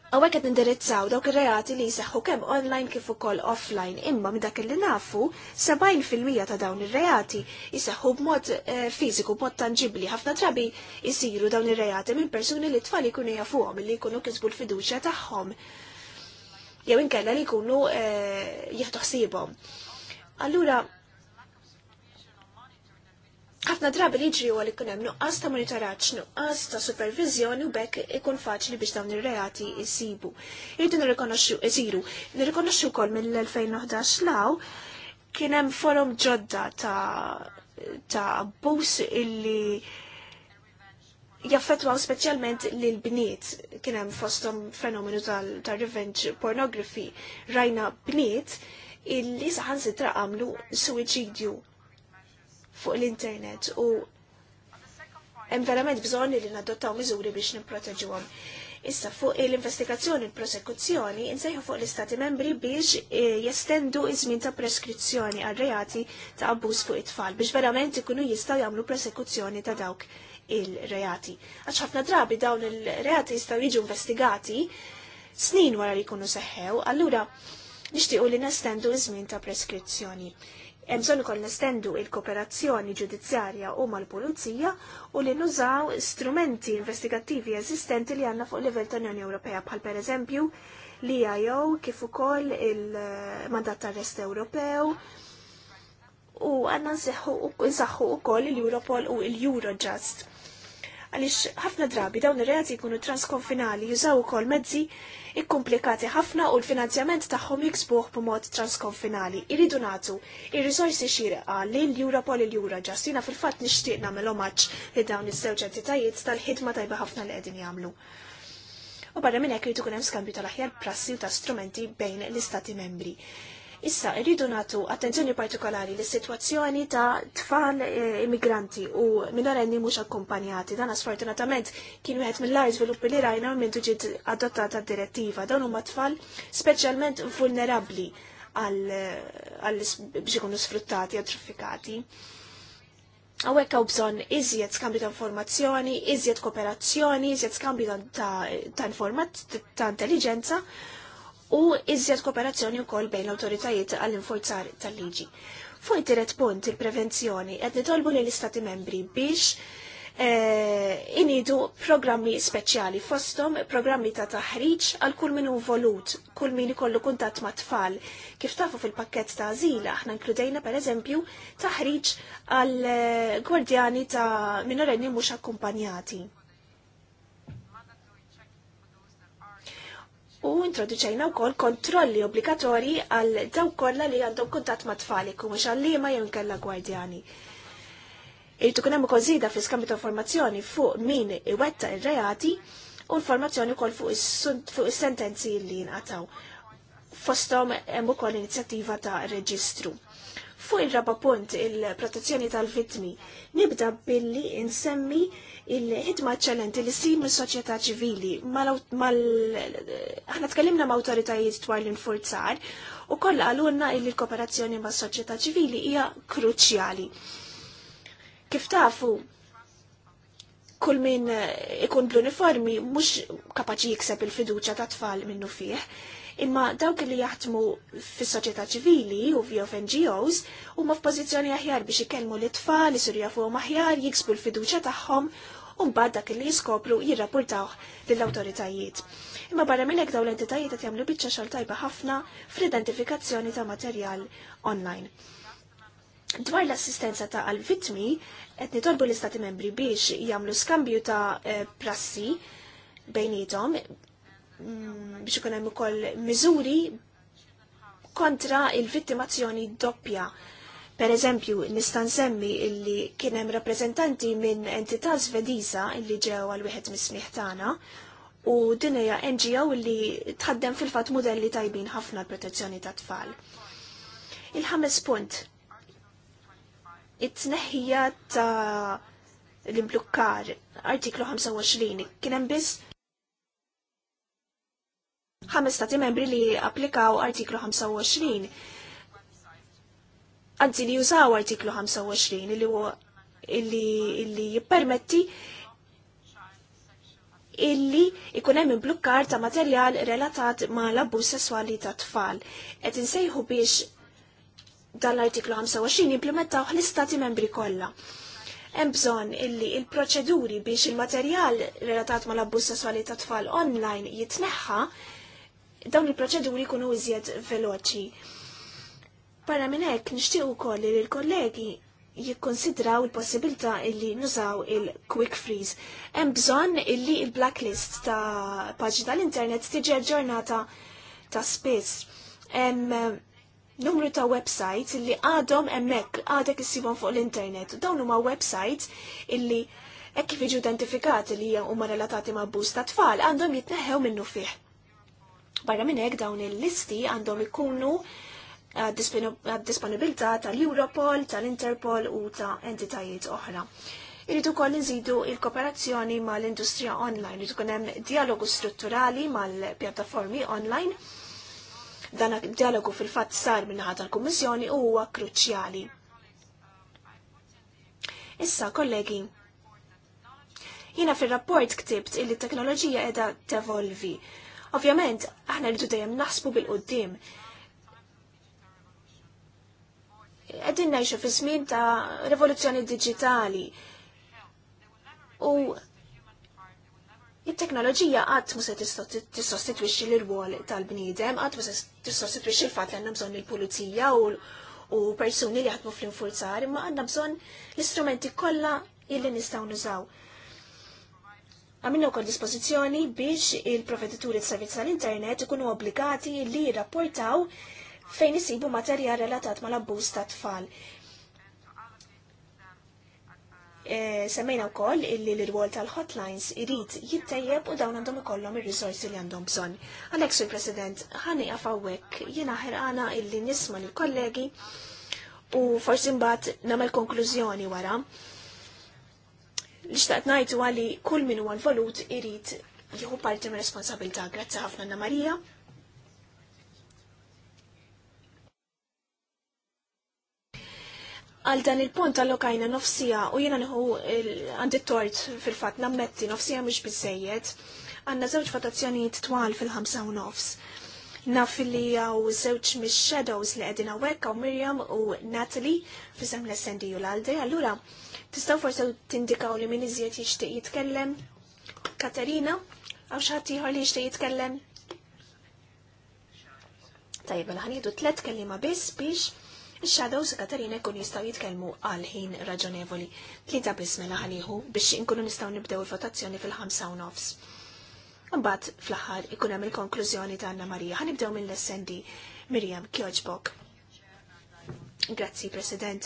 Għawek għed nindirizzaw dawk il-reati li jisaxħu kem online kif ukoll offline imma minn dak li nafu 70% ta' dawn il-reati jisaxħu b'mod eh, fiziku, b'mod tangibli, ħafna drabi jisiru dawn il-reati minn persuni li tfal ikunu jafuhom li jkunu kisbu l-fiduċja tagħhom. Jew inkella li jkunu eh, jieħdu ħsiebhom. Allura, ħafna drabi li ġri għal ikun hemm nuqqas ta' monitoraġġ, nuqqas ta' supervizjoni u bekk ikun faċli biex dawn ir-reati jsibu. Irridu nirrikonoxxu isiru. Nirrikonoxxu wkoll mill-2011 law kien hemm forum ġodda ta' ta' abbuż illi jaffettwaw specialment lil bniet kien hemm fosthom fenomenu tal ta' revenge pornography rajna bniet illi saħan sitra għamlu suicidju fuq l-internet u hemm verament bżonn li nadottaw miżuri biex nipproteġuhom. Issa fuq l-investigazzjoni l prosekuzzjoni insejħu fuq l-Istati membri biex eh, jestendu iż-żmien ta' preskrizzjoni għal reati ta' abbuż fuq it-tfal biex verament ikunu jistgħu jagħmlu prosekuzzjoni ta' dawk il-reati. Għax ħafna drabi dawn il-reati jistgħu jiġu investigati snin wara li jkunu seħħew, allura nixtiequ li nestendu iż-żmien ta' preskrizzjoni. Hemm bżonn ukoll nestendu il-kooperazzjoni ġudizzjarja u mal-Pulizija u li nużaw strumenti investigattivi eżistenti li għandna fuq livell tal Unjoni Ewropea bħal pereżempju l-IAO kif ukoll il-mandat tar-rest Ewropew u għanna nsaħħu ukoll il-Europol u il-Eurojust għaliex ħafna drabi dawn ir-reati jkunu transkonfinali jużaw ukoll mezzi ikkomplikati ħafna u l-finanzjament tagħhom jiksbuħ b'mod transkonfinali. Iridu nagħtu ir-risorsi xieqa lil Europol il jura ġastina fil-fatt nixtieq nagħmel omaġġ li dawn iż-żewġ entitajiet tal-ħidma tajba ħafna li qegħdin jagħmlu u barra minn hekk irid ikun hemm skambju tal-aħjar prassi u ta' strumenti bejn l-istati membri. Issa, irridu natu attenzjoni partikolari li situazzjoni ta' tfal eh, immigranti u minorenni mhux akkumpanjati. Dan sfortunatament kienu wieħed mill-għar sviluppi li rajna minn ġiet adottata direttiva. Dawn huma tfal speċjalment vulnerabbli għal biex ikunu sfruttati, traffikati. Għawek għaw bżon iżjed skambi ta' informazzjoni, iżjed kooperazzjoni, iżjed skambi ta', ta, ta, ta intelligenza u iżjed kooperazzjoni wkoll bejn l-awtoritajiet għall-infurzar tal-liġi. Fuq it punt il-prevenzjoni qed nitolbu lill istati membri biex eh, inidu programmi speċjali fostom programmi ta' taħriġ għal kull min volut kull min ikollu kuntat ma' tfal. Kif tafu fil-pakket ta' azila, aħna inkludejna per eżempju taħriġ għal eh, gwardjani ta' minorenni mhux akkumpanjati. u introduċejna wkoll kontrolli obbligatorji għal dawk kollha li għandhom kuntatt ma' tfali kumux għallima jew inkella gwardjani. Irid ikun hemm ukoll żieda fl-iskambju ta' informazzjoni fuq min iwetta ir-reati u informazzjoni wkoll fuq is-sentenzi li jinqataw. Fosthom hemm ukoll inizjattiva ta' reġistru. Fuq il-raba punt il-protezzjoni tal-vittmi, nibda billi insemmi il-ħidma ċellenti li sim mis soċjetà ċivili. Aħna tkellimna ma' autoritajiet dwar l-infurzar u kollha għalunna il l-kooperazzjoni ma' soċjetà ċivili hija kruċjali. Kif tafu, kull min ikun bl-uniformi mhux kapaċi jikseb il-fiduċja ta' tfal minnu fih imma dawk li jaħdmu fis-soċjetà ċivili u fi NGOs huma f'pożizzjoni aħjar biex ikellmu l-itfal, isurja fuqhom aħjar, jiksbu l-fiduċja tagħhom u mbagħad dak li jiskopru jirrapportawh lill-awtoritajiet. Imma barra minn hekk dawn l-entitajiet qed jagħmlu biċċa xogħol tajba ħafna fl-identifikazzjoni ta' materjal online. Dwar l-assistenza ta' għal-vitmi, qed nitolbu l-Istati membri biex jagħmlu skambju ta' eh, prassi bejnietom Mm, biex ikun hemm ukoll miżuri kontra il-vittimazzjoni doppja. Per eżempju, nista' nsemmi illi kien hemm rappreżentanti minn entità svediża illi ġew għal wieħed mis tagħna u din hija NGO li tħaddem fil-fatt modelli tajbin ħafna l-protezzjoni tat-tfal. Il-ħames punt. It-tneħħija ta' l-implukkar, artiklu 25, kien hemm biss ħames stati membri li applikaw artiklu 25. Anzi li jużaw artiklu 25 illi, illi jippermetti illi ikun hemm imblukkar ta' materjal relatat ma' l-abbuż sesswali ta' tfal. Qed insejħu biex dan l-artiklu 25 implementaw l-istati membri kollha. Hemm bżonn illi il-proċeduri biex il-materjal relatat ma' l-abbuż sesswali ta' tfal online jitneħħa dawn il-proċeduri jkunu iżjed veloċi. Barra minn hekk nixtieq ukoll li l-kollegi jikkonsidraw il-possibilità illi nużaw il-quick freeze. Hemm bżonn illi il-blacklist ta' paġi tal-internet tiġi ġurnata ta' spiss. Hemm eh, numru ta' websites illi għadhom hemmhekk għadek issibhom fuq l-internet. Dawn huma websites illi hekk kif jiġu identifikati li huma relatati ma' bus ta' tfal għandhom jitneħħew minnu fih. Barra minn hekk dawn il-listi għandhom ikunu għad-disponibilità eh, eh, tal-Europol, tal-Interpol u ta' entitajiet oħra. Irridu koll nżidu il-kooperazzjoni mal-industrija online, irridu kunem dialogu strutturali mal-pjattaformi online. Dan dialogu fil-fatt sar minnaħat tal-Kummissjoni u huwa kruċjali. Issa, kollegi, jina fil-rapport ktibt t teknoloġija edha tevolvi. Ovvjament, aħna rridu dejjem naħsbu bil-qoddim. Qegħdin ngħixu fi żmien ta' rivoluzzjoni diġitali. U it-teknoloġija qatt mhux se tissostitwixxi l-irwol tal-bniedem, qatt mhux se tissostitwixxi l-fatt li għandna bżonn il-pulizija u persuni li jaħdmu fl-infurzar, imma għandna bżonn l-istrumenti kollha illi nistgħu nużaw. Għamilna kol dispożizzjoni biex il-provedituri t-servizz tal-internet ikunu obbligati li jirrapportaw fejn isibu materjal relatat mal-abbuż ta' tfal. E, semmejna wkoll illi l-irwol tal-hotlines irrit jittajjeb u dawn għandhom ikollhom ir-risorsi li għandhom bżonn. Għalhekk sur President, ħani għafawek jiena ħerqana illi nisma' lill-kollegi u forsi mbagħad nagħmel konklużjoni wara li xtaqt najtu għalli kull min għal volut irrit jieħu parti minn responsabilità. Grazzi ħafna Anna Marija. Għal dan il-punt allokajna nofsija u jena nħu għandi tort fil-fat nammetti nofsija mhux biżejjed. Għandna żewġ votazzjonijiet twal fil-ħamsa u nofs. Naf li għaw zewċ mis shadows li għedina għek għaw Miriam u Natalie fizem l-essendi u l-għaldi, għallura Tistaw forse tindikaw li min iżjed jixtieq jitkellem? Katerina, għaw xaħat ieħor li jixtieq jitkellem? Tajjeb, mela ħanieħdu tlet kellima biss biex ix-shadows Katerina jkun jistgħu jitkellmu għal ħin raġonevoli. Tlieta biss mela ħanieħu biex inkunu nistgħu nibdew il-votazzjoni fil-ħamsa u nofs. Mbagħad fl-aħħar ikun hemm il-konklużjoni ta' Anna Marija. Ħanibdew mill-essendi Mirjam Kjoġbok. Grazzi, President.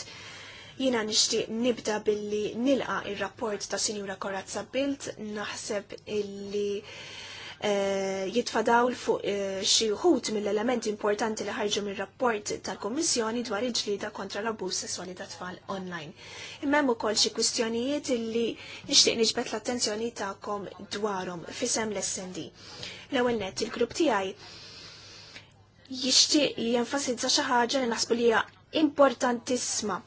Jina nishtiq nibda billi nilqa il-rapport ta' Sinjura Korazza Bilt, naħseb illi eh, jitfadaw fuq eh, xi wħud mill-elementi importanti li ħarġu mir-rapport tal-Kummissjoni dwar il-ġlida kontra l-abbuż sesswali ta' tfal online. Imma hemm ukoll xi kwistjonijiet illi nixtieq niġbed l-attenzjoni tagħkom dwarhom fisem l-SND. L-ewwel nett il-grupp tiegħi jixtieq jenfasizza xi ħaġa li naħsbu li hija importantissima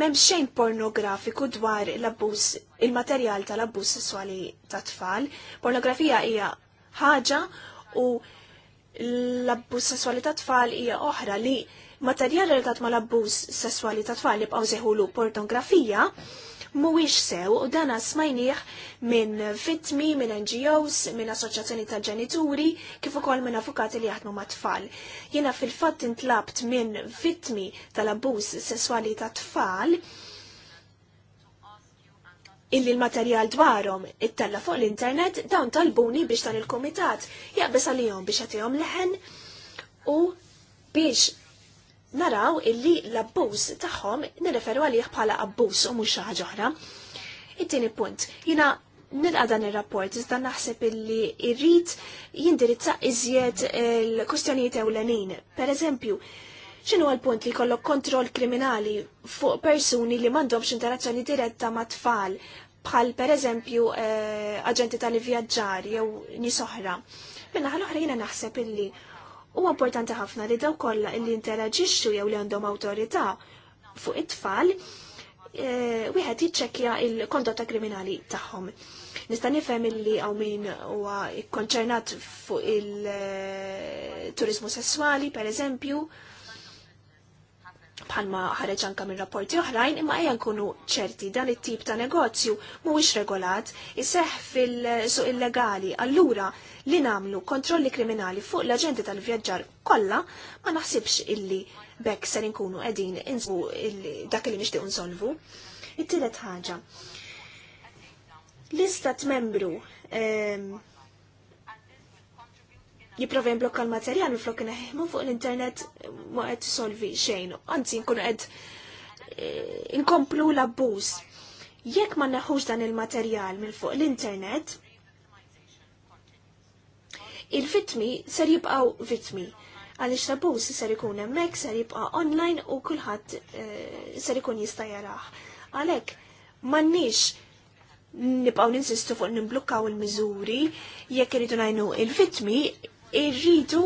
Mem xejn pornografiku dwar l-abbuż, il-materjal tal-abbuż sessuali ta' tfal. Pornografija hija ħaġa u l-abbuż sessuali ta' tfal hija oħra li materjal relatat mal abbuż sessuali ta' tfal li bqgħu seħulu pornografija mhuwiex sew u dan smajnieh minn vittmi, minn NGOs, minn assoċjazzjoni ta' ġenituri, kif ukoll minn avukati li jaħdmu ma' tfal Jiena fil-fatt intlabt minn vittmi tal-abbuż sesswali ta' tfal illi l-materjal dwarhom it-tella fuq l-internet dawn talbuni biex dan il-komitat jaqbes għalihom biex għatihom leħen u biex naraw illi l-abbuż tagħhom nirreferu għalih bħala abbuż u mhux xi ħaġa It-tieni punt, jiena nilqa dan ir-rapport iżda naħseb illi irrid jindirizza iżjed l-kustjonijiet ewlenin. Pereżempju, ċinu għal-punt li kollok kontroll kriminali fuq persuni li m'għandhomx interazzjoni diretta ma' tfal, bħal per eżempju eh, agenti tal-vjaġġar jew nisoħra. Minna ħal oħra naħseb illi U importanti ħafna li daw kollha illi interaġixxu jew li għandhom awtorità fuq it-tfal eh, wieħed jiċċekkja il-kondotta kriminali tagħhom. Nista' nifhem illi hawn min huwa kkonċernat fuq il-turizmu eh, sesswali, per eżempju, bħalma ħareġ anka minn rapporti oħrajn, imma ejja nkunu ċerti dan it-tip ta' negozju mhuwiex regolat, iseħ fil-suq illegali. Allura li namlu kontrolli kriminali fuq l-aġenti tal-vjaġġar kollha ma naħsibx illi bekk ser inkunu qegħdin insu dak li nixtieq nsolvu. It-tielet ħaġa. L-istat membru ehm, jiprofa jimblokka l-materjal flok neħmu fuq l-internet ma qed solvi xejn, anzi nkunu qed eh, inkomplu l-abbuż. Jekk ma naħux dan il-materjal minn fuq l-internet, il-vitmi ser jibqaw vitmi għaliex l-abbuż ser ikun hemmhekk, ser jibqa' online u kulħadd eh, ser ikun jista' jarah. Għalhekk m'għandniex nibqaw ninsistu fuq nimblukkaw il-miżuri jekk iridu ngħinu il-vitmi irridu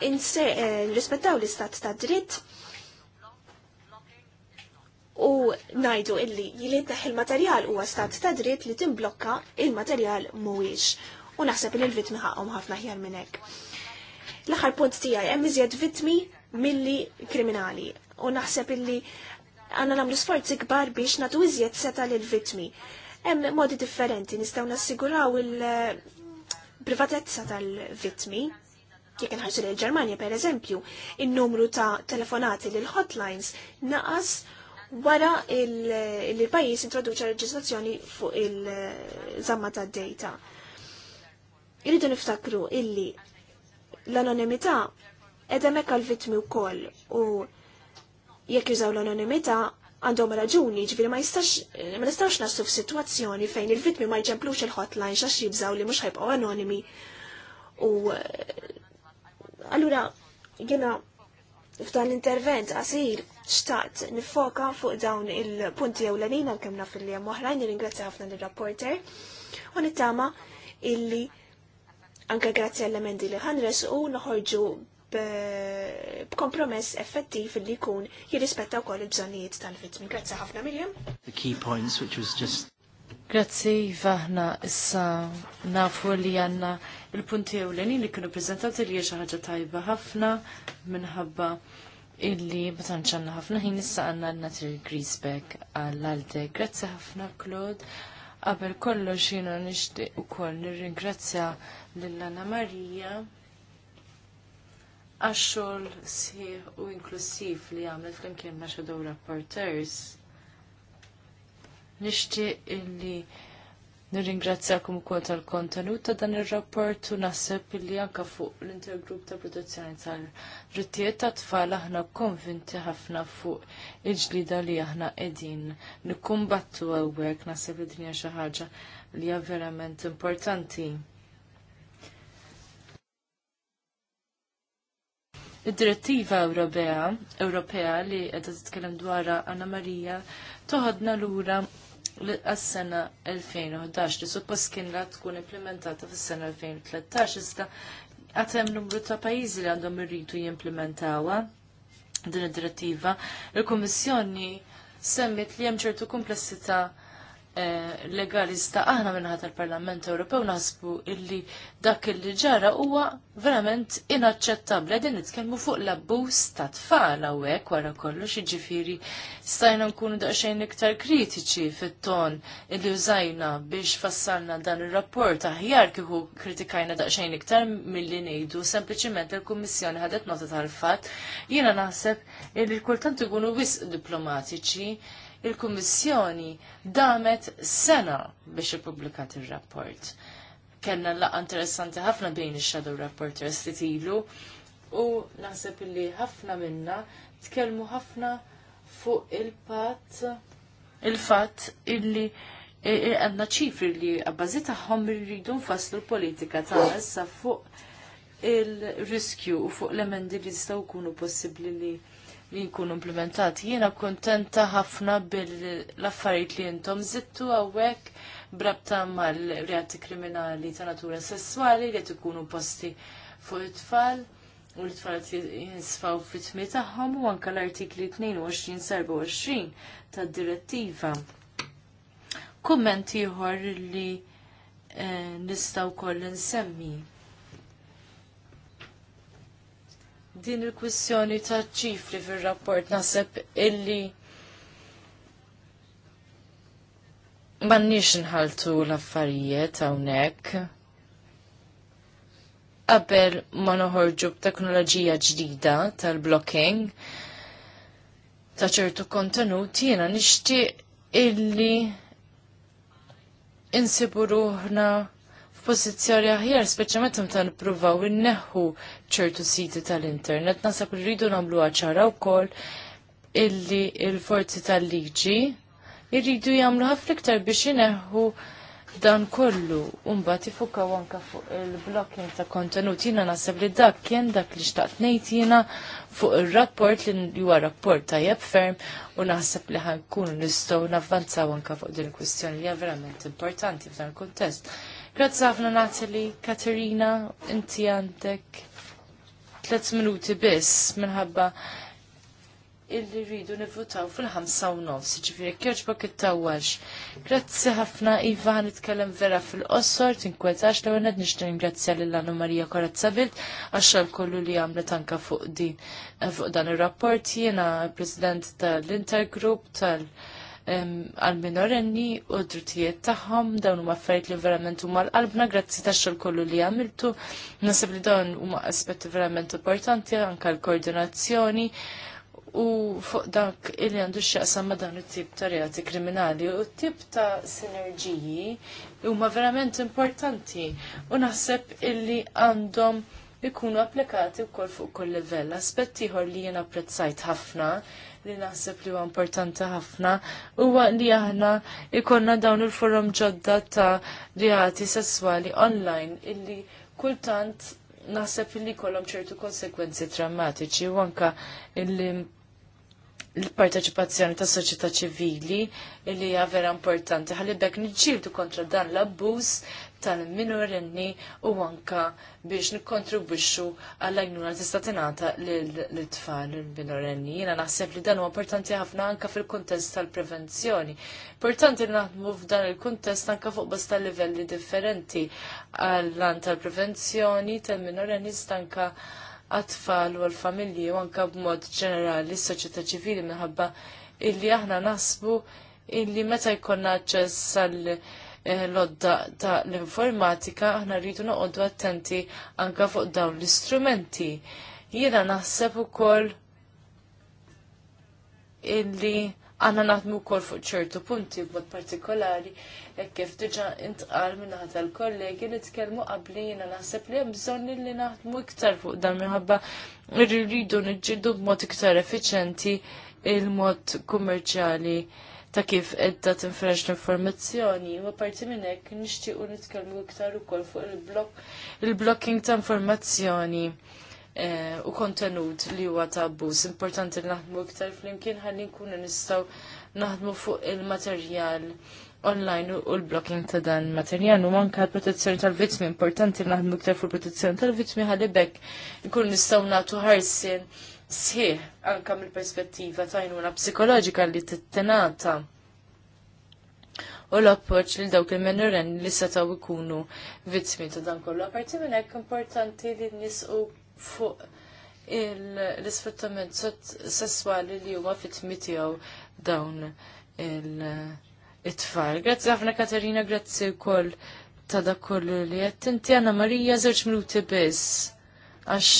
eh, nrispettaw l-istat ta' dritt u najdu illi jilidneħ il-materjal huwa stat ta' dritt li timblokka il-materjal mhuwiex. U naħseb li l-vitmi ħaqhom ħafna ħjar minn hekk. L-aħħar punt tiegħi hemm iżjed vitmi milli kriminali. U naħseb illi għandna nagħmlu sforzi kbar biex nagħtu iżjed seta' lill-vitmi. Hemm modi differenti nistgħu nassiguraw il- privatezza tal-vittmi, jekk inħarsu l ġermanja per eżempju, il-numru ta' telefonati l hotlines naqas wara il-pajis introduċa leġislazzjoni fuq il-zamma ta' data. Irridu niftakru illi l-anonimità edemek għal-vitmi u koll u jekk jużaw l-anonimità għandhom raġuni, ġifiri ma jistax, ma nistax f f'sitwazzjoni fejn il-vitmi ma jġemplux il-hotline xax jibżaw li mhux ħajbqaw anonimi. U eh, allura jiena f'dan l-intervent qasir xtaqt nifoka fuq dawn il-punti ewlenin għal kemm fil li hemm oħrajn nirringrazzja ħafna l rapporter u nittama illi anke grazzi għall-emendi li ħanres u noħorġu b'kompromess effettiv li jkun jirrispetta wkoll il-bżonnijiet tal-vittmi. Grazzi ħafna Miriam. The key points which was just Grazzi, vaħna, issa nafu li għanna il-punti ewleni li kienu prezentati li xi ħaġa tajba ħafna minħabba illi batanċanna ħafna ħin issa għanna l-Natil Griesbeck għall-Alde. Grazzi ħafna, Claude. Qabel kollox jiena nixtieq ukoll nirringrazzja lill-Anna Marija għax-xogħol sħiħ u inklusiv li għamel flimkien maċa daw Rapporteurs. Nixtieq illi nirringrazzjakom ukoll tal-kontenut ta' dan ir-rapport u naħseb illi anka fuq l-intergrupp ta' protezzjoni tal rittijiet ta' tfal aħna konvinti ħafna fuq il-ġlida li aħna qegħdin nikkumbattu hawnhekk naħseb li din hija xi ħaġa li hija verament importanti. Id-direttiva Ewropea, Ewropea li qed titkellem dwar Anna Marija toħodna lura għas-sena 2011 li suppost kien la tkun implementata fis-sena 2013 iżda għad hemm numru ta' pajjiżi li għandhom irridu jimplementawha din id-direttiva. Il-Kummissjoni semmit li hemm ċertu kumplessità Eh, legalista aħna minnaħat tal-Parlament Ewropew nasbu illi dak li ġara huwa verament inaċċettabbli din nitkellmu fuq l-abbuż ta' tfal hawnhekk wara kollox jiġifieri stajna nkunu daqsxejn iktar kritiċi fit-ton illi użajna biex fassalna dan ir-rapport aħjar kieku kritikajna daqsxejn iktar milli ngħidu sempliċiment il-Kummissjoni ħadet nota tal-fatt jiena naħseb illi kultant ikunu wisq diplomatiċi il-Kummissjoni damet sena biex ippubblikat ir-rapport. Kenna laqgħa interessanti ħafna bejn ix-shadow rapporters li tilu u naħseb li ħafna minna tkellmu ħafna fuq il-pat il-fatt illi għandna ċifri li għabbażi tagħhom irridu nfasslu l-politika tagħna issa fuq il-riskju u fuq l-emendi li jistgħu jkunu possibbli li li jkunu implementati. Jiena kontenta ħafna bil-affarijiet li intom zittu għawek brabta mal-reati kriminali ta' natura sessuali li tkunu posti fuq it-tfal u l-tfal jinsfaw fit-tmi tagħhom u anke l-artikli 22-27 tad-direttiva. Kumment ieħor li eh, nistgħu wkoll insemmi. din il-kwissjoni ta' ċifri fil-rapport naseb illi mannix nħaltu l-affarijiet hawnhekk. Qabel ma noħorġu b'teknoloġija ġdida tal-blocking ta' ċertu kontenuti jiena nixtieq illi insibu ruħna f'pożizzjoni aħjar, speċjalment meta nippruvaw inneħħu ċertu siti tal-internet, nasab irridu nagħmlu ċara wkoll illi il-forzi tal-liġi irridu jagħmlu ħafna iktar biex ineħħu dan kollu umbat ifukaw anka fuq il-blocking ta' kontenut jina naħseb li dak kien dak li xtaqt nejt jina fuq il-rapport li juwa rapport ta' jeb ferm u naħseb li ħankun nistow navvanzaw anke fuq din kwistjoni li verament importanti f'dan il-kontest. Grazzi ħafna Natali, Katerina, inti għandek tlet minuti biss minħabba illi rridu nivvotaw fil-ħamsa u nofs, ġifiri kjoċ it-tawax. Grazzi ħafna Iva nitkellem vera fil-qossor, tinkwetax l għanet nishtu ringrazzja l-Anna Marija Korazza Bilt, kollu li għamlet tanka fuq din, eh, fuq dan il-rapport, jena president tal intergroup tal-, -intergroup, għal minorenni u drittijiet tagħhom dawn huma affarijiet li verament huma l-qalbna grazzi tax kollu li għamiltu. Nasib li dawn huma aspetti verament importanti anke l-koordinazzjoni u fuq dak illi għandu x'jaqsam ma' dawn it-tip ta' reati kriminali u t-tip ta' sinerġiji huma verament importanti u naħseb illi għandhom ikunu applikati wkoll fuq kull livell. Aspett ieħor li jien apprezzajt ħafna li naħseb li huwa importanti ħafna huwa li aħna ikonna dawn il-forum ġodda ta' reati sesswali online illi kultant naħseb illi kollhom ċertu konsekwenzi drammatiċi u anka illi l-parteċipazzjoni ta' soċjetà ċivili li hija vera importanti ħalli bekk niġġieldu kontra dan l-abbuż tal-minorenni u anka biex nikkontribwixxu għall-għajnuna tista' tingħata l tfal il-minorenni. Jiena naħseb li dan huwa importanti ħafna anka fil-kuntest tal-prevenzjoni. Importanti naħdmu f'dan il-kuntest anka fuq bas tal-livelli differenti għall-lan tal-prevenzjoni tal-minorenni stanka għat-tfal u l-familji u anka b'mod ġenerali s-soċjetà ċivili minħabba illi aħna nasbu illi meta jkollna aċċess għall- l-odda ta' l-informatika aħna rridu noqogħdu attenti anka fuq dawn l-istrumenti. Jiena naħseb ukoll illi għanna naħdmu kol fuq ċertu punti b'mod partikolari, jekk kif diġa intqal minn ħata l-kollegi li tkellmu qabli jiena naħseb li hemm illi naħdmu iktar fuq dan minħabba rridu niġġieldu b'mod iktar effiċenti il-mod kummerċali ta' kif edda tinfreġ l-informazzjoni. U parti minn hekk nixtiequ nitkellmu iktar ukoll fuq il-blocking ta' informazzjoni eh, u kontenut li huwa ta' abbuż. Importanti li naħdmu iktar flimkien ħalli nkunu nistgħu naħdmu fuq il-materjal online u l-blocking ta' dan materjal u manka l-protezzjoni tal-vittmi. Importanti li naħdmu iktar fuq protezzjoni tal-vittmi ħalli bekk nkunu nistgħu nagħtu ħarsien sħiħ anka mill-perspettiva ta' jnuna psikoloġika li t-tenata. u l-appoċ li dawk il-menoren li setaw ikunu vittmi ta' dan kollu. Aparti minn hekk importanti li nisqu fuq l-isfruttament sessuali li huma vittmi tiegħu dawn il-tfal. Grazzi ħafna Katerina, grazzi wkoll ta' dak kollu li qed inti Anna Marija żewġ minuti biss għax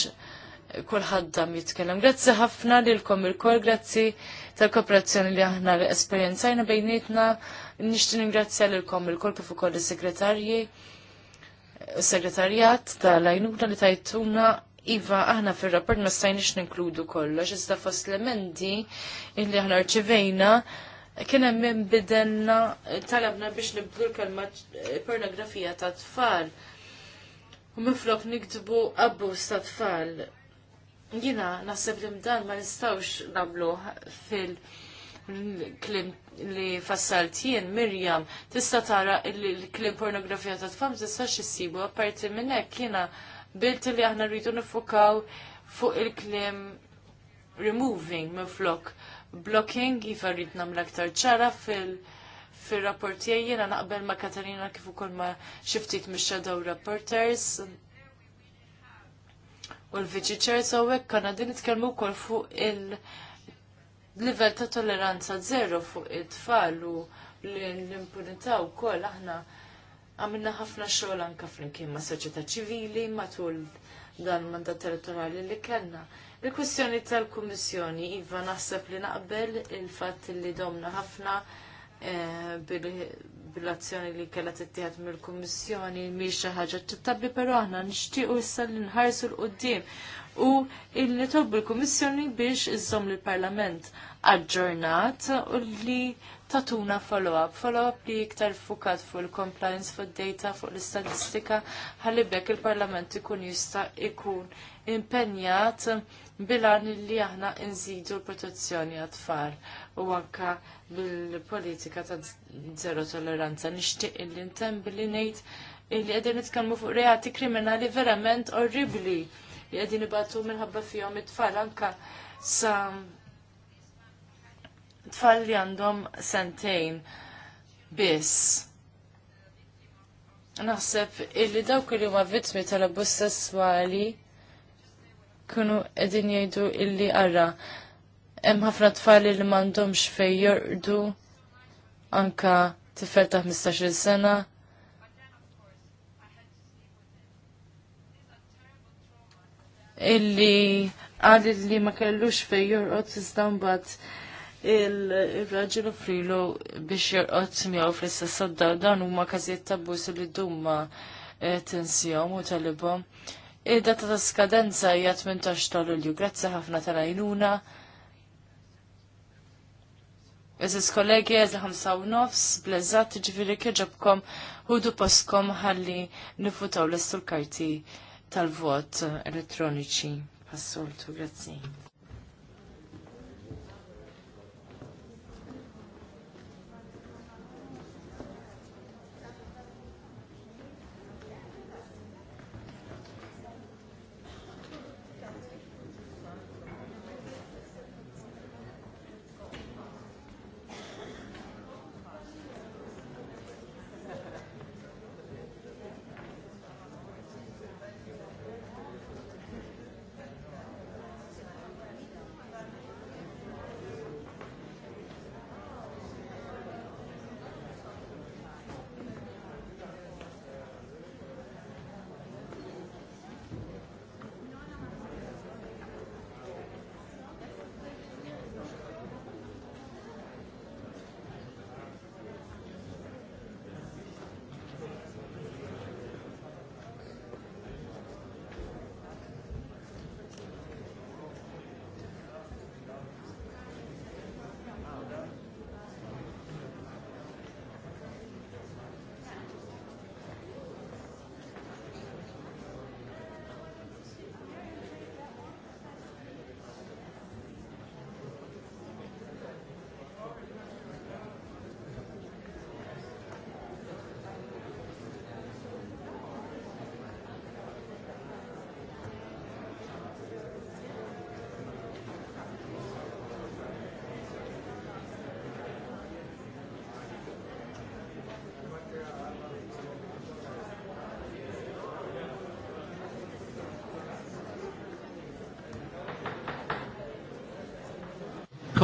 kulħaddam jitkellem. Grazzi ħafna lilkom il-kol, grazzi tal-kooperazzjoni li aħna esperjenzajna bejnietna. Nixtin ingrazzja lilkom il-kol kif ukoll is-segretarji, segretarjat tal-għajnuna li tajtuna Iva, aħna fil-rapport ma stajniex ninkludu kollox, iżda fost l-emendi illi aħna rċivejna kien hemm bidenna talabna biex nibdu l-kelma pornografija ta' tfal. U minflok nikdbu abbuż ta' tfal. Jina naħseb li mdan ma nistawx nagħmlu fil-klim li jien Mirjam tista' tara l-klim pornografija ta' tfam tista' x'issibu apparti minn hekk jiena bilt li aħna rridu nifukaw fuq il-klim removing me flok blocking jifa rrid nagħmel aktar ċara fil- fil-rapporti jiena naqbel ma' Katarina kif ukoll ma' xiftit mix-shadow reporters u l-Viċi Ċer sewwek kanna din nitkellmu wkoll fuq il-livell ta' tolleranza zero fuq it-tfal u l-impunità wkoll aħna għamilna ħafna xogħol anka flimkien ma' soċjetà ċivili matul dan mandat elettorali li kellna. Il-kwestjoni tal-Kummissjoni, Iva, naħseb li naqbel il-fatt li domna ħafna eh, bil-azzjoni li kellha tittieħed mill-Kummissjoni mhix xi ħaġa tittabbi, però aħna nixtiequ issa li nħarsu l qudiem u li nitolbu l-Kummissjoni biex iżżomm lill-Parlament aġġornat u li tatuna follow-up, follow-up li iktar fukat fuq il-compliance fuq data fuq l-istatistika ħalli il-Parlament ikun jista' ikun impenjat bilan li aħna nżidu l-protezzjoni għat-tfal u anka bil-politika ta' zero tolleranza. Nixtieq illi ntembi li ngħid illi qegħdin nitkellmu fuq reati kriminali verament orribli li qegħdin ibatu minħabba fihom it-tfal anka sa tfal li għandhom sentejn biss. Naħseb illi dawk li huma vittmi tal-abbuż sesswali kunu qegħdin jgħidu illi arra hemm ħafna tfal li m'għandhomx fejn jorqdu anka tifel ta' 15-il sena. Illi għal li ma kellux fejn jorqod iżda mbagħad il-raġel frilu biex jorqod miegħu fl-istess dar dan huma każijiet ta' abbuż li dumma eh, tinsihom u talibhom. Id-data ta' skadenza hija 18 ta' Lulju. Grazzi ħafna tal-għajnuna. Eżis kollegi, eżis ħamsaw nofs, blezzat ġifiri kieġabkom hudu poskom ħalli nifutaw l-estu l-karti tal-vot elettroniċi. Passoltu, grazzi.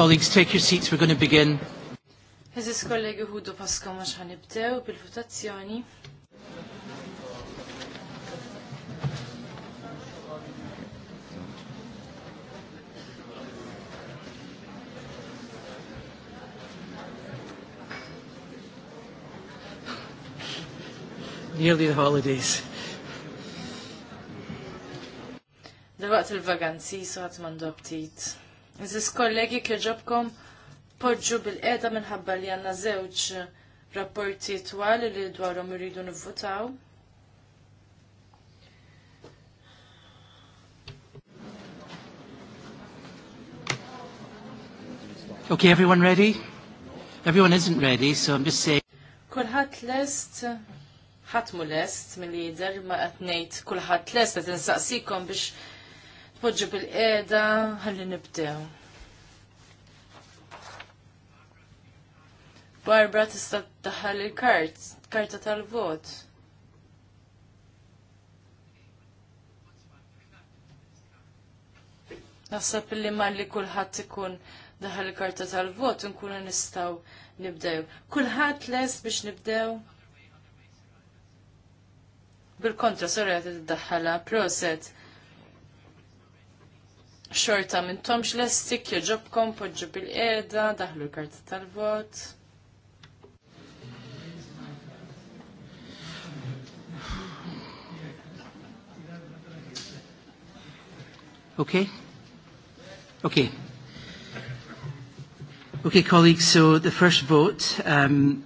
Colleagues, take your seats, we're going to begin. Eżis kollegi ħudu paska mux ħanibdew bil-votazzjoni. Nearly the holidays. Dawaqt il-vaganzi, so għat mandobtit. Nżis kollegi kieġobkom podġu bil-qeda minħabba li għanna zewċ rapporti twal li dwarhom rridu nivvotaw. Okay, everyone ready? Everyone isn't ready, so I'm just saying. Kulħat lest, ħat mu lest, mill-lider, ma għatnejt, kulħat lest, għat nsaqsikom biex Poġġu bil-qeda, ħalli nibdew. Barbara tista' taħal il-kart, karta tal-vot. Naħseb li malli kulħadd ikun daħal il-karta tal-vot nkunu nistgħu nibdew. Kulħadd les biex nibdew. Bil-kontra, sorry għat id daħala proset xorta minn tomx l-estik, joġobkom, podġu bil-eda, daħlu l-karta tal-vot. Ok? Ok. Ok, colleagues, so the first vote. Um,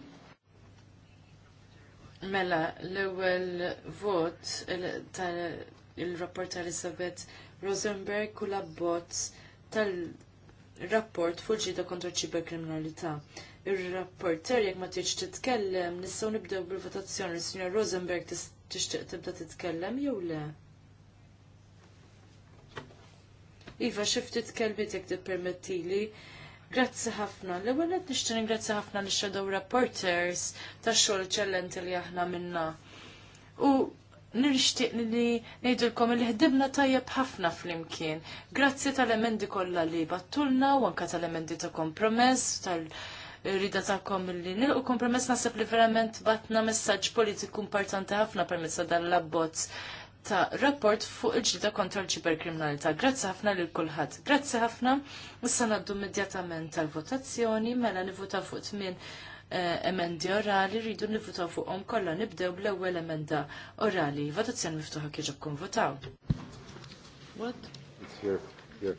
mela, l-ewel vot il-rapport tal Elizabeth Rosenberg u l-abbozz tal-rapport fuq ġida kontra ċiberkriminalità. Ir-rapporter jekk ma tiġ titkellem, nistgħu nibdew bil-votazzjoni, signor Rosenberg tixtieq tibda titkellem jew le? Iva, xifti tkellbit jekk tippermettili. Grazzi ħafna. L-ewwel qed nixtieq ningrazzja ħafna lix shadow reporters tax-xogħol eċċellenti li aħna minna. U nirxtiq li nejdilkom li ħdibna tajjeb ħafna flimkien. Grazzi tal-emendi kollha li battulna u anke tal-emendi ta' kompromess tal- rida ta'kom li nilqu kompromess nasib li verament batna messaġġ politiku importanti ħafna permezz ta' dan l-abbozz ta' rapport fuq il-ġlida kontra l-ċiberkriminalità. Grazzi ħafna lil kulħadd. Grazzi ħafna. Issa ngħaddu immedjatament tal-votazzjoni mela nivvuta fuq tmien Eh, emendi orali rridu nivvutaw fuqhom kollha nibdew bl-ewwel emenda orali. Votazzjoni miftuħa kif ġobkom votaw. What? It's here. Here.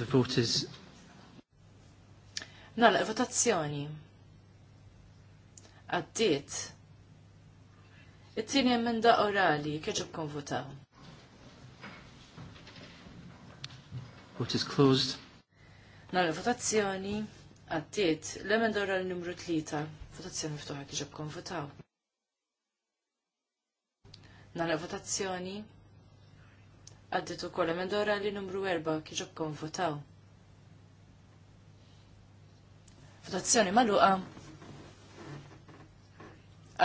The vote is Nala, votazzjoni. Għaddiet. It-tieni emenda orali kif ġobkom votaw. Vote is closed. Nara votazzjoni. Għattiet, l-emenda l numru 3, votazzjoni miftuħa kieġab votaw. Nara votazzjoni, għaddiet u koll emenda l numru 4 kieġab votaw. Votazzjoni maluqa,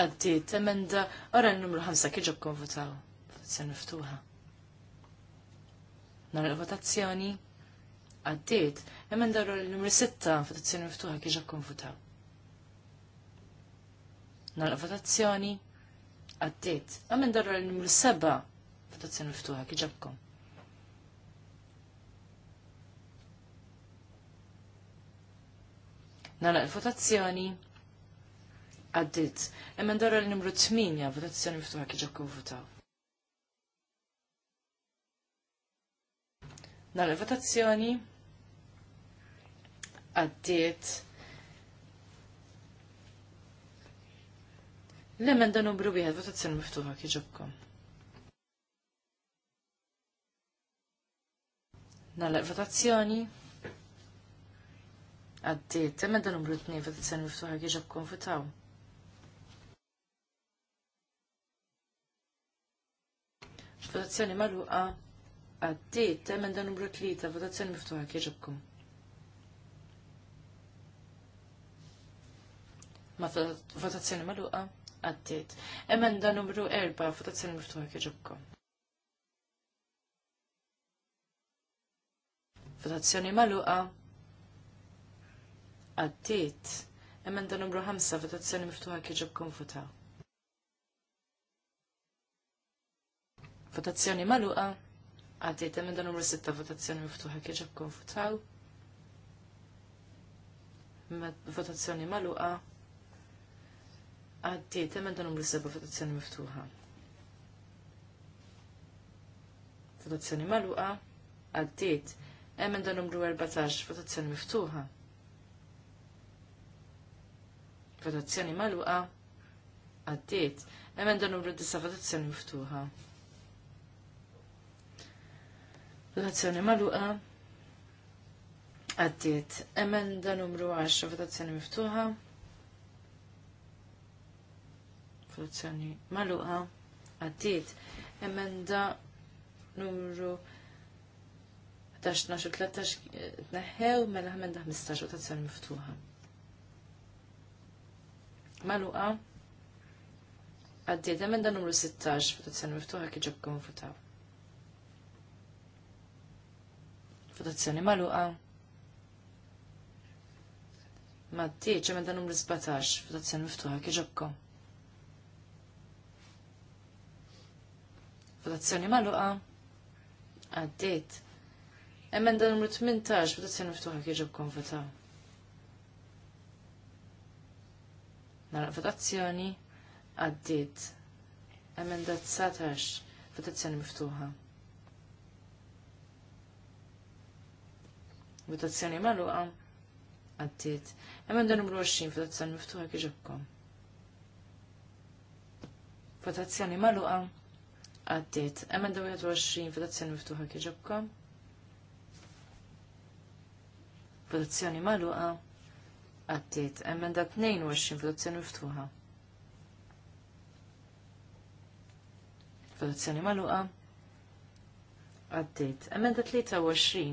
għaddiet, emenda l numru 5 kieġab votaw, Votazzjoni miftuħa. Nara votazzjoni, għaddiet, Emenda l numri 6 votazzjoni miftuħa kieġa konfuta. Nalqa votazzjoni għaddit. Emenda l numri 7 votazzjoni miftuħa kieġa kom. Nalqa votazzjoni għaddit. Emenda l-numru 8 votazzjoni miftuħa kieġa konfutaw. Nalqa votazzjoni għaddiet. L-emenda numru wieħed votazzjoni miftuħa kieġobkom. Nagħlaq votazzjoni. Għaddiet, emenda numru 2 votazzjoni miftuħa kieġobkom votaw. Votazzjoni magħluqa għaddiet, emenda numru 3 votazzjoni miftuħa kieġobkom. ma votazzjoni maluqa għaddit. Emenda numru 4, votazzjoni miftuħa kieġobkom. Votazzjoni maluqa għaddit. Emenda numru 5, votazzjoni miftuħa kieġobkom votaw. Votazzjoni maluqa għaddit. Emenda numru 6, votazzjoni miftuħa kieġobkom votaw. Votazzjoni maluqa Għaddiet, emenda numru 7, votazzjoni miftuħa. Votazzjoni maluqa. Għaddiet, emenda numru 14, votazzjoni miftuħa. Votazzjoni maluqa. Għaddiet, emenda numru 9, votazzjoni miftuħa. Votazzjoni maluqa. Għaddiet, emenda numru 10, votazzjoni miftuħa. produzzjoni maluqa għaddit Emenda numru 11-13 tneħħew mela emenda 15 votazzjoni miftuħa. Maluqa għaddit emenda numru 16 votazzjoni miftuħa kħiġab kieġobkom votaw. Votazzjoni maluqa. Ma d-tieċ, emenda numru 17, votazzjoni miftuħa, kieġobkom. votazzjoni maluqa, għaddit. Emenda numru 18, votazzjoni miftuħa kieġu konvota. Nara votazzjoni, għaddit. Emenda 19, votazzjoni miftuħa. Votazzjoni maluqa, għaddit. Emenda numru 20, votazzjoni miftuħa kieġu Votazzjoni maluqa, Għaddit. Emenda 21, votazzjoni miftuħa kieġobkom. Votazzjoni maluqa. Għaddit. Emenda 22, votazzjoni miftuħa. Votazzjoni maluqa. Għaddit. Emenda 23,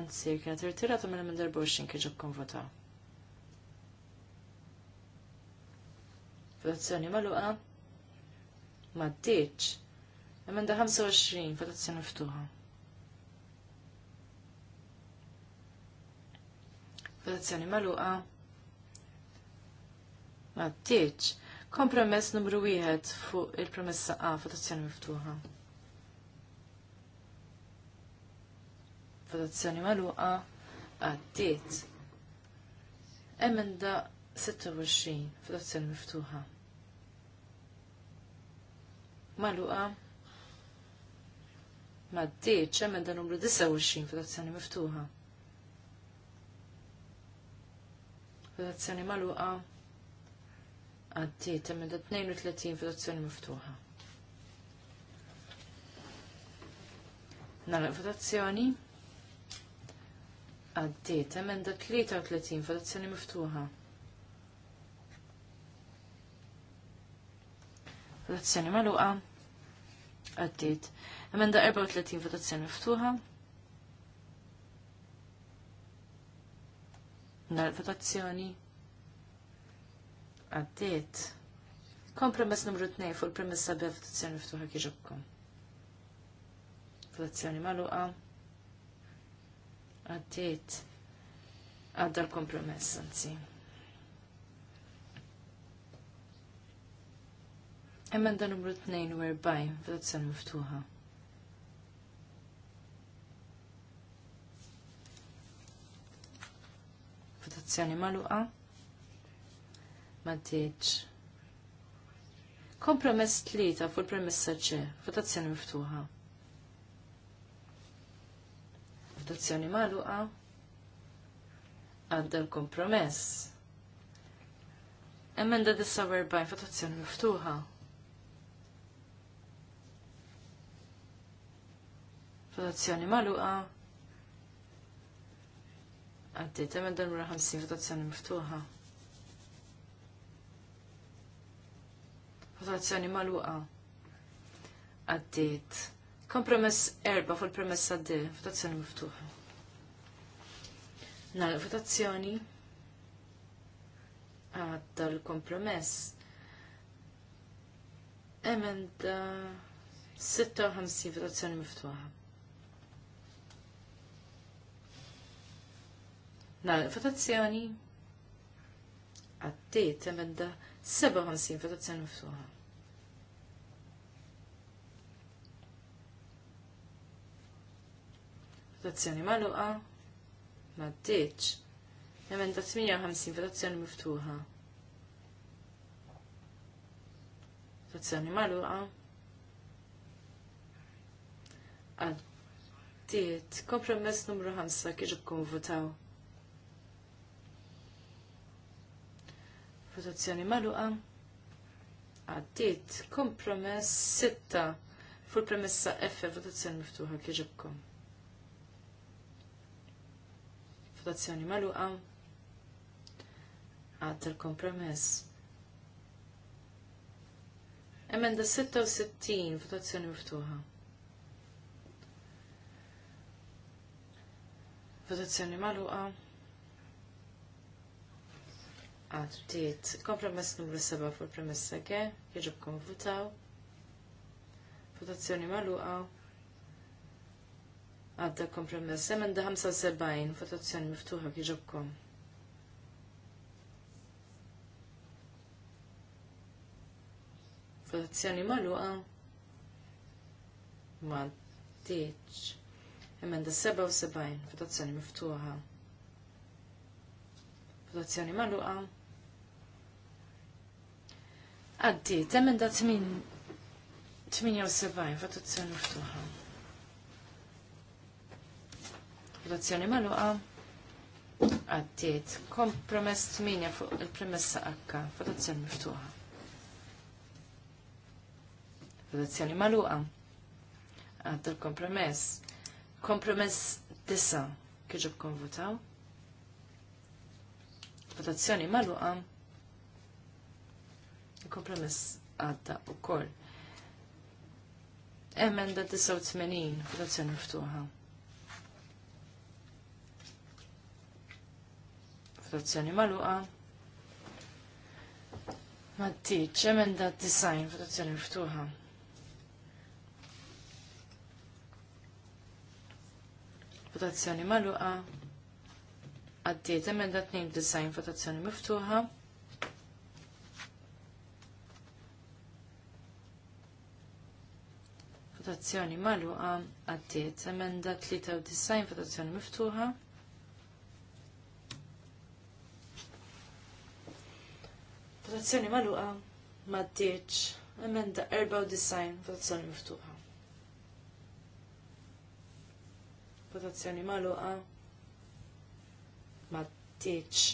anzi, kienet irtirata minn emenda 24 kieġobkom votaw. Votazzjoni maluqa ma maddiċ. Emenda 25, votazzjoni miftuħa. Votazzjoni maluqa. Ma Maddiċ. Kompromess numru 1 fuq il-promessa A, votazzjoni miftuħa. Votazzjoni maluqa. Għaddiet. Emenda 26, votazzjoni miftuħa maluqa ma d-dieċ dan numru 29 fil-azzjoni miftuħa. Fil-azzjoni maluqa għaddiet emenda 32 fil-azzjoni miftuħa. Nara votazzjoni għaddiet emenda 33 fil-azzjoni miftuħa. Fil-azzjoni Fil-azzjoni maluqa Għaddit. Emenda 34 votazzjoni miftuħa. Nar votazzjoni. Għaddit. Kompromess numru 2 fuq il-premessa B votazzjoni miftuħa kieġokkom. Votazzjoni maluqa. Għaddit. Għadda l-kompromess, anzi. Emenda numru 42, votazzjoni miftuħa. Votazzjoni maluqa. Maddiċ. Kompromess tlita fuq il-premessa ċe, votazzjoni miftuħa. Votazzjoni maluqa. Għadda l-kompromess. Emenda 49, votazzjoni miftuħa. votazzjoni maluqa, għaddit, emmen dan mura 50 votazzjoni miftuħa. Votazzjoni maluqa, għaddit. Kompromess erba fuq il-premess għaddi, votazzjoni miftuħa. Nal votazzjoni għadda l-kompromess. Emenda 56 votazzjoni miftuħa. Nagħlaq votazzjoni. Għaddiet emenda 57 votazzjoni miftuħa. maluqa ma M'għaddietx. Emenda 58 votazzjoni miftuħa. Votazzjoni maluqa Għaddiet. Kompromess numru 5 kieġu kumvutaw. Votazzjoni maluqa. Għaddit kompromess sitta. fuq premessa F votazzjoni miftuħa kieġibkom. Votazzjoni maluqa. Għadda l-kompromess. Emenda 66 votazzjoni miftuħa. votazzjoni maluqa għaddiet. Kompromess numru 7 fuq il-premessa ke, jġobkom votaw. Votazzjoni maluqa. Għadda kompromess. Emenda 75, votazzjoni miftuħa jġobkom. Votazzjoni maluqa. Ma Emenda 77, votazzjoni miftuħa. Votazzjoni maluqa. Għaddiet, emenda 78, votazzjoni miftuħa. Votazzjoni maluqa. Għaddiet, kompromess 8 fuq il-premessa H, votazzjoni miftuħa. Votazzjoni maluqa. Għadda l-kompromess. Kompromess 9, kieġob konvotaw. Votazzjoni maluqa. Il-kompromiss għadda u koll. Emenda 89, votazzjoni miftuħa. Votazzjoni maluqa. Mattiċ, emenda 90, votazzjoni miftuħa. Votazzjoni maluqa. Għaddiet emenda 92, votazzjoni miftuħa. votazzjoni magħluqa għaddiet. Emenda 93 votazzjoni miftuħa. Votazzjoni magħluqa m'għaddiex. Emenda 94 votazzjoni miftuħa. Votazzjoni magħluqa m'għaddiex.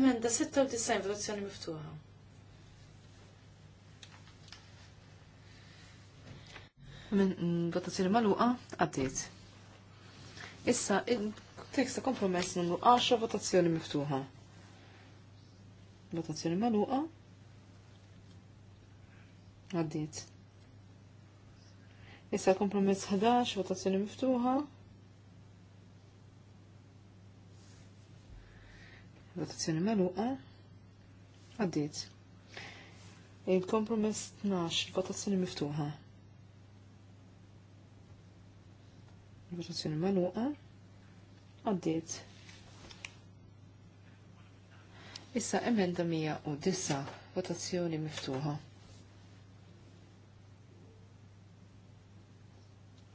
Emenda 96 votazzjoni miftuħa. minn votazzjoni maluqa għaddiet. Issa, il kompromess numru 10 votazzjoni miftuħa. Votazzjoni maluqa għaddiet. Issa kompromess 11 votazzjoni miftuħa. Votazzjoni maluqa għaddiet. Il-kompromess 12 votazzjoni miftuħa. il-rotazzjoni maluqa. Għaddiet. Issa emenda 109. Votazzjoni miftuħa.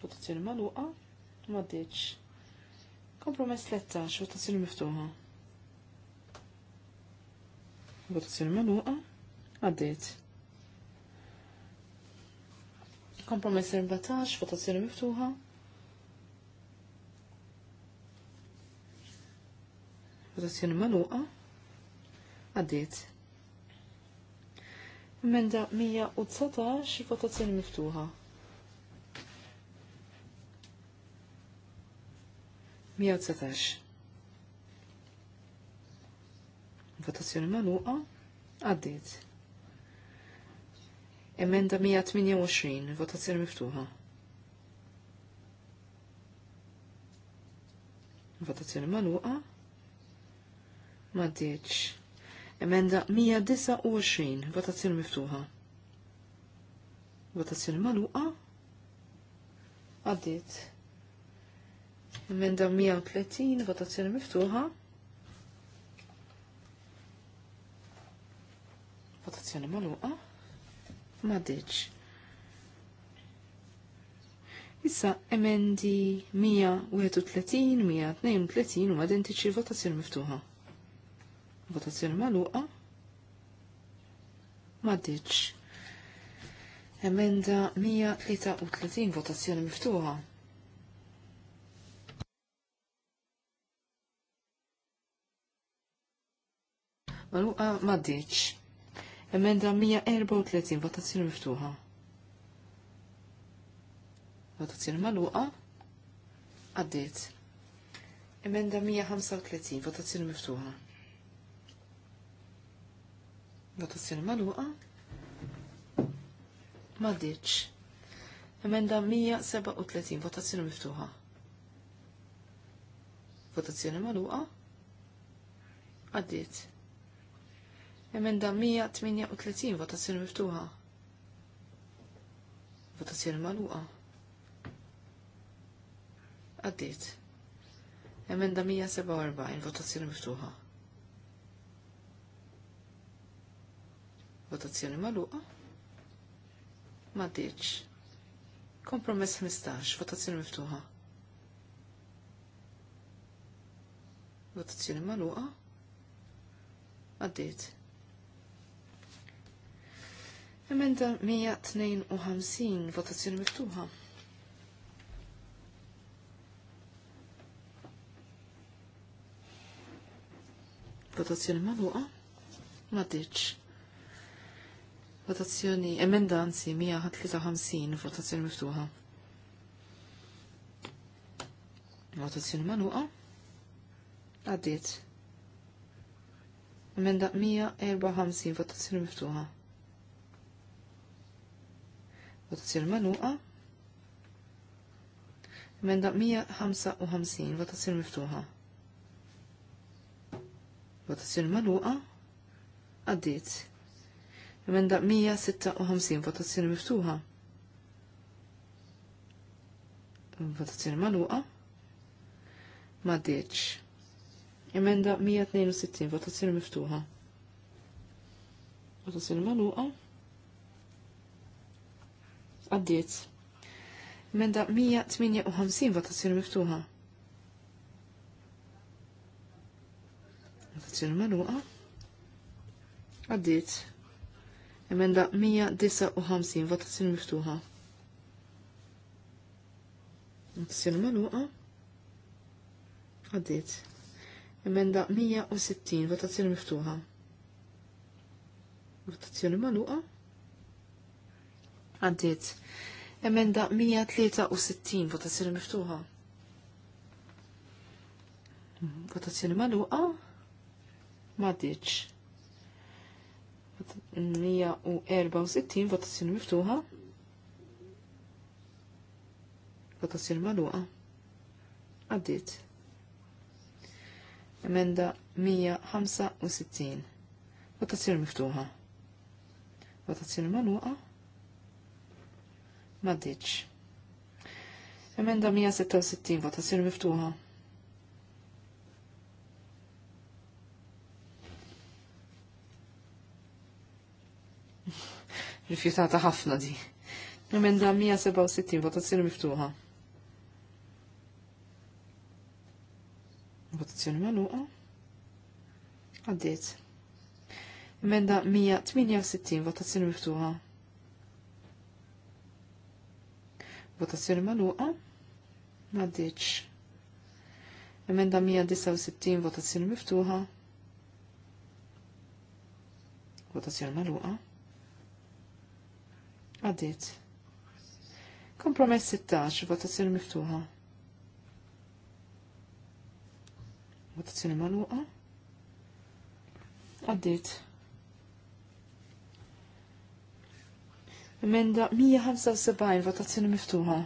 Votazzjoni maluqa. għaddiet Kompromess 13. Votazzjoni miftuħa. Votazzjoni maluqa. Għaddiet. Kompromess 14. Votazzjoni miftuħa. interpretazzjoni maluqa, għaddit. Emenda 119, votazzjoni miftuħa. 119. Votazzjoni maluqa, għaddit. Emenda 128, votazzjoni miftuħa. Votazzjoni maluqa, ma ditx. Emenda 129, votazzjoni miftuħa. Votazzjoni maluqa? Għaddit. Emenda 130, votazzjoni miftuħa. Votazzjoni maluqa? Ma ditx. Issa emendi 131, 132 u identiċi votazzjoni miftuħa votazzjoni maluqa, ditx. Emenda 133 votazzjoni miftuħa. Maluqa ditx. Emenda 134 votazzjoni miftuħa. Votazzjoni maluqa Għaddit. Emenda 135 votazzjoni miftuħa. Votazzjoni maluqa. Maddiċ. Emenda 137. Votazzjoni miftuħa. Votazzjoni maluqa. Għaddiet. Emenda 138. Votazzjoni miftuħa. Votazzjoni maluqa. Għaddiet. Emenda 147. Votazzjoni miftuħa. Votazzjoni maluqa. Ma diċ. Kompromess 15. Votazzjoni miftuħa. Votazzjoni maluqa. Għaddit. Emenda 152. Votazzjoni miftuħa. Votazzjoni maluqa. Ma diċ. Votazzjoni emendanzi 153 votazzjoni miftuħa. Votazzjoni manuqa. Għaddiet. Emenda 154 votazzjoni miftuħa. Votazzjoni manuqa. Emenda 155 votazzjoni miftuħa. Votazzjoni maluqa. Għaddiet. Emenda 156 votazzjoni miftuħa. Votazzjoni maluqa. Ma deċ. Emenda 162 votazzjoni miftuħa. Votazzjoni maluqa. Għaddiet. Emenda 158 votazzjoni miftuħa. Votazzjoni maluqa. Għaddiet. Emenda 159 votazzjoni miftuħa. Votazzjoni maluqa. Għaddit. Emenda 160 votazzjoni miftuħa. Votazzjoni magħluqa. Għaddit. Emenda 163 votazzjoni miftuħa. Votazzjoni magħluqa. Ma' ditx. 164 votazzjoni miftuħa. Votazzjoni magħluqa. Għaddiet. Emenda 165. Votazzjoni miftuħa. Votazzjoni magħluqa. M'għaddietx. Emenda 166 votazzjoni miftuħa. Rifjutata ħafna di. Emenda 167, votazzjoni miftuħa. Votazzjoni maluqa. Għaddiet. Emenda 168, votazzjoni miftuħa. Votazzjoni maluqa. Maddiċ. Emenda 169, votazzjoni miftuħa. Votazzjoni maluqa. Għaddit. Kompromess 16, votazzjoni miftuħa. Votazzjoni maluqa. Għaddit. Emenda 175, votazzjoni miftuħa.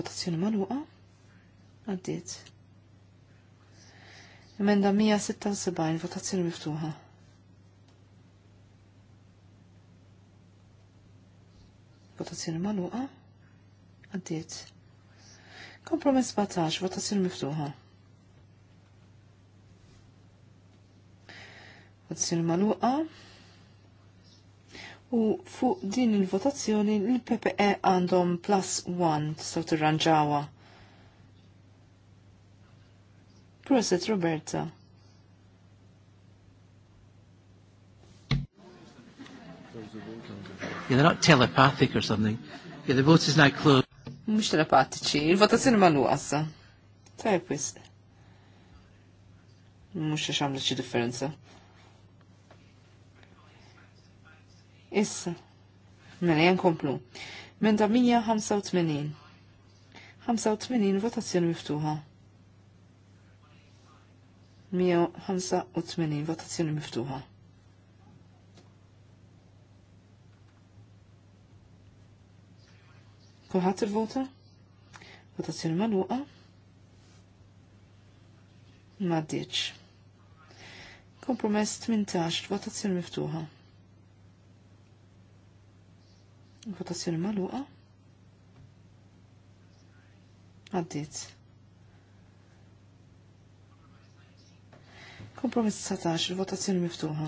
Votazzjoni maluqa. Għaddit. Emenda 176, votazzjoni miftuħa. Votazzjoni maluqa. Għaddiet. Kompromess 17, votazzjoni miftuħa. Votazzjoni maluqa. U fuq din il-votazzjoni il-PPE għandhom plus 1 tistaw tirranġawa. Proset Roberta. Yeah, they're not telepathic or something. Yeah, the vote is not closed. Mux telepatiċi, il-votazzjoni ma l-wassa. Tajb wis. Mux għax għamlet xi differenza. Issa, mela jen komplu. Minn 185. 85 votazzjoni miftuħa. 185 votazzjoni miftuħa. Kulħadd il-vota? Votazzjoni magħluqa? M'għaddiex. Kompromess 18, votazzjoni miftuħa. Votazzjoni magħluqa? Għaddiet. Kompromiss 19, il-votazzjoni miftuħa.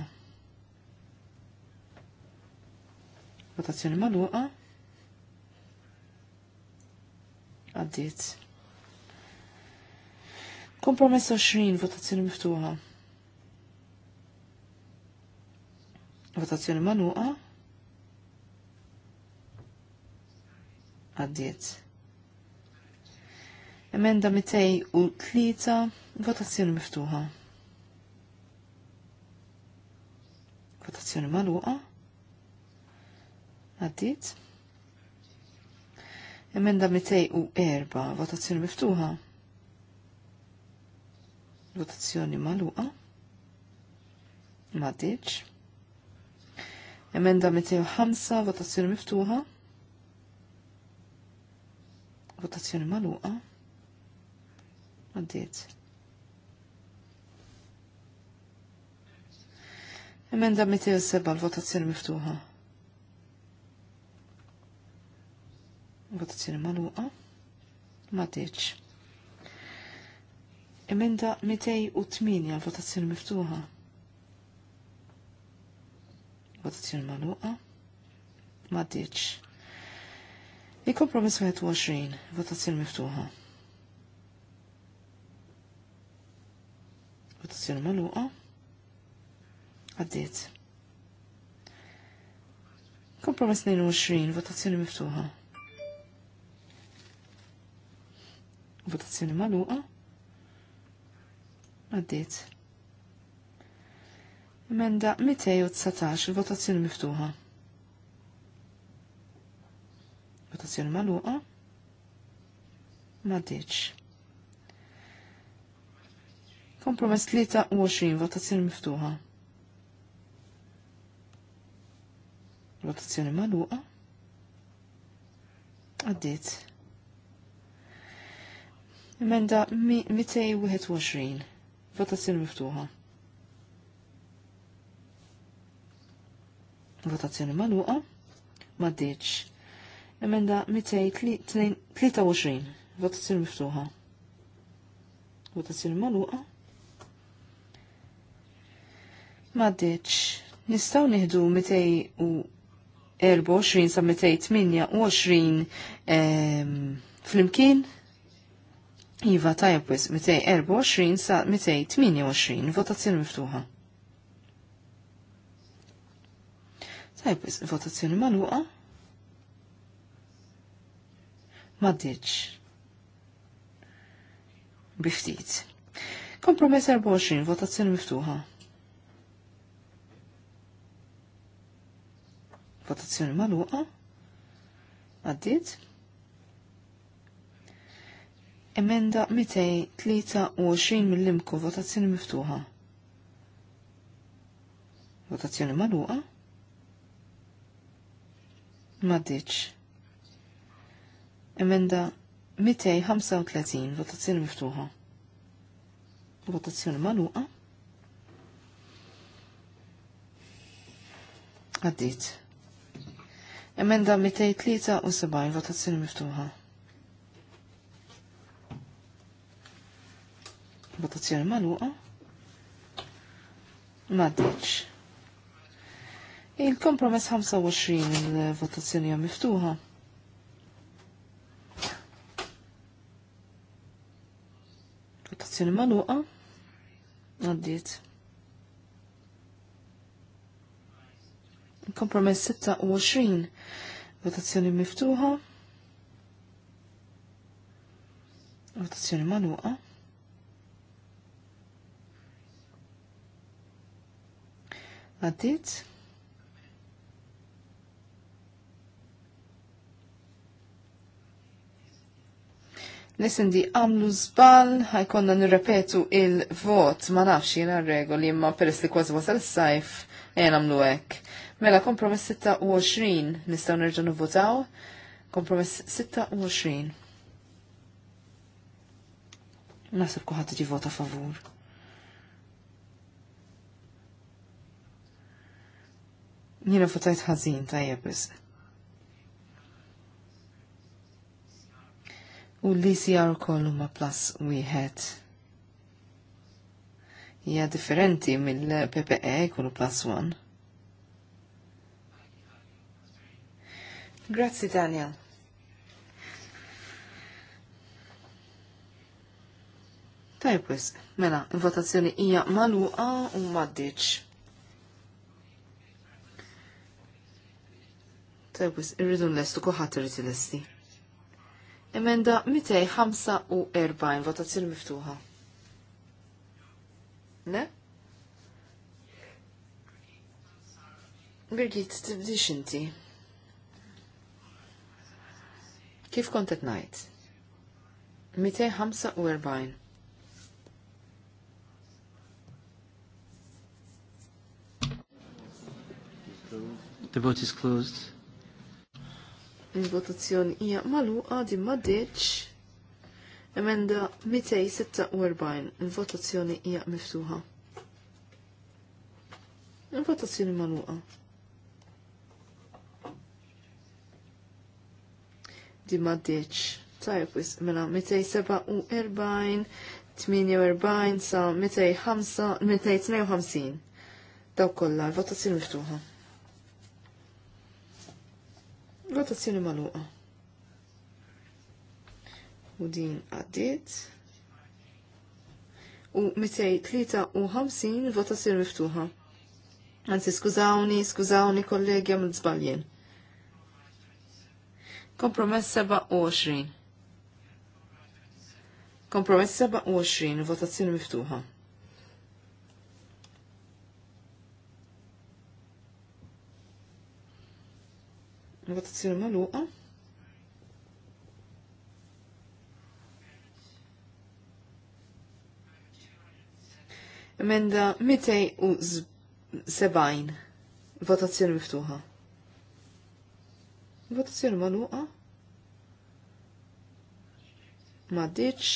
Votazzjoni madwuqa. Għaddiet. Kompromess 20, votazzjoni miftuħa. Votazzjoni maluqa. Għaddiet. Emenda 203, votazzjoni miftuħa. Votazzjoni maluqa. Għaddit. Emenda 204. Votazzjoni miftuħa. Votazzjoni maluqa. Maddiċ. Emenda 205, votazzjoni miftuħa. Votazzjoni maluqa. Maddiċ. Emenda seba l-votazzjoni miftuħa. Votazzjoni maluqa. Ma tiċ. Emenda 208 l-votazzjoni miftuħa. Votazzjoni maluqa. Ma tiċ. Il-kompromiss 21, votazzjoni miftuħa. Votazzjoni maluqa. Għaddiet. Kompromess 22, votazzjoni miftuħa. Votazzjoni maluqa. Għaddiet. Emenda 219, votazzjoni miftuħa. Votazzjoni maluqa. Maddiċ. Kompromess 23, votazzjoni miftuħa. rotazzjoni maluqa. Għaddit. Menda 221. Votazzjoni miftuħa. Votazzjoni maluqa. Maddiċ. Emenda 223. Votazzjoni miftuħa. Votazzjoni maluqa. Maddiċ. Nistaw nieħdu 200 u 24 sa 228 fl-imkien Iva tajab wis 224 sa 228 votazzjoni miftuħa. Tajab wis votazzjoni maluqa. Maddiċ. Biftit. Kompromess 24 votazzjoni miftuħa. Votazzjoni maluqa. Għaddit. Emenda 223 mill-imku votazzjoni miftuħa. Votazzjoni maluqa. Maddiċ. Emenda 235 votazzjoni miftuħa. Votazzjoni maluqa. Għaddit. Emenda u 273 votazzjoni miftuħa. Votazzjoni maluqa. Maddiċ. Il-kompromess 25 il-votazzjoni hija miftuħa. Votazzjoni maluqa. Għaddiet. Kompromess 26. Votazzjoni miftuħa. Votazzjoni manuqa. Għaddit. L-SND għamlu zbal, ħajkonna nirrepetu il-vot, ma nafx jena regoli, imma peress li kważi wasal s-sajf, jena għamlu ek. Mela, kompromess 26 nistaw nerġa' nivvotaw. Kompromess 26. Nasib kuħat ġi vota favur. Jina votajt ħazin tajjeb biss. U l-ICR kollu ma plus wieħed. Hija differenti mill-PPE jkunu plus one. Grazzi Daniel. Tajb mela, il-votazzjoni hija magħluqa u irridun l irridu nlestu irriti l-esti. Emenda 245 votazzjoni miftuħa. Ne? Birgit, tibdix inti. Kif kont qed ngħid? 245. The vote is closed. Il-votazzjoni hija magħluqa din ma ditx. Emenda 246. Il-votazzjoni hija miftuħa. Il-votazzjoni magħluqa. di maddiċ. Tajb, wis mela 247, 48 sa 252. Daw kollha, votazzjoni miftuħa. Votazzjoni magħluqa. U din għaddit. U 253 votazzjoni miftuħa. Anzi, skużawni, skużawni kollegja għamil zbaljen. Kompromess 27. Kompromess 27, votazzjoni miftuħa. Votazzjoni maluqa. Emenda 270. Votazzjoni miftuħa. Votazzjoni maluqa. Maddiċ.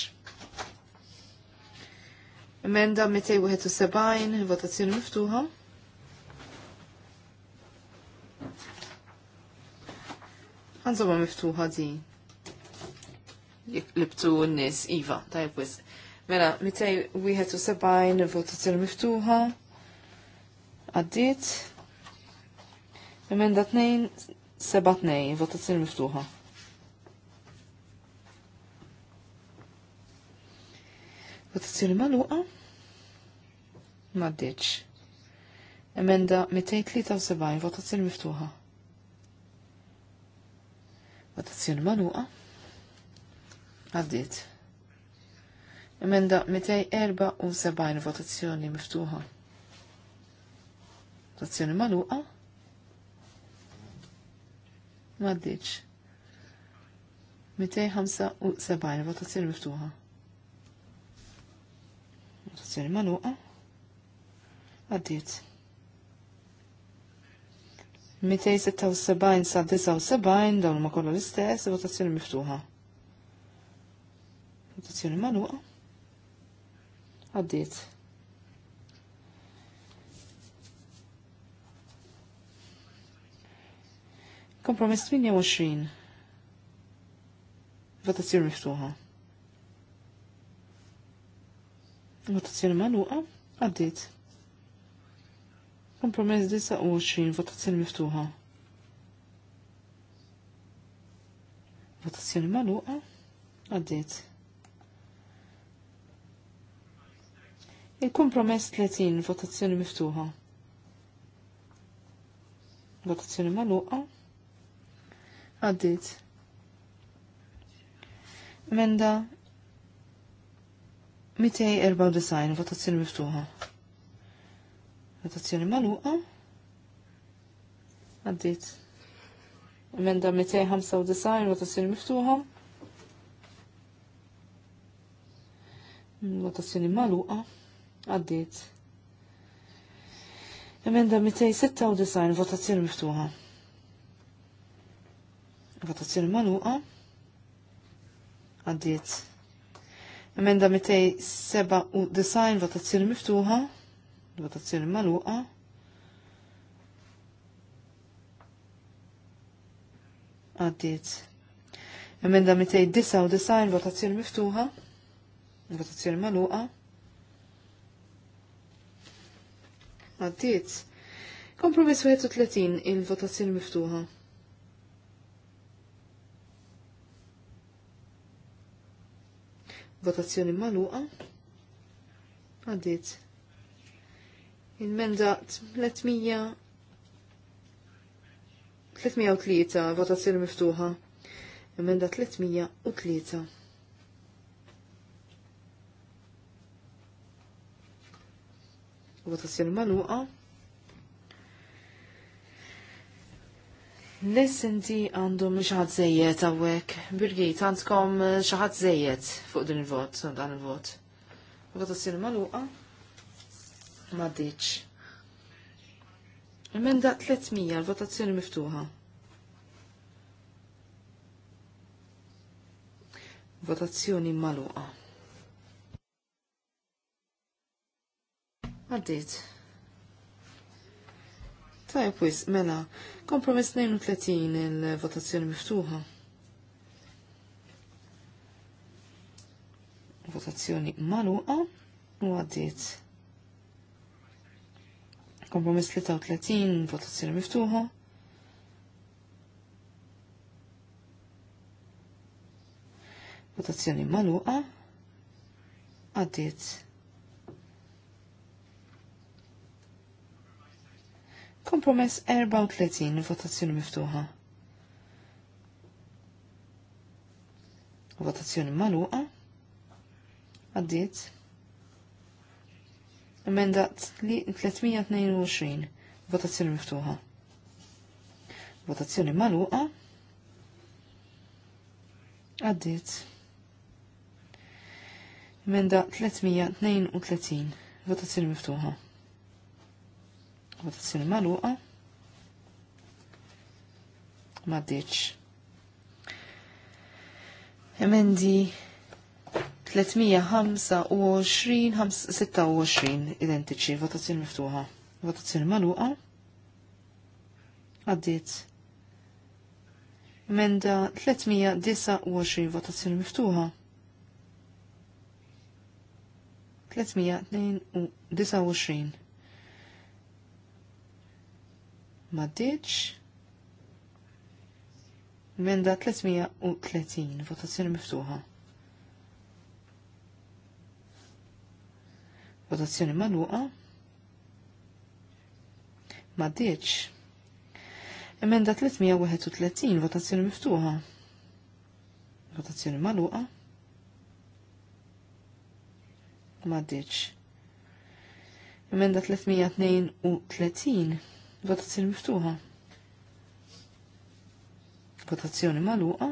Emenda 271, votazzjoni miftuħa. għanżoma miftuħa di. Libtu n-nis, Iva, tajb wis. Mela, 271, votazzjoni miftuħa. Għaddit. Emenda 7 votazzjoni miftuħa. Votazzjoni maluqa? Maddiċ. Emenda 273, votazzjoni miftuħa. Votazzjoni maluqa? Għaddit. Emenda 274, votazzjoni miftuħa. Votazzjoni maluqa? Maddiċ. 275 votazzjoni miftuħa. Votazzjoni maluqa. Maddiċ. 276 sa 79 dawn ma kollu l-istess, votazzjoni miftuħa. Votazzjoni maluqa. Għaddiet. Kompromess 28. Votazzjoni miftuħa. Votazzjoni magħluqa Għaddit. Kompromess 29. Votazzjoni miftuħa. Votazzjoni magħluqa Għaddit. Il-kompromess 30. Votazzjoni miftuħa. Votazzjoni magħluqa Għaddit. Menda 294 votazzjoni miftuħa. Votazzjoni maluqa. Għaddit. Menda 295 votazzjoni miftuħa. Votazzjoni maluqa. Għaddit. Emenda 296 votazzjoni miftuħa rotazzjoni maluqa. Għaddiet. Emenda 297 rotazzjoni miftuħa. rotazzjoni maluqa. Għaddiet. Emenda 299 rotazzjoni miftuħa. rotazzjoni maluqa. Għaddiet. Kompromess 31 il-votazzjoni miftuħa. votazzjoni maluqa. Għaddit. Il-menda 300 303 votazzjoni miftuħa. Emenda 303. Votazzjoni maluqa. Nessinti snd għandhom xaħat zejiet għawek. Birgit, għandkom eh, xaħat zejiet fuq din il-vot, dan il-vot. Votazzjoni maluqa? Ma diċ. Emenda 300, votazzjoni miftuħa. Votazzjoni maluqa. Għaddit. Tajb wis, mela, kompromess 32 il-votazzjoni miftuħa. Votazzjoni maluqa u għaddiet. Kompromess 33, votazzjoni miftuħa. Votazzjoni maluqa għaddit. Kompromess 34, votazzjoni miftuħa. Votazzjoni maluqa. Għaddiet. Emenda 322, votazzjoni miftuħa. Votazzjoni maluqa. Għaddiet. Emenda 332, votazzjoni miftuħa votazzjoni maluqa, ma ddiċ. Emendi 325-26 identiċi, votazzjoni miftuħa. Votazzjoni maluqa, għaddiet. Emenda 329 votazzjoni miftuħa. 329 Maddiċ. Menda 330, votazzjoni miftuħa. Votazzjoni maluqa. Maddiċ. Emenda 331, votazzjoni miftuħa. Votazzjoni maluqa. Maddiċ. Emenda 332, Votazzjoni miftuħa. Votazzjoni maluqa.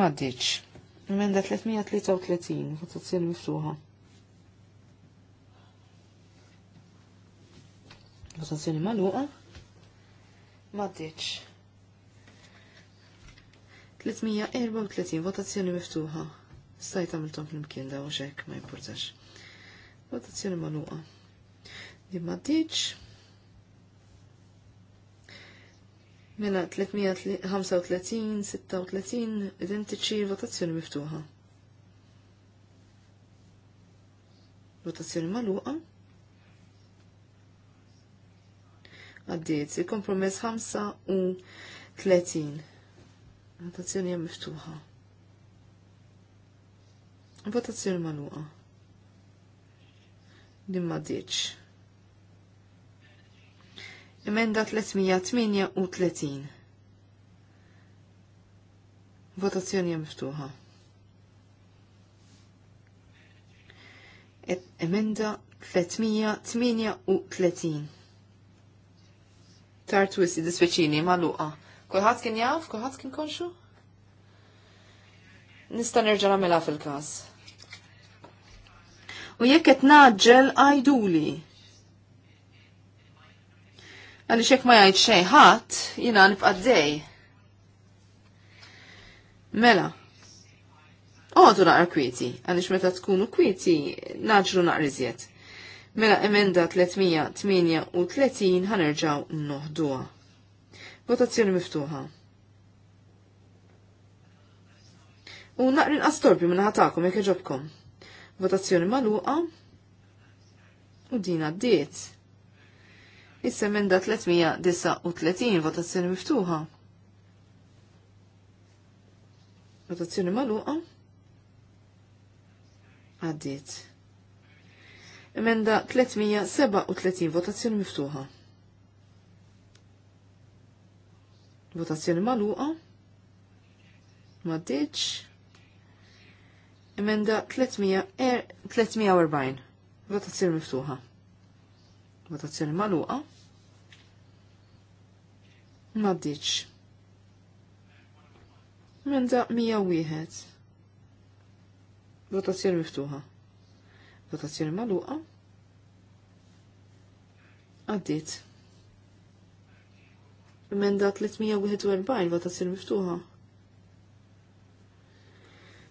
Maddiċ. Emenda 333, votazzjoni miftuħa. Votazzjoni maluqa. Maddiċ. 334 votazzjoni miftuħa. Stajt għamiltom fl-imkien da' uxek, ma' importax. Votazzjoni maluqa li ma maddiċ. Mela 335, 36, identiċi votazzjoni miftuħa. Votazzjoni maluqa. Għaddiet, il-kompromess 5 u 30. Votazzjoni hija miftuħa. Votazzjoni maluqa. Din ma ddiċ. Emenda 338. Votazzjoni miftuħa. E- emenda 338. Tartwisi disfeċini maluqa. Kulħadd kien jaf, kulħadd kien konxu? Nista' nerġa' nagħmilha fil-każ. U jekk qed naġġel għajduli għalli xek ma jgħid xejn ħadd jiena nibqa' dej. Mela. Għadu naqra kwieti, għaliex meta tkunu kwieti naġru naqra iżjed. Mela emenda 338 ħanerġaw noħduha. Votazzjoni miftuħa. U naqrin astorbi minna ħatakom jek ġobkom. Votazzjoni maluqa. U dina d-diet. Issa emenda 339 votazzjoni miftuħa. Votazzjoni maluqa. Għaddit. Emenda 337 votazzjoni miftuħa. Votazzjoni maluqa. Maddiċ. Emenda 340. Er-, votazzjoni miftuħa. Votazzjoni maluqa. Maddiċ. Menda mija 101. Votazzjoni miftuħa. Votazzjoni maluqa. Għaddit. Menda 341. Votazzjoni miftuħa.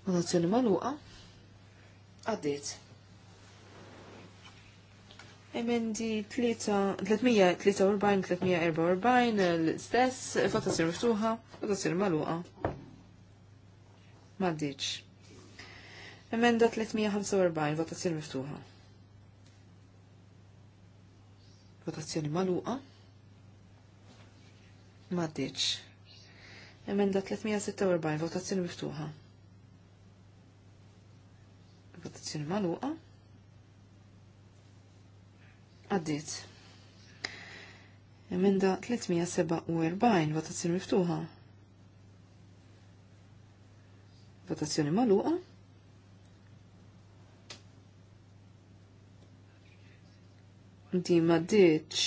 Votazzjoni maluqa. Għaddit. Emendi 343-344 l-istess, fatasir miftuħa, fatasir maluqa. Maddiċ. Emenda 345, votazzjoni miftuħa. Votazzjoni maluqa. Maddiċ. Emenda 346, votazzjoni miftuħa. Votazzjoni maluqa. Għaddit. Emenda 347 votazzjoni miftuħa. Votazzjoni maluqa. Di ma ditx.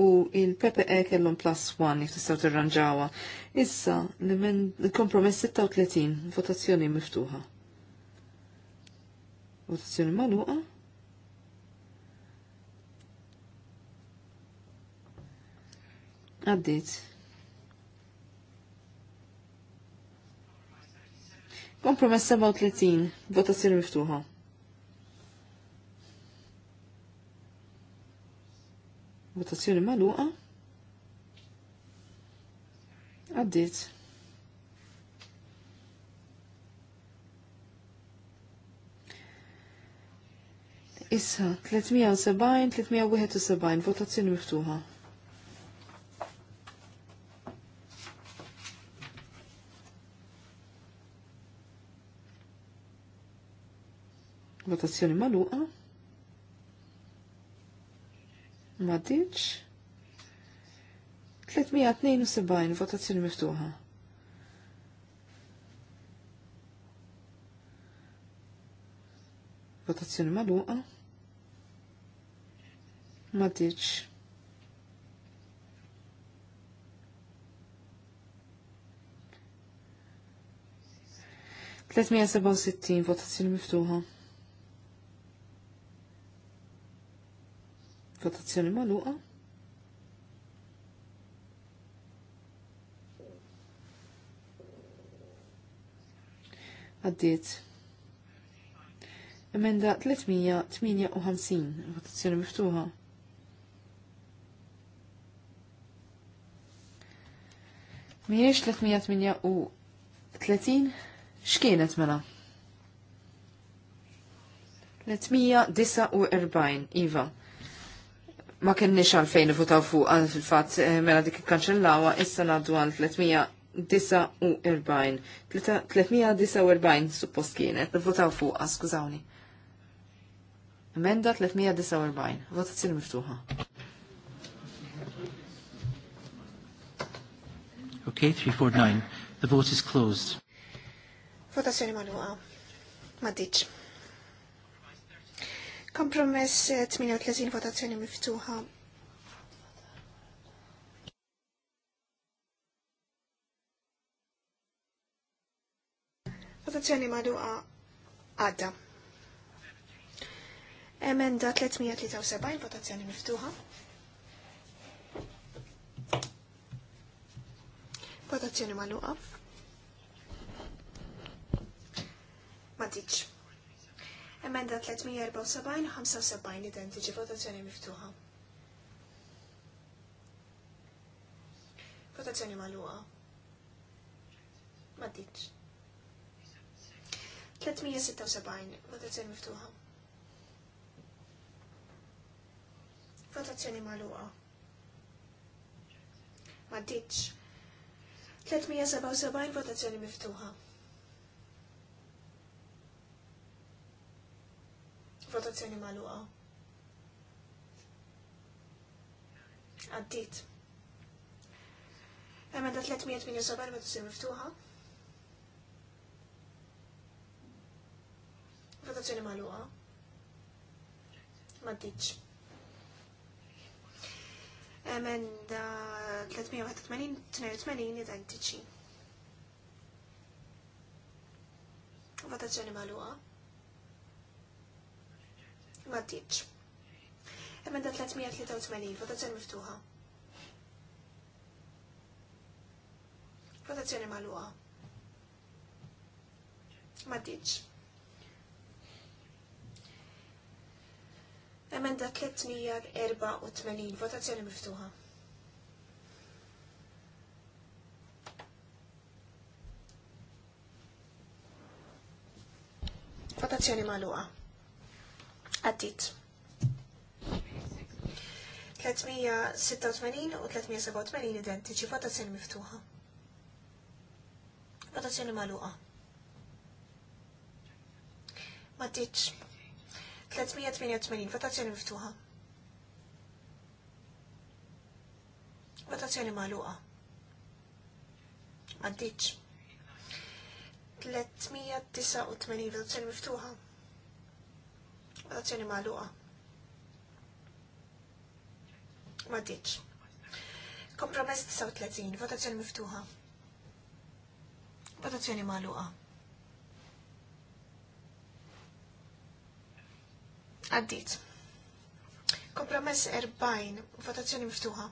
U il-PPE kellhom plus 1 jek tistaw tirranġawha. Issa l-kompromess 36 votazzjoni miftuħa. Votazzjoni maluqa. Għaddit. Kompromess 37, votazzjoni miftuħa. Votazzjoni maluqa. Għaddit. Issa, 370, 371, votazzjoni miftuħa. Votazzjoni maluqa. Ma ditx. 372 votazzjoni miftuħa. Votazzjoni maluqa. Ma ditx. Tletmija votazzjoni miftuħa. Votazzjoni maluqa. Għaddiet. Emenda 358, votazzjoni miftuħa. Miex 338, xkienet mela? 349, Iva ma kenniex għalfejn votaw fuq għal fil-fat eh, mela dik kanċellawa, issa naddu għal 349. 349 suppost kienet, votaw fuq ah, skużawni. Emenda 349, votazzjoni miftuħa. Okay, 349. The vote is closed. Votazzjoni manuqa. Ma diċ. Kompromess 38 eh, votazzjoni miftuħa. Votazzjoni madwa għadda. Emenda 373 votazzjoni miftuħa. Votazzjoni madwa. Ma tiġ. Emenda 374 u 75 identiċi votazzjoni miftuħa. Votazzjoni magħluqa. Ma ditx. 376 votazzjoni miftuħa. Votazzjoni magħluqa. Ma ditx. 377 votazzjoni miftuħa. Votazzjoni maluqa. Għaddit. da 378 votazzjoni miftuħa. Votazzjoni maluqa. Maddiċ. da 381-82 identiċi. Votazzjoni maluqa ma tiġ. Emenda 383, votazzjoni miftuħa. Votazzjoni maluqa. Ma tiġ. Emenda 384, votazzjoni miftuħa. Votazzjoni maluqa għaddit. 386 u 387 identiċi votazzjoni miftuħa. Votazzjoni maluqa. Matiċ. 388 votazzjoni miftuħa. Votazzjoni maluqa. Matiċ. 389 votazzjoni miftuħa votazzjoni maluqa. Ma ditx. Kompromess 39, votazzjoni miftuħa. Votazzjoni maluqa. Għaddit. Kompromess 40, votazzjoni miftuħa.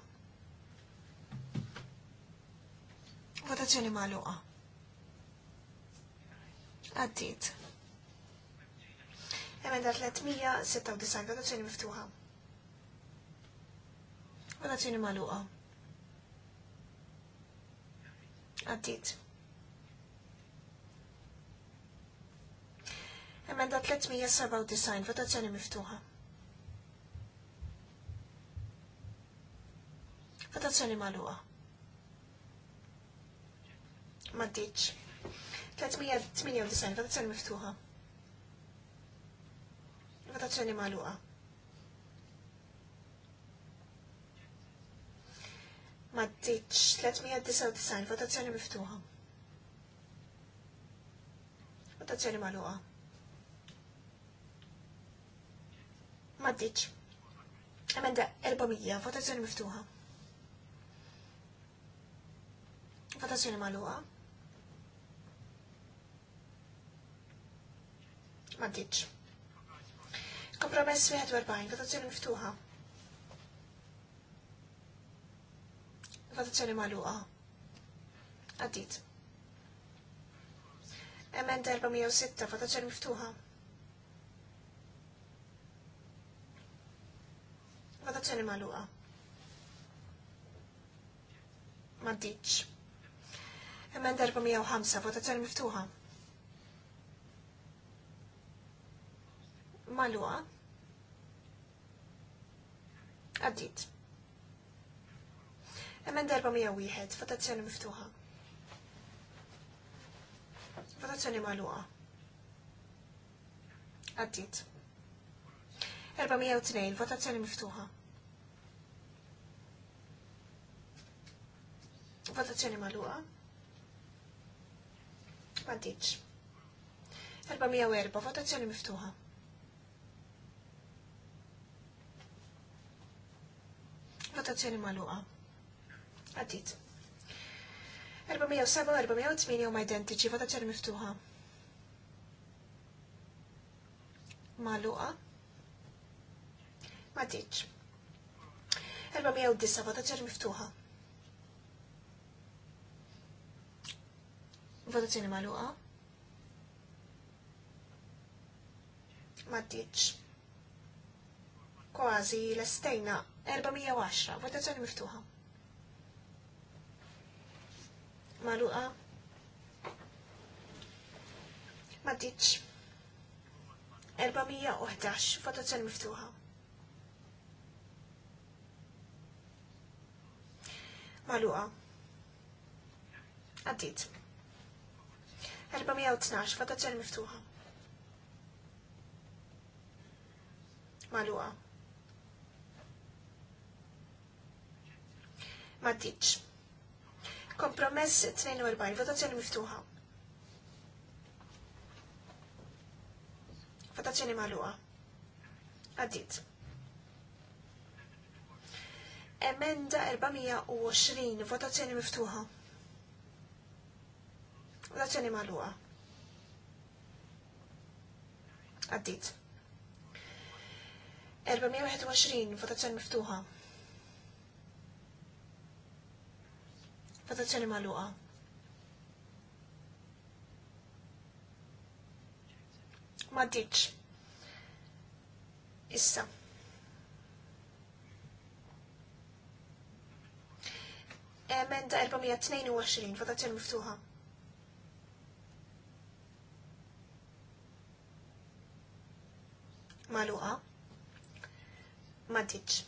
Votazzjoni maluqa. Għaddit. Emenda 396, votazzjoni miftuħa. Votazzjoni maluqa. Għaddit. Emenda 397, votazzjoni miftuħa. Votazzjoni maluqa. Maddiċ. 398, votazzjoni miftuħa. Votazzjoni maluqa. Ma 399 votazzjoni miftuħa. Votazzjoni maluqa. Ma Emenda 400 votazzjoni miftuħa. Votazzjoni maluqa. Ma ddiċ. Kompromess 41, votazzjoni miftuħa. Votazzjoni maluqa. Għaddit. Emenda 406, votazzjoni miftuħa. Votazzjoni maluqa. Maddiċ. Emenda 405, votazzjoni miftuħa. maluqa. Għaddit. Emmen darba mija wieħed, votazzjoni miftuħa. Votazzjoni maluqa. Għaddit. tnejn, votazzjoni miftuħa. Votazzjoni maluqa. Għaddit. erba, votazzjoni miftuħa. votazzjoni maluqa. Għaddit. 407, 408 huma identiċi, votazzjoni miftuħa. Maluqa. Ma tiġ. 409, votazzjoni miftuħa. Votazzjoni maluqa. Ma tiġ. Kważi l-estejna 410, votazzjoni miftuħa. Maluqa. Ma ditx. 411, votazzjoni miftuħa. Maluqa. Għaddit. 412, votazzjoni miftuħa. Maluqa. ma tiċ. Kompromess 42, votazzjoni miftuħa. Votazzjoni maluqa. Għaddit. Emenda 420, votazzjoni miftuħa. Votazzjoni maluqa. Għaddit. 421, votazzjoni miftuħa. Votazzjoni magħluqa. Ma ditx. Issa. Emenda 422, votazzjoni miftuħa. Maluqa. Ma ditx.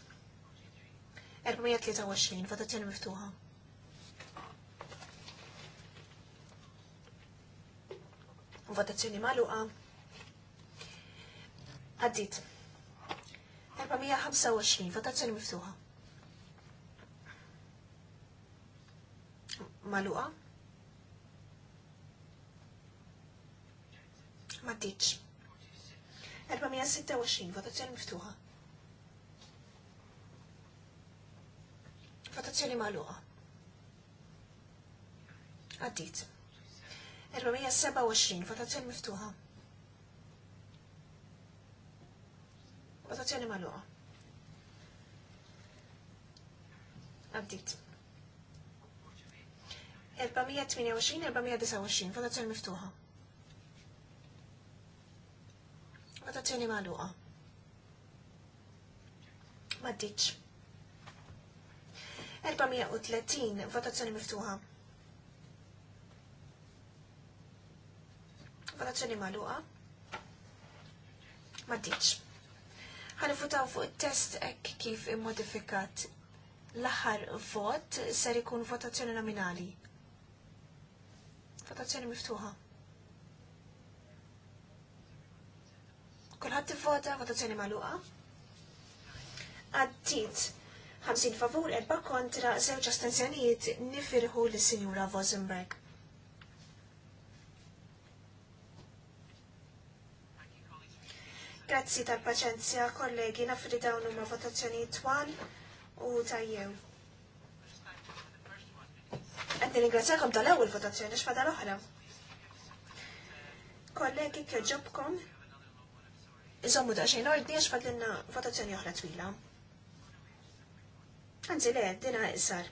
423, fata votazzjoni miftuħa. Votazzjoni maluqa. Għaddit. 425. Votazzjoni miftuħa. Maluqa. Maddiċ. 426. Votazzjoni miftuħa. Votazzjoni maluqa. Għaddit. 427 votazzjoni miftuħa. Votazzjoni magħluqa. Għaddit. 428-429 votazzjoni miftuħa. Votazzjoni magħluqa. Maddiċ. 430 votazzjoni miftuħa. Votazzjoni maluqa. Ma diċ. Ħanifutaw fuq test ek kif immodifikat l-aħħar vot ser ikun votazzjoni nominali. Votazzjoni miftuħa. Kulħadd ivvota votazzjoni magħluqa. Għaddit 50 favur, 4 kontra, żewġ astensjonijiet nifirħu lis-Sinjura Vosenberg. Grazzi tal-paċenzja, kollegi, nafri dawn huma votazzjoni twal u tajjew. Għed ringrazzjakom tal-ewwel votazzjoni x'fada l-oħra. Kollegi kjoġobkom iżommu daqsxejn ordni għax fadlinna votazzjoni oħra twila. Anzi le, dina iqsar.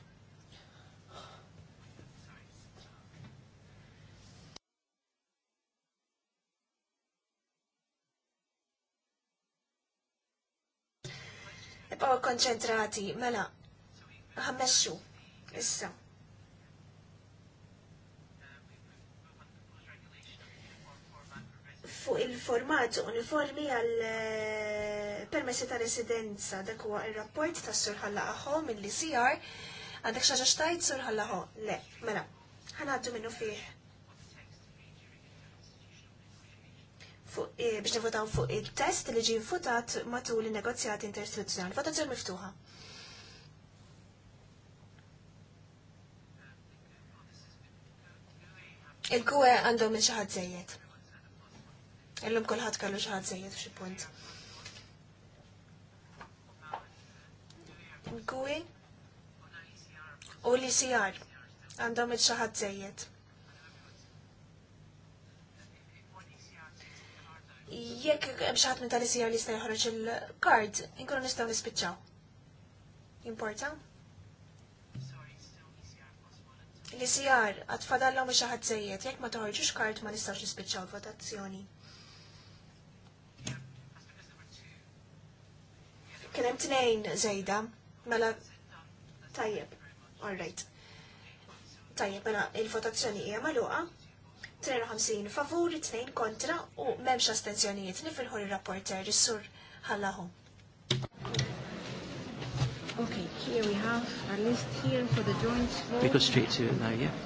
nibqaw oh, konċentrati, mela, ħammexxu, issa. Fuq il-format uniformi għal eh, permessi ta' residenza, dak huwa il rapport ta' surħalla aħħom mill-CR, għandek xaġa xtajt surħalla aħħom, le, mela, ħanaddu minnu fih biex nivotaw fuq il-test li ġi votat matul il-negozjati interistituzzjonali. Votazzjon miftuħa. il kue għandhom minn xaħat zejjed. Illum kolħat kallu xaħat zejjed fxie punt. il kue u l-ICR għandhom minn xaħat zejjed. jekk hemm xi ħadd minn tal-isir li jista' joħroġ il-kard, inkunu nistgħu nispiċċaw. Importa? L-isjar għad fadallhom xi ħadd żejjed, jekk ma toħorġux kart ma nistgħux nispiċċaw votazzjoni. Kien hemm tnejn żejda, mela tajjeb, all right. Tajjeb, mela il-votazzjoni hija magħluqa. 53 favur, 2 kontra u memx astenzjonijiet Nifilħur il-rapporter jissur sur ħallahu. Okay, here we have a list here for the joint vote. We go straight to it now, yeah?